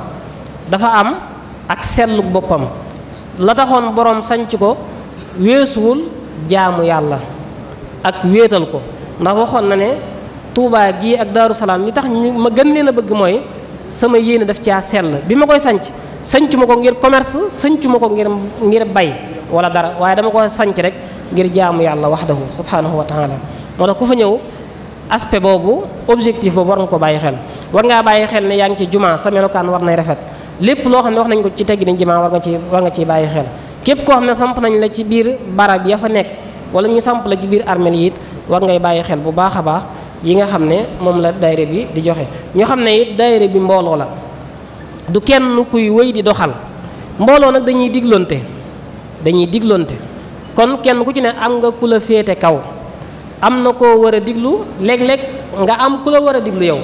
dafa am ak sellug boppam la taxoon borom sanc ko weesuwul jaamu yàlla ak wéetal ko ndax waxoon na ne Touba gii ak Daaru Salaam li tax ñu ma gën leen a bëgg mooy sama yéene daf caa sell bi ma koy sanc sanc ma ko ngir commerce sanc ma ko ngir ngir bay wala dara waaye dama ko sanc rek ngir jaamu yàlla wax waxdahu subhanahu wa taala moo tax ku fa ñëw aspect boobu objectif boobu war nga ko bàyyi xel war ngaa bàyyi xel ne yaa ngi ci juma sa melokaan war nay rafet lépp loo xam ne wax nañ ko ci teggi nañ jimaa war nga ci war nga ciy bàyyi xel képp koo xam ne samp nañ la ci biir barab ya fa nekk wala ñu samp la ci biir armel yi it war ngay bàyyi xel bu baax a baax yi nga xam ne moom la daayira bi di joxe ñu xam ne it daayira bi mbooloo la du kenn kuy wéy di doxal mbooloo nag dañuy diglonte dañuy diglonte kon kenn ku ci ne am nga ku la féete kaw am na koo war a diglu léeg-léeg nga am ku la war a diglu yow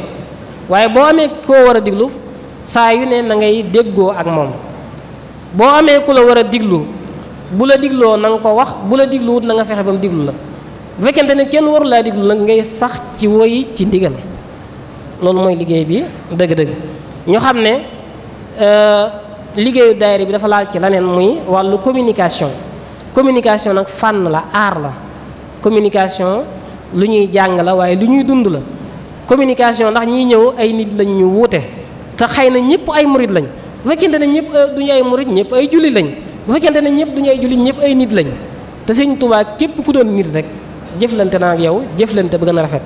waaye boo amee koo war saa yu ne na ngay déggoo ak moom boo amee ku la war a diglu bu la digloo na nga ko wax bu la digluwut na fexe ba mu diglu la bu fekkente ne kenn waru laa diglu nag ngay sax ci woyi ci ndigal loolu mooy liggéey bi dëgg-dëgg ñu xam ne euh, liggéeyu daayira bi dafa laal ci leneen muy wàllu communication communication nag fànn la aar la communication lu ñuy jàng la waaye lu ñuy dund la communication ndax ñi ñëw ay nit lañ ñu wuute te xëy na ñëpp ay murit lañ bu fekkente ne ñëpp euh, duñu ay murit ñëpp ay julli lañ bu fekkente ne ñëpp duñu ay julli ñëpp ay nit lañ te sëñ Tuubaa képp ku doon nit rek jëflante naa yow jëflante ba gën a rafet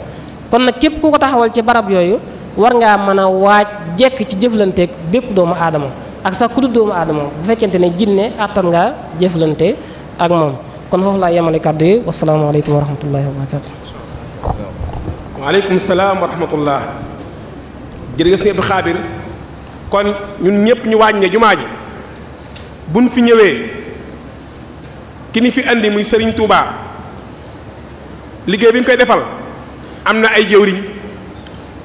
kon nag képp ku ko taxawal ci barab yooyu war ngaa mën a waaj jekk ci jëflanteek bépp doomu aadama ak sax ku du doomu aadama bu fekkente ne jinne attan ngaa jëflante ak moom kon foofu laa yemale kàddu yi wasalaamaaleykum wa rahmatullahi wa barakatu waaleykum salaam wa rahmatullah kon ñun ñëpp ñu waaj ne jumaa ji buñ fi ñëwee ki ni fi andi muy sëriñ Touba liggéey bi ñu koy defal am na ay jëwriñ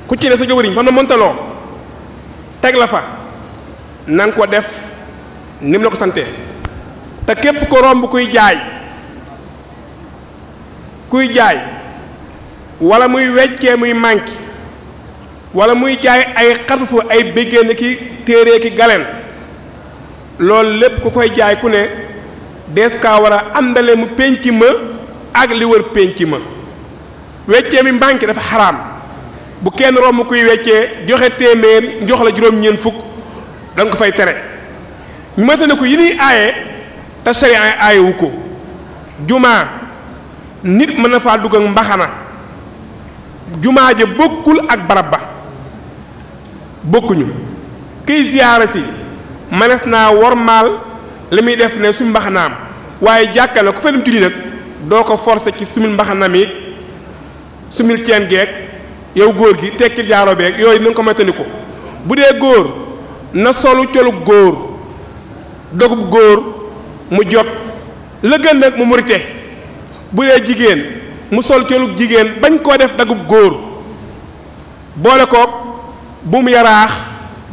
ku ci ne sa jëwriñ fam na montaloo teg la fa na ko def ni mu la ko sante te képp ko romb kuy jaay kuy jaay walla muy weccee muy manqué wala muy jaay ay xarfu ay béggéen ki téere ki galeen loolu lépp ku koy jaay ku ne dees kaa war a àndale mu pénc ma ak li wër pénc ma weccee mi mbànke dafa xaraam bu kenn romb kuy weccee joxe téeméer jox la juróom-ñeent fukk da ko fay tere ñu mata ne ko yi nuy aaye te sharia aayewu ko jumaa nit mën na faa dugg mbaxana jumaa ja bokkul ak barab ba bokkuñu kiy ziyaara si manes naa wor wormaal la muy def ne suñu mbaxanaam waaye jàkka la ku fenum julli nag doo ko forcé ci sumil mbaxanaam yi sumil ceen geeg yow góor gi tekkil jaaro beeg yooyu na nga ko bu dee góor na solu colub góor dogub góor mu jot la gën nag mu murite bu dee jigéen mu sol colub jigéen bañ koo def dagub góor boole ko bu yaraax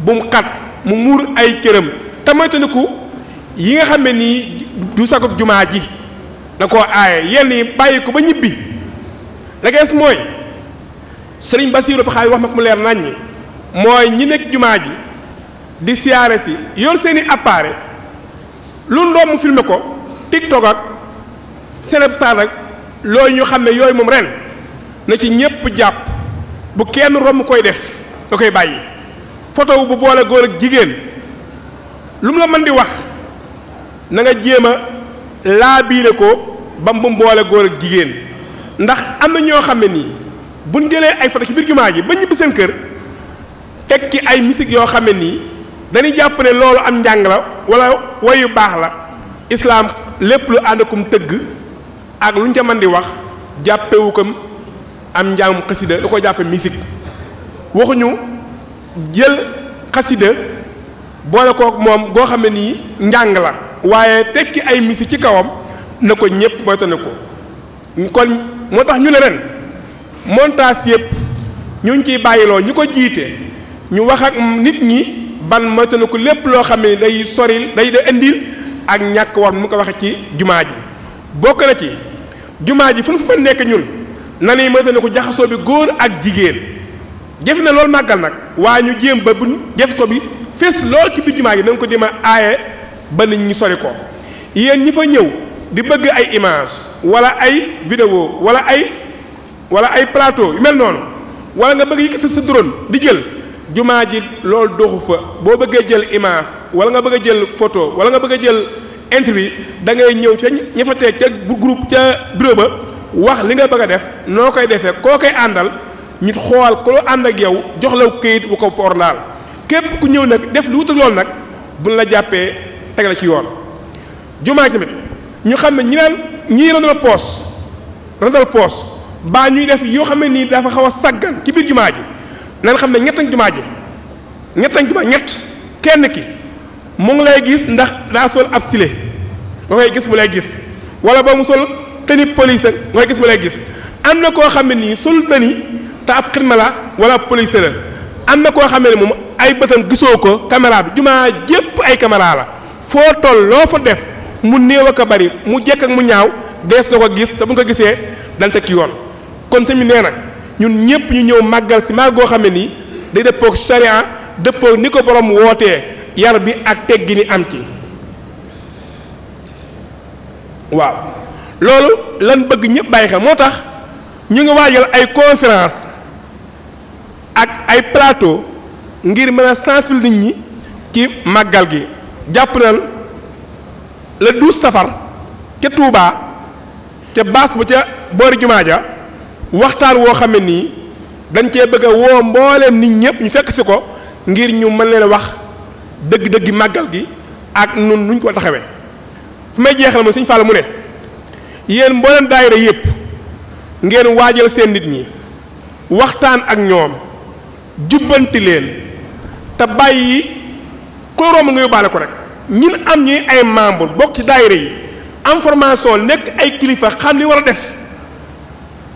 bu mu xat mu muur ay këram te moytandiku yi nga xam ne nii du sagub jumaa ji na koo aaye yenn yi bàyyi ko ba ñibbi la gees mooy sëriñ Basiiru Paxaay wax ma ko mu leer naññi mooy ñi nekk jumaa ji di siyaare si yor seeni appareil lu ndoom mu ko tiktok ak seneb saan ak loolu ñu xam ne yooyu moom ren na ci ñépp jàpp bu kenn romb koy def da koy bàyyi fotowu bu boole góor ak jigéen lu mu la mën di wax nanga nga jéem a laabiire ko ba mu boole góor ak jigéen ndax am na ñoo xam ne nii buñ jëlee ay photo ci biir jumaa ji ba ñibbi seen kër teg ci ay musique yoo xam ne nii dañuy jàpp ne loolu am njàng la wala wayu baax la islaam lépp lu ànd akum tëgg ak lu ñu ca mën di wax jàppewu ko am njàngum xasida lu ko jàppe musique waxuñu jël xasida boole kook moom goo xam ne nii njàng la waaye tekki ay misi ci kawam na ko ñëpp moytane ko kon moo tax ñu ne ren montage yëpp ñu ngi ciy bàyyiloo ñu ko jiite ñu wax ak nit ñi ban moytane ko lépp loo xam ne ni day soril day da indil ak ñàkk war mu ko waxe ci jumaa ji bokk na ci jumaa ji fu nu fu ma nekk ñun na ni moytane ko jaxasoo bi góor ak jigéen jëf na loolu màggal nag waa ñu jéem ba bu jëf ko bi fees lool ci biir jumaa yi na nga ko dima aaye ba nit ñi sori ko yéen ñi fa ñëw di bëgg ay image wala ay vidéo wala ay wala ay plateau yu mel noonu wala nga bëgg yëkkati sa drone di jël jumaa ji loolu doxu fa boo bëggee jël image wala nga bëgg jël photo wala nga bëgg a jël interview da ngay ñëw ca ña fa teg ca group ca bureau ba wax li nga bëgg a def noo koy defee koo koy àndal ñu xool ko loo ànd ak yow jox la këyit bu ko for laal képp ku ñëw nag def lu wutal loolu nag bu la jàppee teg la ci yoon. jumaa tamit ñu xam ne ñi naan ñii randal poos randal poos baa ñuy def yoo xam ne nii dafa xaw a sàggan ci biir jumaa ji nan xam ne ñettañ jumaa ji ñettañ jumaa ñett kenn ki mu ngi lay gis ndax daa sol ab sile nga koy gis mu lay gis wala ba mu sol tenue police nga koy gis mu lay gis am na koo xam ne nii sol tenue te ab xidma la wala police la am na koo xamee ne moom ay bëtam gisoo ko caméra bi jumaa jépp ay caméra la foo toll loo fa def mu néew ak a bari mu jekk ak mu ñaaw dees na ko gis te bu nga ko gisee dante ki yoon kon tamit nee na ñun ñëpp ñu ñëw màggal si màgg goo xam ne nii day dëppoo ak charia ni ko borom wootee yar bi ak teg gi ni am ci waaw loolu lan bëgg ñëpp bàyyi xel moo tax ñu ngi waajal ay conference ak ay plateau ngir mën a sensibiliser nit ñi ci màggal gi jàpp nal le douze safar ca Touba ca baas ba ca boori jumaa ja waxtaan woo xam ne nii dañ cee bëgg a woo mbooleem nit ñëpp ñu fekk si ko ngir ñu mën leen wax dëgg-dëggi màggal gi ak nun nuñ ko taxawee fu may jeexal mooy suñ Fallu mu ne yéen mbooleem daayira yépp ngeen waajal seen nit ñi waxtaan ak ñoom jubbanti te bàyyi koy romb nga yóbbaale ko rek ñun am ñi ay membre bokk ci daayira yi information nekk ay kilifa xam ni war a def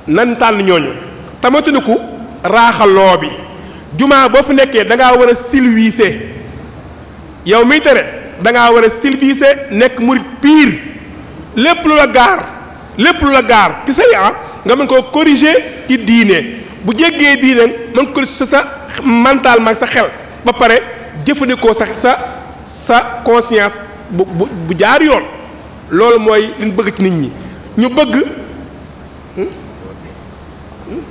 nan tànn ñooñu ko raaxaloo bi jumaa boo fi nekkee da ngaa war a silwiise yow miy tere da war a silwiise nekk murit piir lépp lu la gaar lépp lu la gaar ki say a ah nga mën koo corriger ci diine bu jegee bii nag mën ko sa sa mentalement sa xel ba pare jëfandikoo sax sa sa conscience bu bu bu jaar yoon loolu mooy liñ ci nit ñi ñu bëgg hmm? Hmm?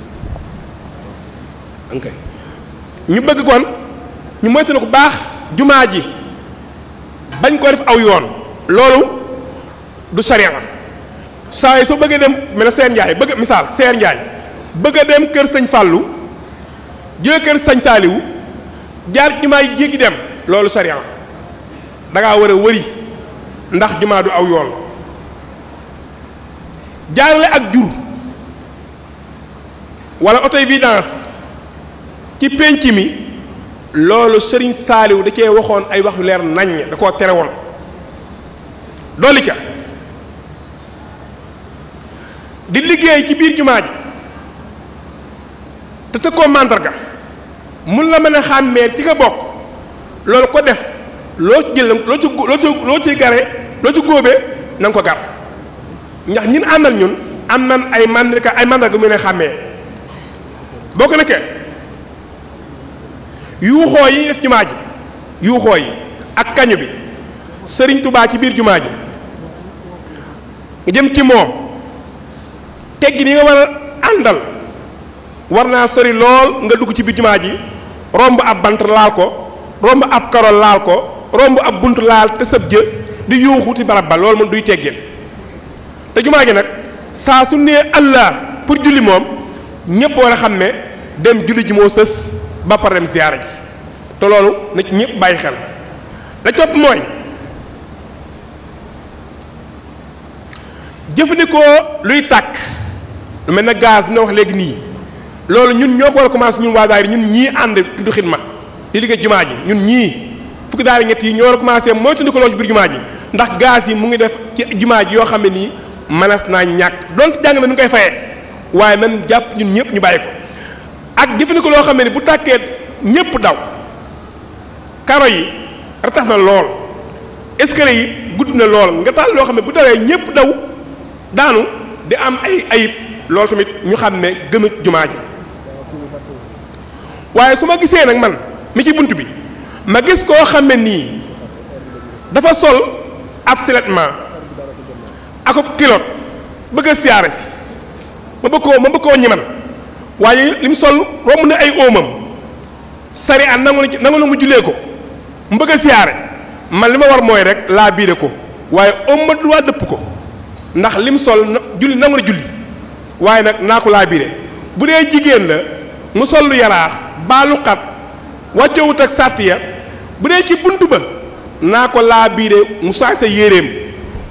ok bëgg kon ñu moytu na ko baax jumaa ji bañ koo def aw yoon loolu du sariya saa yi soo bëggee dem mel na Seer Njaay bëgg misaal Seer Njaay bëgg a dem kër sëñ Fallou jël kër sañ saaliwu jaar jumaa yi jéggi dem loolu sariya danga ngaa war a wëri ndax jumaa du aw yoon jaarale ak jur walla auto évidence ci pénc mi loolu sëriñ Saliou da cee waxoon ay wax yu leer naññ da koo tere woon dolli ca di liggéey ci biir jumaa ji te tëkkoo màndarga mun la mën a xàmmee ci nga bokk loolu ko def loo ci jël loo ci loo ci loo ci góobee na ko gar ndax ñun àndal ñun am nan ay màndarga ay màndarga mu ne xàmmee boo ko nekkee yuuxoo yi def jumaa ji yuuxoo yi ak kañu bi sëriñ tubaa ci biir jumaa ji nga jëm ci moom teggi ni nga war a àndal war naa sori lool nga dugg ci biir jumaa ji romb ab bant laal ko romb ab karol laal ko romb ab bunt laal te sëb jë di yuuxu ci barab ba loolu moom duy teggin te jumaa ji nag saa su nee allah pour julli moom ñëpp war a xam dem julli ji moo sës ba pare dem ziyaara ji te loolu na ci ñëpp bàyyi xel la topp mooy jëfandikoo luy tàkk lu mel ne gaz bi na wax léegi nii loolu ñun ñoo ko war a commencé ñun waa daayira ñun ñii ànd tudd xidma di liggéey jumaa ji ñun ñii fukki daayira ñett yi ñoo war a commencé mooy tund ko loolu ci biir jumaa ji ndax gaz yi mu ngi def ci jumaa ji yoo xam ne nii manas naa ñàkk donte jàng na nu ngi koy fayee waaye man jàpp ñun ñëpp ñu bàyyi ko ak jëfandikoo loo xam ne ni bu tàkkee ñëpp daw karo yi ratax na lool escalier yi gudd na lool nga taal loo xam ne bu dawee ñëpp daw daanu di am ay ayib loolu ñu xam ne gënu jumaa ji waaye su ma gisee nag man mi ci bunt bi ma gis koo xam ne nii dafa sol ab siletement akub kiloot bëgg a siyaare si ma bëgg koo ma bëgg koo ñeman waaye li mu sol romb na ay óomam sari nangu na nangu na mu julee ko mu bëgg siyaare man li ma war mooy rek laa biire ko waaye óom ma duwaa dëpp ko ndax li mu sol julli nangu na julli waaye nag naa ko laa biire bu dee jigéen la mu sol lu yaraax baalukat wàccewut ak sàrt ya bu dee ci bunt ba naa ko laa biire mu saay sa yéreem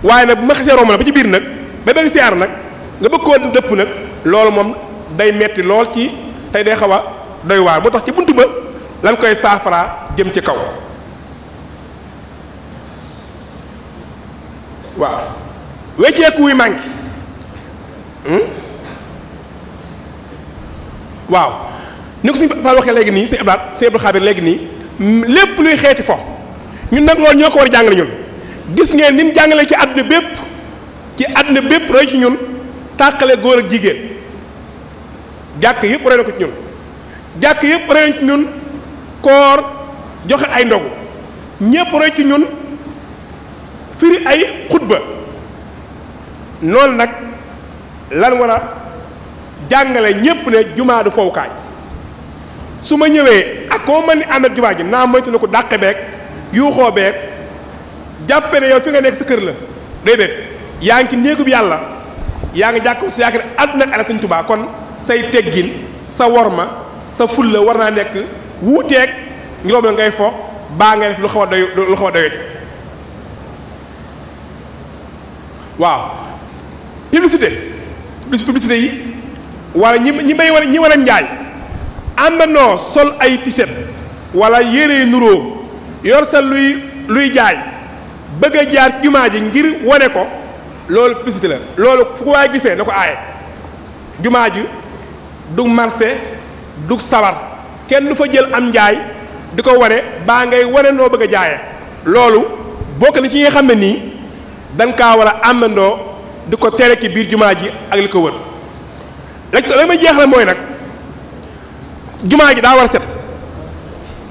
waaye nag bu ma xasee romb la ba ci biir nag ba bëgg siyaar nag nga bëgg koo dëpp nag loolu moom day metti lool ci tey day xaw a doy waar moo tax ci bunt ba lan koy saafara jëm ci kaw waaw wecceeku wi manqué hmm? waaw ni ko suñu Fall waxee léegi nii suñu Ablaat suñu Abdou Xaabir léegi nii lépp luy xeeti fo ñun nag loolu ñoo ko war a jàngale ñun gis ngeen ni mu jàngale ci àdduna bépp ci àdduna bépp roy ci ñun tàqale góor jigéen jàkk yëpp roy na ko ci ñun jàkk yëpp roy na ci koor joxe ay ndogu ñëpp roy ci ñun firi ay xutba loolu nag lan war a jàngale ñëpp ne jumaadu du su ma ñëwee ak koo mën ni amet jumaa ji naa moytu na ko dàqe beeg yuuxoo beeg jàppe ne yow fi nga nekk si kër la déedéet yaa ngi ci néegub yàlla yaa ngi jàkk su yaakaar àdduna ak ala sañ tubaa kon say teggin sa worma sa fulla war naa nekk wuuteeg ngiroom la ngay fo baa nga def lu xaw a doy lu xaw a doyet waaw publicité publicité yi wala ñi ñi may war ñi war a njaay àndandoo sol ay tiset wala yére nuroo yor sa luy luy jaay bëgg a jaar jumaa ji ngir wane ko loolu publicité la loolu fu ko waay gisee na ko aaye jumaa ji du marché du sabar kenn du fa jël am njaay di ko wane baa ngay wane noo bëgg a loolu bokk na ci nga xam ne nii dañ ka war a àndandoo di ko tere ci biir jumaa ji ak li ko wër la la may jeexale mooy nag jumaa ji daa war a set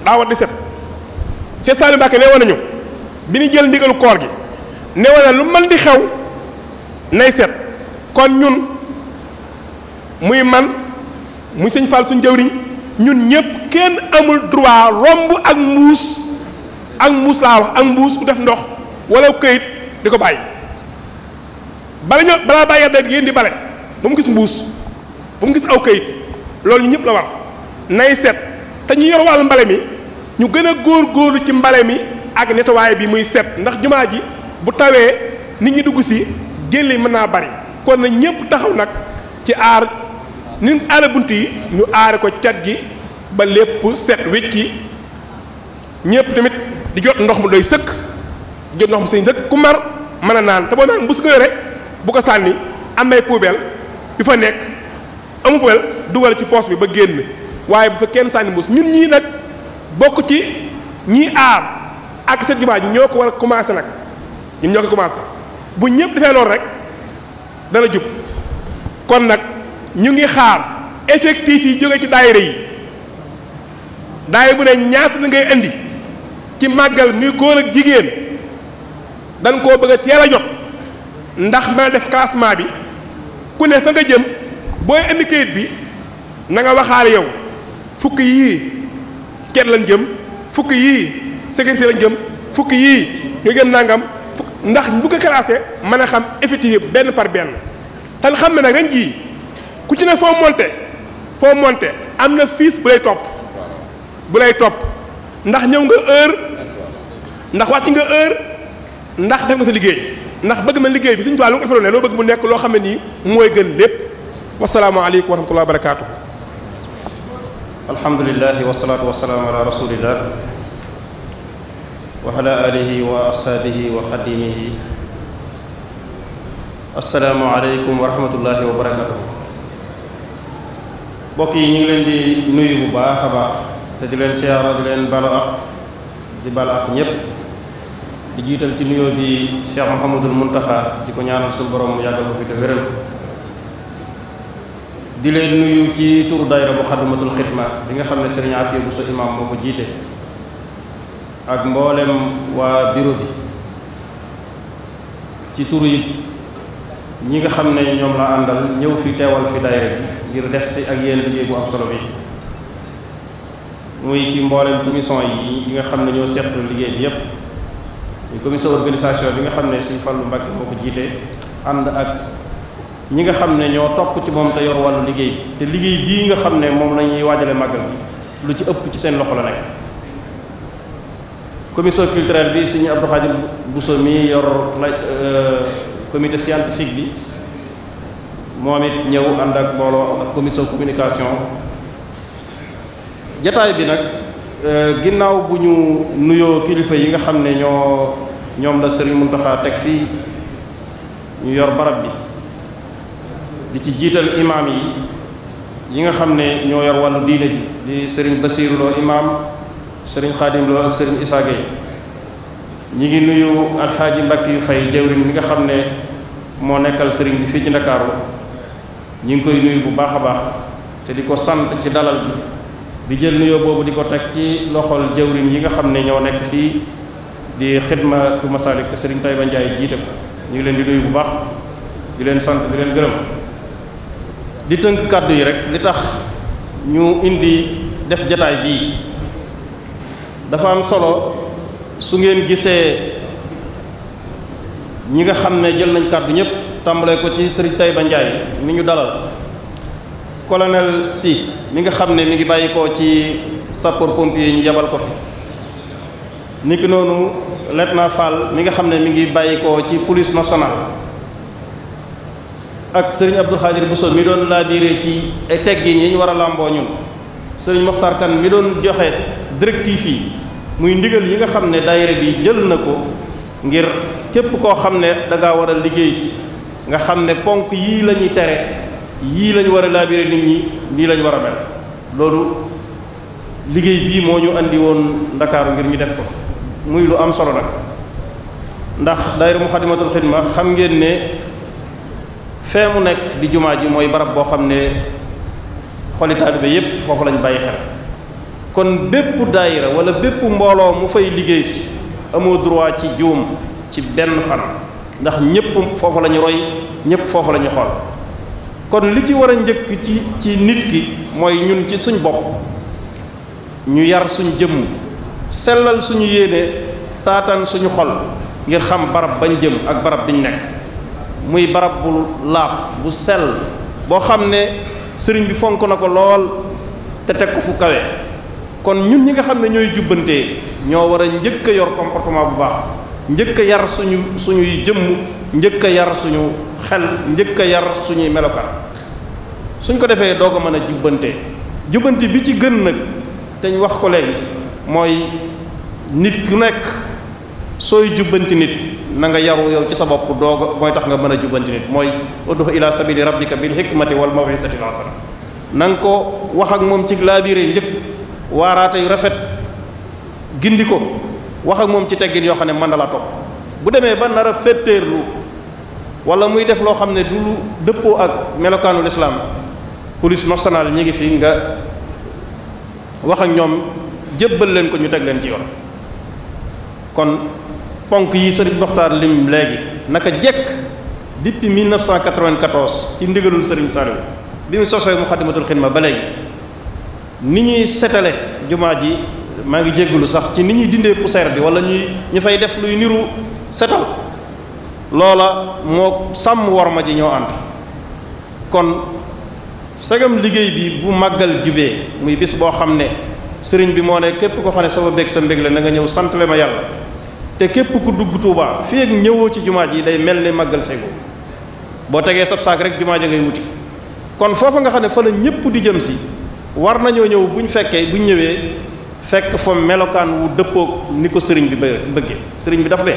daa war di set Cheikh Saliou Mbacké newoon nañu bi ñu jël ndigal koor gi newoon na lu mën di xew nay set kon ñun muy man muy sëñ Fall suñ jëwriñ ñun ñëpp kenn amul droit romb ak mbuus ak mbuus laa wax ak mbuus ku def ndox wala kayit di ko bàyyi bala ñoo balaa bàyyi yàddeet yéen di bale bu mu gis mbuus bu mu gis aw kayit loolu ñëpp la war nay set te ñu yor wàllu mbale mi ñu gën a góorlu ci mbale mi ak nettoyé bi muy set ndax jumaa ji bu tawee nit ñi dugg si jëli mën naa bari kon na ñëpp taxaw nag ci aar ni aara bunt yi ñu aare ko cat gi ba lépp set wecci ñëpp tamit di jot ndox mu doy sëkk di jot ndox mu sëñ sëkk ku mar mën a naan te boo naan bu su ko yore bu ko sànni am nay poubelle yu fa nekk amu poubelle dugal ci poos bi ba génn waaye bu fa kenn sànni mbuus ñun ñii nag bokk ci ñii aar ak sa jumaa ji ñoo ko war a commencé nag ñun ñoo bu ñëpp defee rek dana jub kon nag ñu ngi xaar effective yi jóge ci daayira yi daayira bu ne ñaata la ngay indi ci màggal muy góor ak jigéen dañ koo bëgg a teel a jot ndax ma a def classement bi ku ne fa nga jëm booy indi kayit bi na nga waxaale yow fukk yii kenn lañ jëm fukki yii sécurité lañ jëm fukk yii ñooy gën nangam ndax bu ko classé mën a xam effectif benn par benn tan xam ne nag ren jii ku ci ne foo monté foo monté am na fiis bu lay topp bu lay topp ndax ñëw nga heure ndax wàcc nga heure ndax def nga sa liggéey ndax bëgg na liggéey bi suñu tubaab lu ko defaloon ne loo bëgg mu nekk loo xam ne nii mooy gën lépp wasalaamaaleykum wa rahmatulah wa barakaatu. alhamdulilah wasalaatu wasalaamu ala rasulillah wa ala alihi wa ashaabihi wa xadimihi asalaamu aleykum wa rahmatullahi wa barakatuh mbokk yi ñu ngi leen di nuyu bu baax a baax te di leen siyaara di leen balo ak di balo ak ñépp di jiital ci nuyoo bi Cheikh Mouhamadul Muntaxa di ko ñaanal suñu mu yàggal ko fi te di leen nuyu ci turu daayira bu xadumatul xidma bi nga xam ne sëriñ bu Bousso imam moo ko jiite ak mboolem waa diro bi ci turu yi ñi nga xam ne ñoom la àndal ñëw fi teewal fi daayira bi ngir def si ak yéen liggéey bu am solo bi muy ci mboolem commission yi yi nga xam ne ñoo seqlu liggéey bi yépp ñu commission organisation bi nga xam ne suñ Fallou Mbacke moo ko jiite ànd ak ñi nga xam ne ñoo topp ci moom te yor wàllu liggéey te liggéey bii nga xam ne moom lañuy ñuy waajale màggal bi lu ci ëpp ci seen loxo la nekk commission culturelle bi suñu Abdou Khadim Bousso mi yor la euh, comité scientifique bi moom it ñëw ànd ak mbooloo ak commission communication jataay bi nag euh, ginnaaw bu ñu nuyoo kilifa yi nga xam ne ñoo ñoom la Serigne Mountakha teg fii ñu yor barab bi di ci jiital imaam yi yi nga xam ne ñoo yor wàllu diine ji di sëriñ Basiiru Lo imaam sëriñ Xaadim ak sëriñ Isaa Gey ñi ngi nuyu alxaaji Mbàkke yu fay jawrin mi nga xam ne moo nekkal sëriñ bi fii ci Ndakaaru ñi ngi koy nuyu bu baax a baax te di ko sant ci dalal bi di jël nuyoo boobu di ko teg ci loxol jawrin yi nga xam ne ñoo nekk fii di xidmatu masalik te sëriñ Tayba Njaay jiite ko ñu ngi leen di nuyu bu baax di leen sant di leen gërëm di tënk kàddu yi rek li tax ñu indi def jataay bii dafa am solo su ngeen gisee ñi nga xam ne jël nañ kàddu ñëpp tàmbalee ko ci sëriñ Taïba Ndiaye mi ñu dalal colonel si mi nga xam ne mi ngi bàyyi ko ci sapeur pompier ñu yabal ko fi niki noonu lieutenant Fall mi nga xam ne mi ngi bàyyi ko ci police nationale ak sëriñ Abdou Khadir Bousso mi doon laabiire ci ay teggin yi ñu war a làmboo ñun sëriñ Mokhtar Kane mi doon joxe directive yi muy ndigal yi nga xam ne daayira bi jël na ko ngir képp koo xam ne da ngaa war a liggéey si nga xam ne ponk yii la tere yii lañu war a laabiire nit ñi lii lañu war a mel loolu liggéey bii moo ñu andi woon ndakaaru ngir ñu def ko muy lu am solo nag ndax daayira Muxaddamatul Xidma xam ngeen ne fee mu nekk di jumaa ji mooy barab boo xam ne xoli taalibe yépp foofu lañ bàyyi xel kon bépp daayira wala bépp mbooloo mu fay liggéey si amoo droit ci juum ci benn fan ndax ñépp foofu lañu ñu roy ñépp foofu la ñu xool kon li ci war a njëkk ci ci nit ki mooy ñun ci suñ bopp ñu yar suñ jëmm sellal suñu yéene taataan suñu xol ngir xam barab bañ jëm ak barab biñ nekk muy barab bu laab bu sell boo xam ne sëriñ bi fonk na ko lool te teg ko fu kawe kon ñun ñi nga xam ne ñooy jubbantee ñoo war a njëkk yor comportement bu baax njëkk yar suñu suñuy jëmm njëkk yar suñu xel njëkk a yar suñuy melokaan suñ ko defee doo ko mën a jubbante jubbante bi ci gën nag te ñu wax ko léegi mooy nit ku nekk sooy jubbanti nit na nga yaru yow ci sa bopp doogo mooy tax nga mën a jubanti nit mooy uddu ila sabili rabbika bil hikmati wal mawisati al hasana na nga ko wax ak moom ci laabire njëkk waaraate yu rafet gindi ko wax moom ci teggin yoo xam ne man na laa topp bu demee ba nar a féttéerlu wala muy def loo xam ne du lu dëppoo ak melokaanu lislaam police nationale ñi ngi fi nga wax ak ñoom jébbal leen ko ñu teg leen ci yoon ponk yi sëriñ Moxtaar lim léegi naka jekk depuis 1994 ci ndigalul sëriñ Saliou bi mu sosee Muxaddamatul ma ba léegi ni ñuy setale jumaa ji maa ngi jéggulu sax ci ni ñuy dindee poussière bi walla ñuy ñu fay def luy niru setal loola moo sàmm warma ji ñoo ànd kon sagam liggéey bi bu màggal jubee muy bis boo xam ne sëriñ bi moo ne képp ko xam ne sama bég sa mbég nanga ñëw santale ma yàlla te képp ku dugg Touba fi ak ñëwoo ci jumaa ji day mel ni màggal say boo tegee sab saak rek jumaa ji ngay wuti kon foofa nga xam ne fa la ñëpp di jëm si war nañoo ñëw bu ñu fekkee bu ñëwee fekk fa melokaan wu dëppoog ni ko sëriñ bi bëggee sëriñ bi daf ne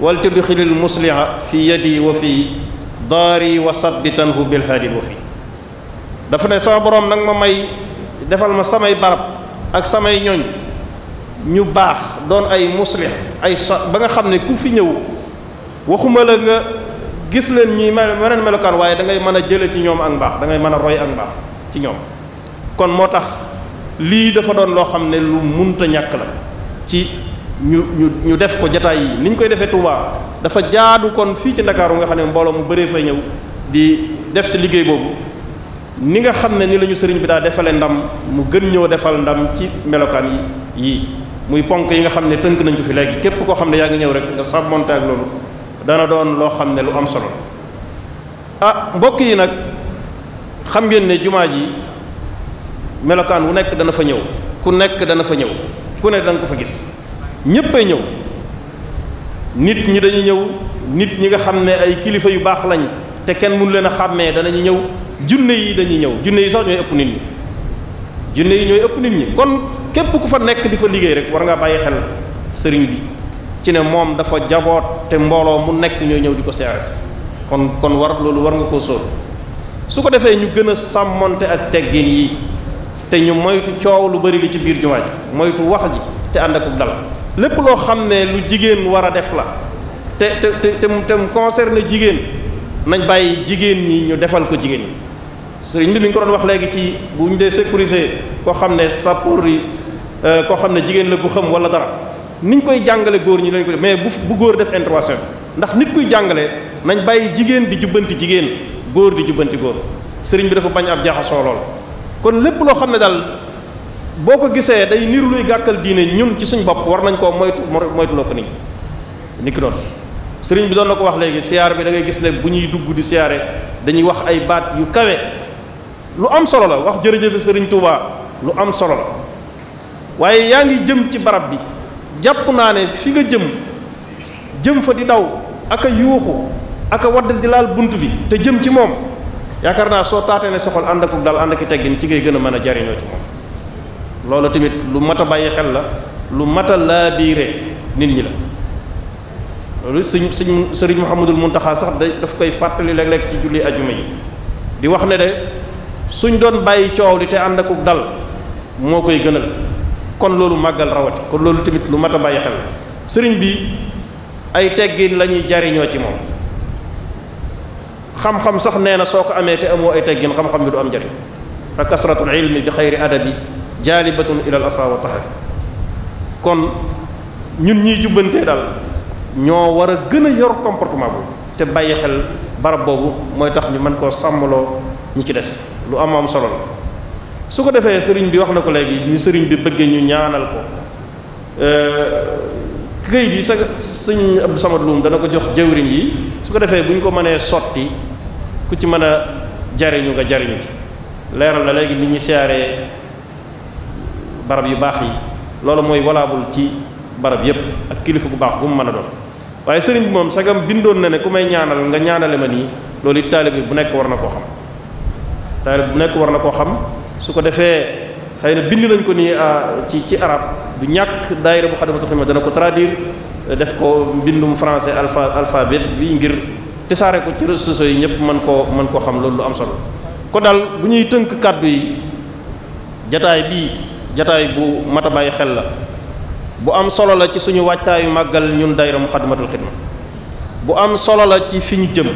wal tudxilil musliha fi yadi wa fi daari wa sabbitanhu bilhaadi wa fi dafa ne sama borom nag ma may defal ma samay barab ak samay ñooñ ñu baax doon ay muslix ay so ba nga xam ne ku fi ñëw waxuma la nga gis leen ñuy meneen melokaan waaye da ngay mën a jële ci ñoom ak mbaax dangay ngay mën a roy ak mbaax ci ñoom kon moo tax lii dafa doon loo xam ne lu munta ñàkk la ci ñu ñu ñu def ko jataay yi ni ñu koy defee tuubaa dafa jaadu kon fii ci Ndakaaru nga xam ne mbooloo mu baree fay ñëw di def si liggéey boobu ni nga xam ne ni lañu sëriñ bi daal defalee ndam mu gën ñoo defal ndam ci melokaan yi yii muy ponk yi nga xam ne tënk nañ ko fi léegi képp koo xam ne yaa ngi ñëw rek nga sàmmonte ak loolu dana doon loo xam ne lu am solo ah mbokk yi nag xam ngeen ne jumaa ji melokaan wu nekk dana fa ñëw ku nekk dana fa ñëw ku ne dana ko fa gis ñéppay ñëw nit ñi dañuy ñëw nit ñi nga xam ne ay kilifa yu baax lañ te kenn mënu leen a xàmmee danañu ñëw junne yi dañuy ñëw junne yi sax ñooy ëpp nit ñi junne yi ñooy ëpp nit ñi kon képp ku fa nekk di fa liggéey rek war ngaa bàyyi xel sëriñ bi ci ne moom dafa jaboot te mbooloo mu nekk ñoo ñëw di ko seere si kon kon war loolu war nga koo sóor su ko defee ñu gën a sàmmonte ak teggin yi te ñu moytu coow lu bari li ci biir jumaa ji moytu wax ji te ànd akub dal lépp loo xam ne lu jigéen war a def la te te te te te mu concerne jigéen nañ bàyyi jigéen ñi ñu defal ko jigéen ñi sëriñ bi mi ngi ko doon wax léegi ci bu ñu dee sécuriser koo xam ne sapeur yi Euh, koo xam ne jigéen la bu xam wala dara niñ koy jàngale góor ñi lañ ko mais bu bu góor def intervention ndax nit kuy jàngale nañ bàyyi jigéen di jubbanti jigéen góor di jubbanti góor sëriñ bi dafa bañ ab jaaxasoo lool kon lépp loo xam ne daal boo ko gisee day niru luy gàkkal diine ñun ci suñ bopp war nañ koo moytu moytuloo ko nit ni ki doon sëriñ bi doon na ko wax léegi siyaar bi da ngay gis ne bu ñuy dugg di siyaare dañuy wax ay baat yu kawe lu am solo la wax jërëjëf sëriñ Touba lu am solo la waaye yaa ngi jëm ci barab bi jàpp naa ne fi nga jëm jëm fa di daw ak a yuuxu ak wadd di laal bunt bi te jëm ci moom yaakaar naa soo taatee ne soxol ànd akuk dal ànd ak teggin ci ngay gën a mën a jariñoo ci moom tamit lu mat a bàyyi xel la lu mat a laabiire nit ñi loolu sëñ sëñ sëriñ Mouhamadul Muntaxa sax daf koy fàttali léeg-léeg ci julli ajuma yi di wax ne de suñ doon bàyyi coow li te ànd akuk dal moo koy gënal kon loolu màggal rawati kon loolu tamit lu mat a bàyyi xel sëriñ bi ay teggin la ñuy jariñoo ci moom xam-xam sax nee na soo ko amee te amoo ay teggin xam-xam bi du am njariñ fa kasratul ilmi bi xayri adabi jaalibatun ilal asa wa taxari kon ñun ñiy jubbantee daal ñoo war a gën a yor comportement boobu te bàyyi xel barab boobu mooy tax ñu man koo sàmmaloo ñi ci des lu am am solo su ko defee sëriñ bi wax na ko léegi ñu sëriñ bi bëggee ñu ñaanal ko euh, këyit yi sa sëñ Abdou Samad Loum dana ko jox jëwriñ yi su ko defee bu ñu ko mënee sotti ku ci mën a jariñu nga jariñu ci leeral na léegi nit ñi siyaaree barab yu baax yi loolu mooy walaabul ci barab yépp ak kilifa bu baax gu mu mën a doon waaye sëriñ bi moom sagam bindoon na ne ku may ñaanal nga ñaanale ma nii loolu it taalib bi bu nekk war na koo xam taalib bu nekk war na koo xam su ko defee xëy bind nañ ko nii ah, ci ci arab du ñàkk daayira bu Xaddamatul Xidma dana ko traduire def ko mbindum français alpha alphabet bi ngir tasaare ko ci réseaux sociaux yi ñëpp mën koo mën koo xam loolu lu am solo kon daal bu ñuy tënk kàddu yi jataay bii jataay bu mat a bàyyi xel la bu am solo la ci suñu waajtaayu màggal ñun daayira mu Xaddamatul Xidma bu am solo la ci fi ñu jëm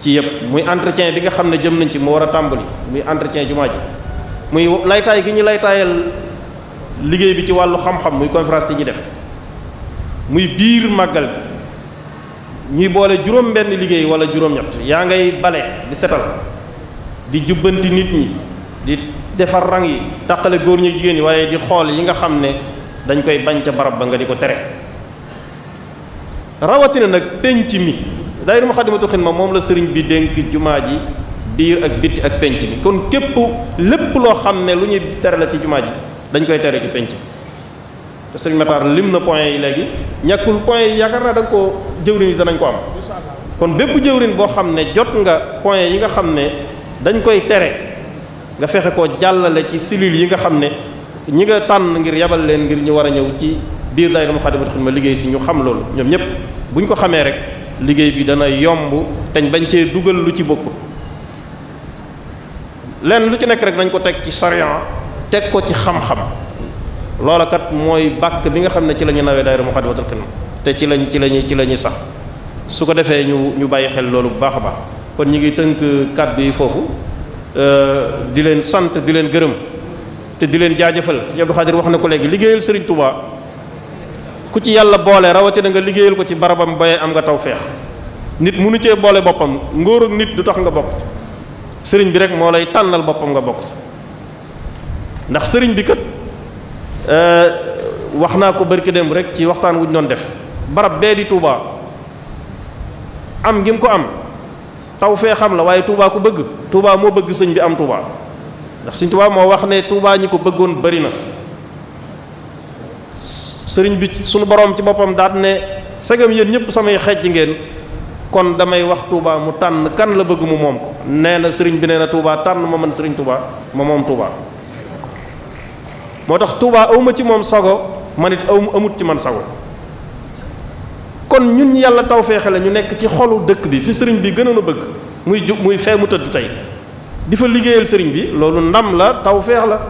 ci yëpp muy entretien bi nga xam ne jëm nañ ci mu war a tàmbali muy entretien jumaa ji muy laytaay gi ñu laytaayal liggéey bi ci wàllu xam-xam muy conférence yi ñu def muy biir màggal bi ñuy boole juróom benn liggéey wala juróom-ñett yaa ngay bale di setal di jubbanti nit ñi di defar rang yi taqale góor ñi jigéen ñi waaye di xool yi nga xam ne dañ koy bañ ca barab ba nga di ko tere rawatina nag penc mi daayira Muxaddamatul ma moom la sëriñ bi dénk jumaa ji biir ak bitti ak penc bi kon képp lépp loo xam ne lu ñuy tere la ci jumaa ji dañ koy tere ci penc bi te sëriñ Matar lim na point yi léegi ñàkkul point yi yaakaar naa da nga koo jëwriñ yi danañ ko am kon bépp jëwriñ boo xam ne jot nga point yi nga xam ne dañ koy tere nga fexe koo jàllale ci cellules yi nga xam ne ñi nga tànn ngir yabal leen ngir ñu war a ñëw ci biir daayira Muxaddamatul ma liggéey si ñu xam loolu ñoom ñëpp buñ ko xamee rek liggéey bi dana yomb teñ bañ cee dugal lu ci bokk lenn lu ci nekk rek nañ ko teg ci sariya teg ko ci xam-xam loola kat mooy bàkk bi nga xam ne ci la ñu nawee daayira Muxaddamatul Xidma te ci lañ ci lañu ci la ñuy sax su ko defee ñu ñu bàyyi xel loolu bu baax a baax kon ñu ngi tënk kàddu yi foofu di leen sant di leen gërëm te di leen jaajëfal Sëñ Abdou Xaadir wax na ko léegi liggéeyal Sëriñ Tuubaa ku ci yàlla boole rawatina nga liggéeyal ko ci barabam bayee am nga tawféex nit munu cee boole boppam ngóor ak nit du tax nga bokk sëriñ bi rek moo lay tànnal boppam nga bokk ndax sëriñ bi kat euh, wax naa ko barki dem rek ci waxtaan wuñ doon def barab bee di Touba am ngim ko am taw fee xam la waaye tuubaa ku bëgg Touba moo bëgg sëñ bi am Touba ndax sëñ Touba moo wax ne tuubaa ñi ko bëggoon bari na sëriñ bi suñu boroom ci boppam daat ne segam yéen ñëpp samay xejj ngeen kon damay wax Touba mu tànn kan la bëgg mu moom ko nee na sëriñ bi nee na Touba tànn ma man sëriñ Touba ma moom Touba moo tax Touba awma ci moom sago man it aw amut ci man sago kon ñun ñi yàlla tawfeexe la ñu nekk ci xolu dëkk bi fi sëriñ bi gënoona bëgg muy ju muy fee mu tëdd tey di fa liggéeyal sëriñ bi loolu ndam la tawfeex la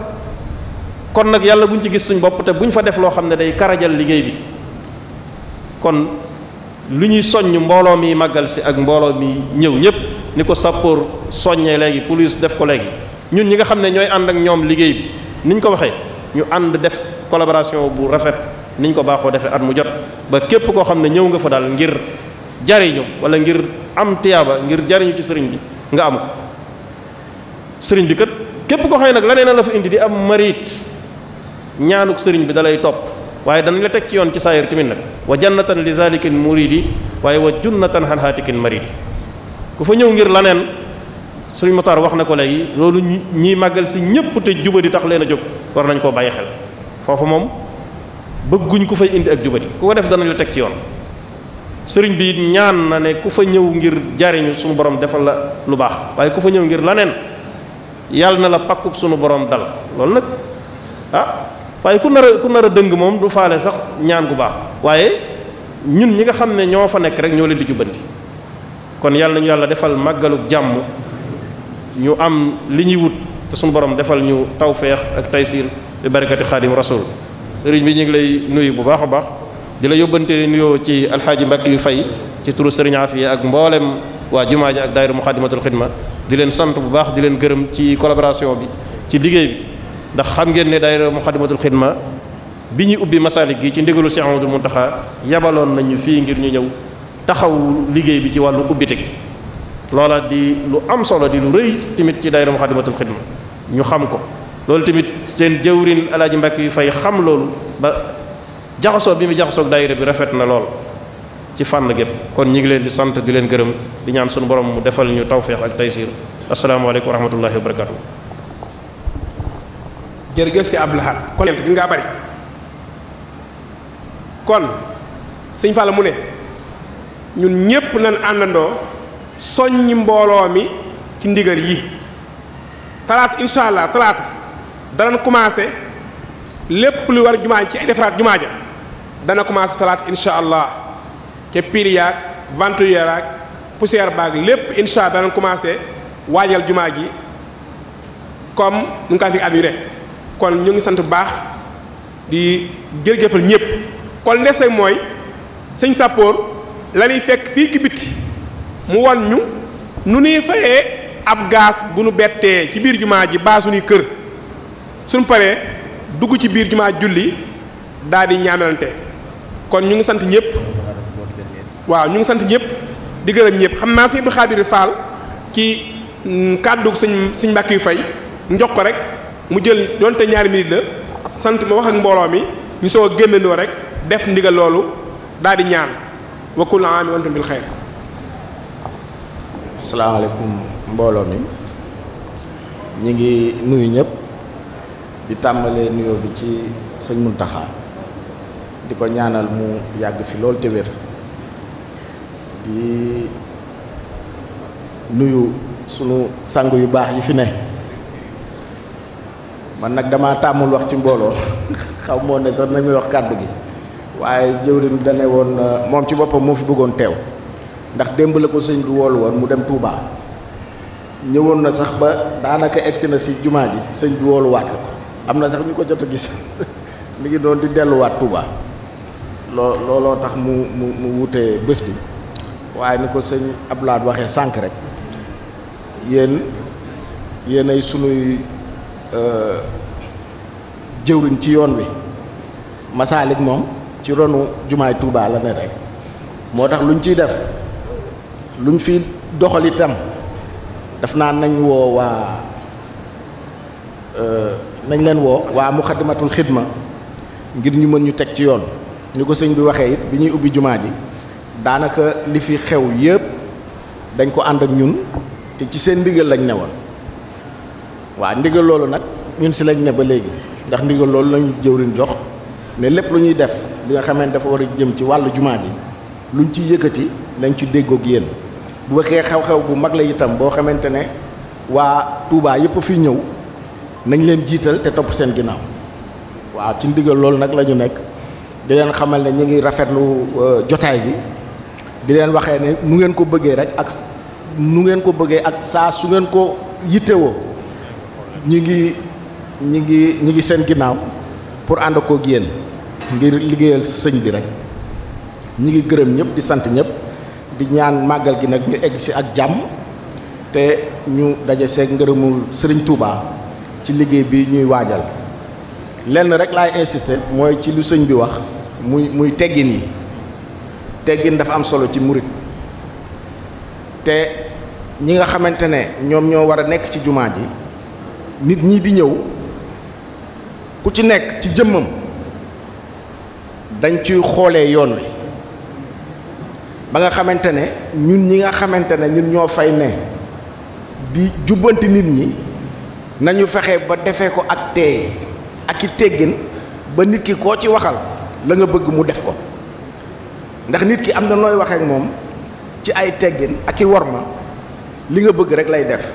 kon nag yàlla buñ ci gis suñ bopp te ñu fa def loo xam ne day karajal liggéey bi kon lu ñuy soññ mbooloo mi màggal si ak mbooloo mi ñëw ñëpp ni ko sappoor soññee léegi police def ko léegi ñun ñi nga xam ne ñooy ànd ak ñoom liggéey bi niñ ko waxee ñu ànd def collaboration bu rafet niñ ko baaxoo defee at mu jot ba képp koo xam ne ñëw nga fa daal ngir jariñu wala ngir am tiyaaba ngir jariñu ci sëriñ bi nga am ko sëriñ bi kat képp ko xëy nag leneen la fa indi di am marit ñaanuk sëriñ bi dalay topp waaye danañ la teg ci yoon ci saayir tamit nag jan jannatan li zalikil muridi waaye jun wa junnatan xan haatikil maridi ku fa ñëw ngir laneen sëriñ Motaar wax na ko léegi loolu ñu ñuy màggal si ñëpp te jubadi tax leen a jóg war nañ koo bàyyi xel foofu moom bëgguñ ku fay indi ak jubadi ku ko def danañ la teg ci yoon sëriñ bi ñaan na ne ku fa ñëw ngir jariñu suñu borom defal la lu baax waaye ku fa ñëw ngir laneen yàlla na la pakkub suñu borom dal loolu nag ah, waaye ku nar a ku nar dëng moom du faale sax ñaan bu baax waaye ñun ñi nga xam ne ñoo fa nekk rek ñoo leen di jubbanti kon yàlla nañu yàlla defal màggaluk jàmm ñu am li ñuy wut te suñu borom defal ñu tawféex ak taysiir bi barakati xaadim rasul sëriñ bi ñu ngi lay nuyu bu baax a baax di la yóbbante nuyoo ci alxaaji Mbàkke yu fay ci turu sëriñ Afiya ak mboolem waa jumaa ji ak daayira muxaddamatul xidma di leen sant bu baax di leen gërëm ci collaboration bi ci liggéey bi ndax xam ngeen ne daayira Muxaddamatul Xidma bi ñuy ubbi masaalik gi ci ndigalul Cheikh Amadou Muntaxa yabaloon nañu fii ngir ñu ñëw taxaw liggéey bi ci wàllu ubbite gi loola di lu am solo di lu rëy tamit ci daayira Muxaddamatul Xidma ñu xam ko loolu tamit seen jëwrin alaaji mbàkk yu fay xam loolu ba jaxasoo bi mu jaxasoog daayira bi rafet na lool ci fànn gépp kon ñu ngi leen di sant di leen gërëm di ñaan sunu borom mu defal ñu tawféex ak taysiir asalaamaaleykum wa rahmatullahi jërëjëf si Abdou Lahad kon gën ngaa bari kon sëñ Fall mu ne ñun ñépp nañ àndandoo soññi mbooloo mi ci ndigal yi talaat incha allah talaata danañ commencé lépp lu war jumaa ci ay defaraat jumaa ja dana commencé talaat incha allah ca pile yaag vente yaag poussière baag lépp incha allah dana commencé waajal jumaa ji comme nu ngi kaa fi at yu kon ñu ngi sant bu baax di jërëjëfal ñëpp kon des nag mooy sëñ Sapor la ñuy fekk fii ci mu won ñu nu nuy fayee ab gaas bu nu bettee ci biir jumaa ji baa suñuy kër suñu paree dugg ci biir jumaa julli daal di ñaamelante kon ñu ngi sant ñëpp waaw ñu ngi sant ñëpp di gërëm ñëpp xam naa sëñ Abdou Khadir ci kàddu sëñ sëñ Mbàkke yu fay njox ko rek mu jël donte ñaari minute la sant ma wax ak mbooloo mi ñu soo génnandoo rekk def ndigal loolu daal di ñaan wa kullu aami wa antum bil xayr asalaamaaleykum mbooloo mi ñu ngi nuyu ñëpp di tàmbalee nuyoo bi ci sëñ Muntaxa di ko ñaanal mu yàgg fi loolu te wér di nuyu sunu sang yu baax yi fi ne man nag damaa tàmmul wax ci mbooloo xaw moo ne sax na muy wax kàddu gi waaye jëwriñ dane woon euh, moom ci boppam moo fi bëggoon teew ndax démb la ko sëñ bi woolu woon mu dem Touba ñëwoon na sax ba daanaka egsi na si jumaa ji sëñ bi wooluwaat ko am na sax ñu ko jot a gis mi ngi doon di delluwaat Touba loo looloo tax mu mu mu wutee bés bi waaye ni ko sëñ Abdoulaye waxee sànq rek yéen yéenay sunuy Euh, jëwriñ ci yoon wi masaalik moom ci ronu jumaa Touba la ne rek moo tax luñ ciy def luñ fi doxal itam daf naa nañ woo waa euh, nañ leen woo waa mu muxaddimatul xidma ngir ñu mën ñu teg ci yoon ñu ko sëñ bi waxee it bi ñuy ubbi jumaa ji daanaka li fi xew yépp dañ ko ànd ak ñun te ci seen ndigal lañu ne woon waa ndigal loolu nag ñun si lañ ne ba léegi ndax ndigal loolu lañu jëwriñ jox ne lépp lu ñuy def bi nga xamante dafa war a jëm ci wàllu jumaa ji luñ ci yëkkati nañ ci déggoo déggoog yéen bu waxee xew-xew bu mag la itam boo xamante ne waa Touba yëpp fi ñëw nañ leen jiital te topp seen ginnaaw waa ci ndigal loolu nag la ñu nekk di leen xamal ne ñu ngi rafetlu euh, jotaay bi di leen waxee ne nu ngeen ko bëggee rek ak nu ngeen ko bëggee ak saa su ngeen ko yittewoo ñi ngi ñi ngi ñi ngi seen ginnaaw pour ànd koog yéen ngir liggéeyal sëñ bi rek ñi ngi gërëm ñëpp di sant ñëpp di ñaan màggal gi nag ñu egg si ak jàmm te ñu daje seeg ngërëmul sëriñ Touba ci liggéey bi ñuy waajal lenn rek lay insister mooy ci lu sëñ bi wax muy muy teggin yi teggin dafa am solo ci murit te ñi nga xamante ne ñoom ñoo war a nekk ci jumaa ji nit ñi di ñëw ku ci nekk ci jëmmam dañ ciy xoolee yoon wi ba nga xamante ne ñun ñi nga xamante ne ñun ñoo fay ne di jubante nit ñi nañu fexe ba defee ko ak tey ak i teggin ba nit ki koo ci waxal la nga bëgg mu def ko ndax nit ki am na looy waxee moom ci ay teggin ak i worma li nga bëgg rek lay def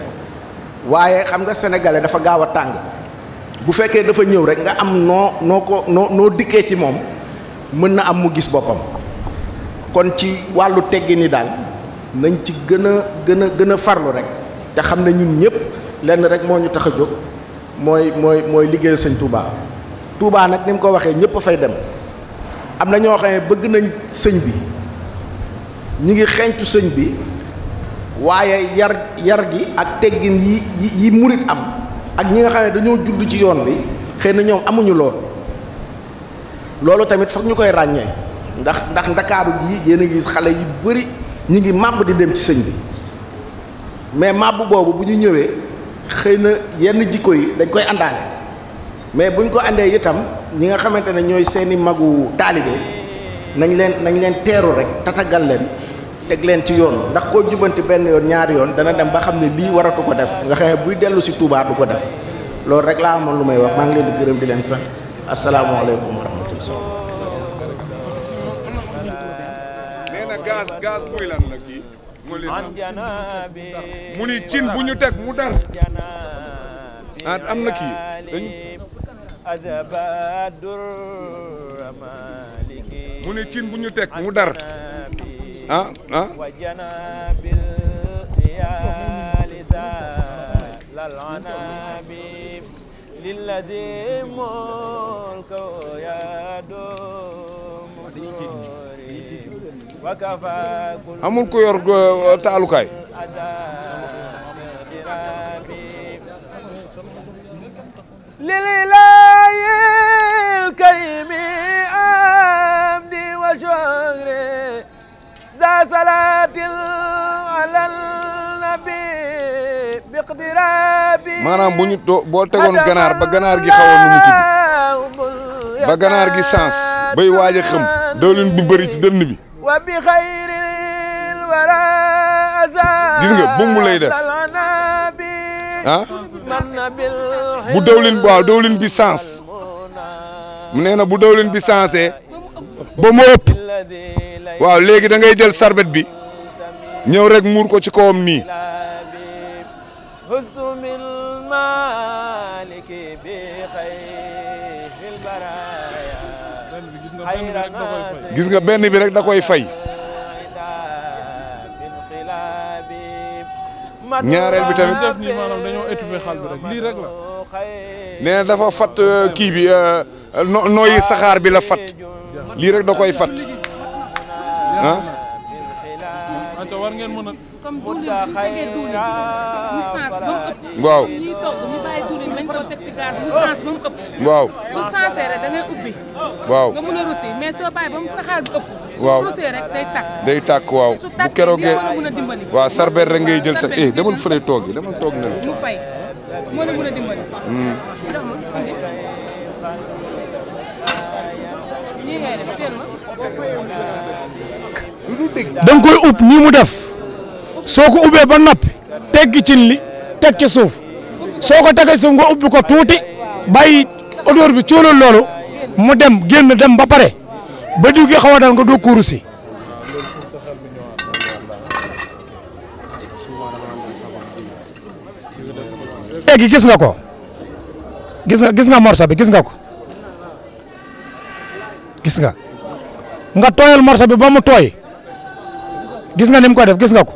waaye xam nga sénégalais dafa gaaw a tàng bu fekkee dafa ñëw rek nga am noo noo ko noo noo dikkee ci moom mën na am mu gis boppam kon ci wàllu teggi ni daal nañ ci gën a gën a gën a farlu rek te xam ne ñun ñëpp lenn rek moo ñu tax a jóg mooy mooy mooy liggéeyal sëñ Touba Touba nag ni mu ko waxee ñëpp a fay dem am na ñoo xam bëgg nañ sëñ bi ñu ngi xeeñtu sëñ bi waaye yar yar gi ak teggin yi yi murit am ak ñi nga xam ne dañoo judd ci yoon bi xëy na ñoom amuñu lool loolu tamit foog ñu koy ràññee ndax ndax ndakaaru gi yéen a gis xale yi bëri ñu ngi màbb di dem ci sëñ bi mais màbb boobu bu ñu ñëwee xëy na yenn jikko yi dañ koy àndaale mais buñ ko àndee itam ñi nga xamante ne ñooy seeni magu taalibe nañ leen nañ leen teeru rek tatagal leen teg leen ci yoon ndax koo jubanti benn yoon ñaari yoon dana dem ba xam ne lii waratu ko def nga xeex buy dellu si Touba ko def loolu rek laa amoon lu may wax maa leen di gërëm leen sant asalaamaaleykum wa bu ñu mu dar am na kii mu ni cin bu ñu teg mu dar. ah ah للذي ملك يا دوم وكفى كل amul ku yor taalukaay لله الكريم عبدي وشكري maanaam bu ñu ganaar ba ganaar gi xawoon ganaar gi sens bay waaj xam dawlin bu bëri ci dënn bi wa bi xayril wara gis nga bumbu lay def ah? bu dawlin bi sens mu nee bu dawlin bi sensé ba mu waaw léegi da ngay jël sarbet bi ñëw rek muur ko ci kawam nii gis nga benn bi rek da koy fay ñaareel bi tamit nee na dafa fat euh, kii bi euh, nooyi saxaar bi la fat lii rek da koy fat ah. ngeen mën a. comme diwlin su fekkee diwlin mu sens ba ëpp. waaw su sensee rek da ubbi. waaw nga mën a russi mais soo bàyyi ba mu saxaar bu ëpp. waaw su rusee rek day tàkk. day tàkk waaw bu keroogee waaw sarbeet rek ngay jël te eh demal fële toog yi toog ne mu fay moo la mën a dimbali. Hmm. da nga koy upp nii mu def soo ko ubbee ba noppi teggi cin li teg ci suuf soo ko tegee suuf nga ubbi ko tuuti bàyyi odeur bi cóolal loolu mu dem génn dem ba pare ba diw gi xaw a nga doo kuuru si gis nga ko gis nga gis nga morsa bi gis nga ko gis nga nga tooyal morsa bi ba mu tooy gis nga ni mu ko def gis nga ko.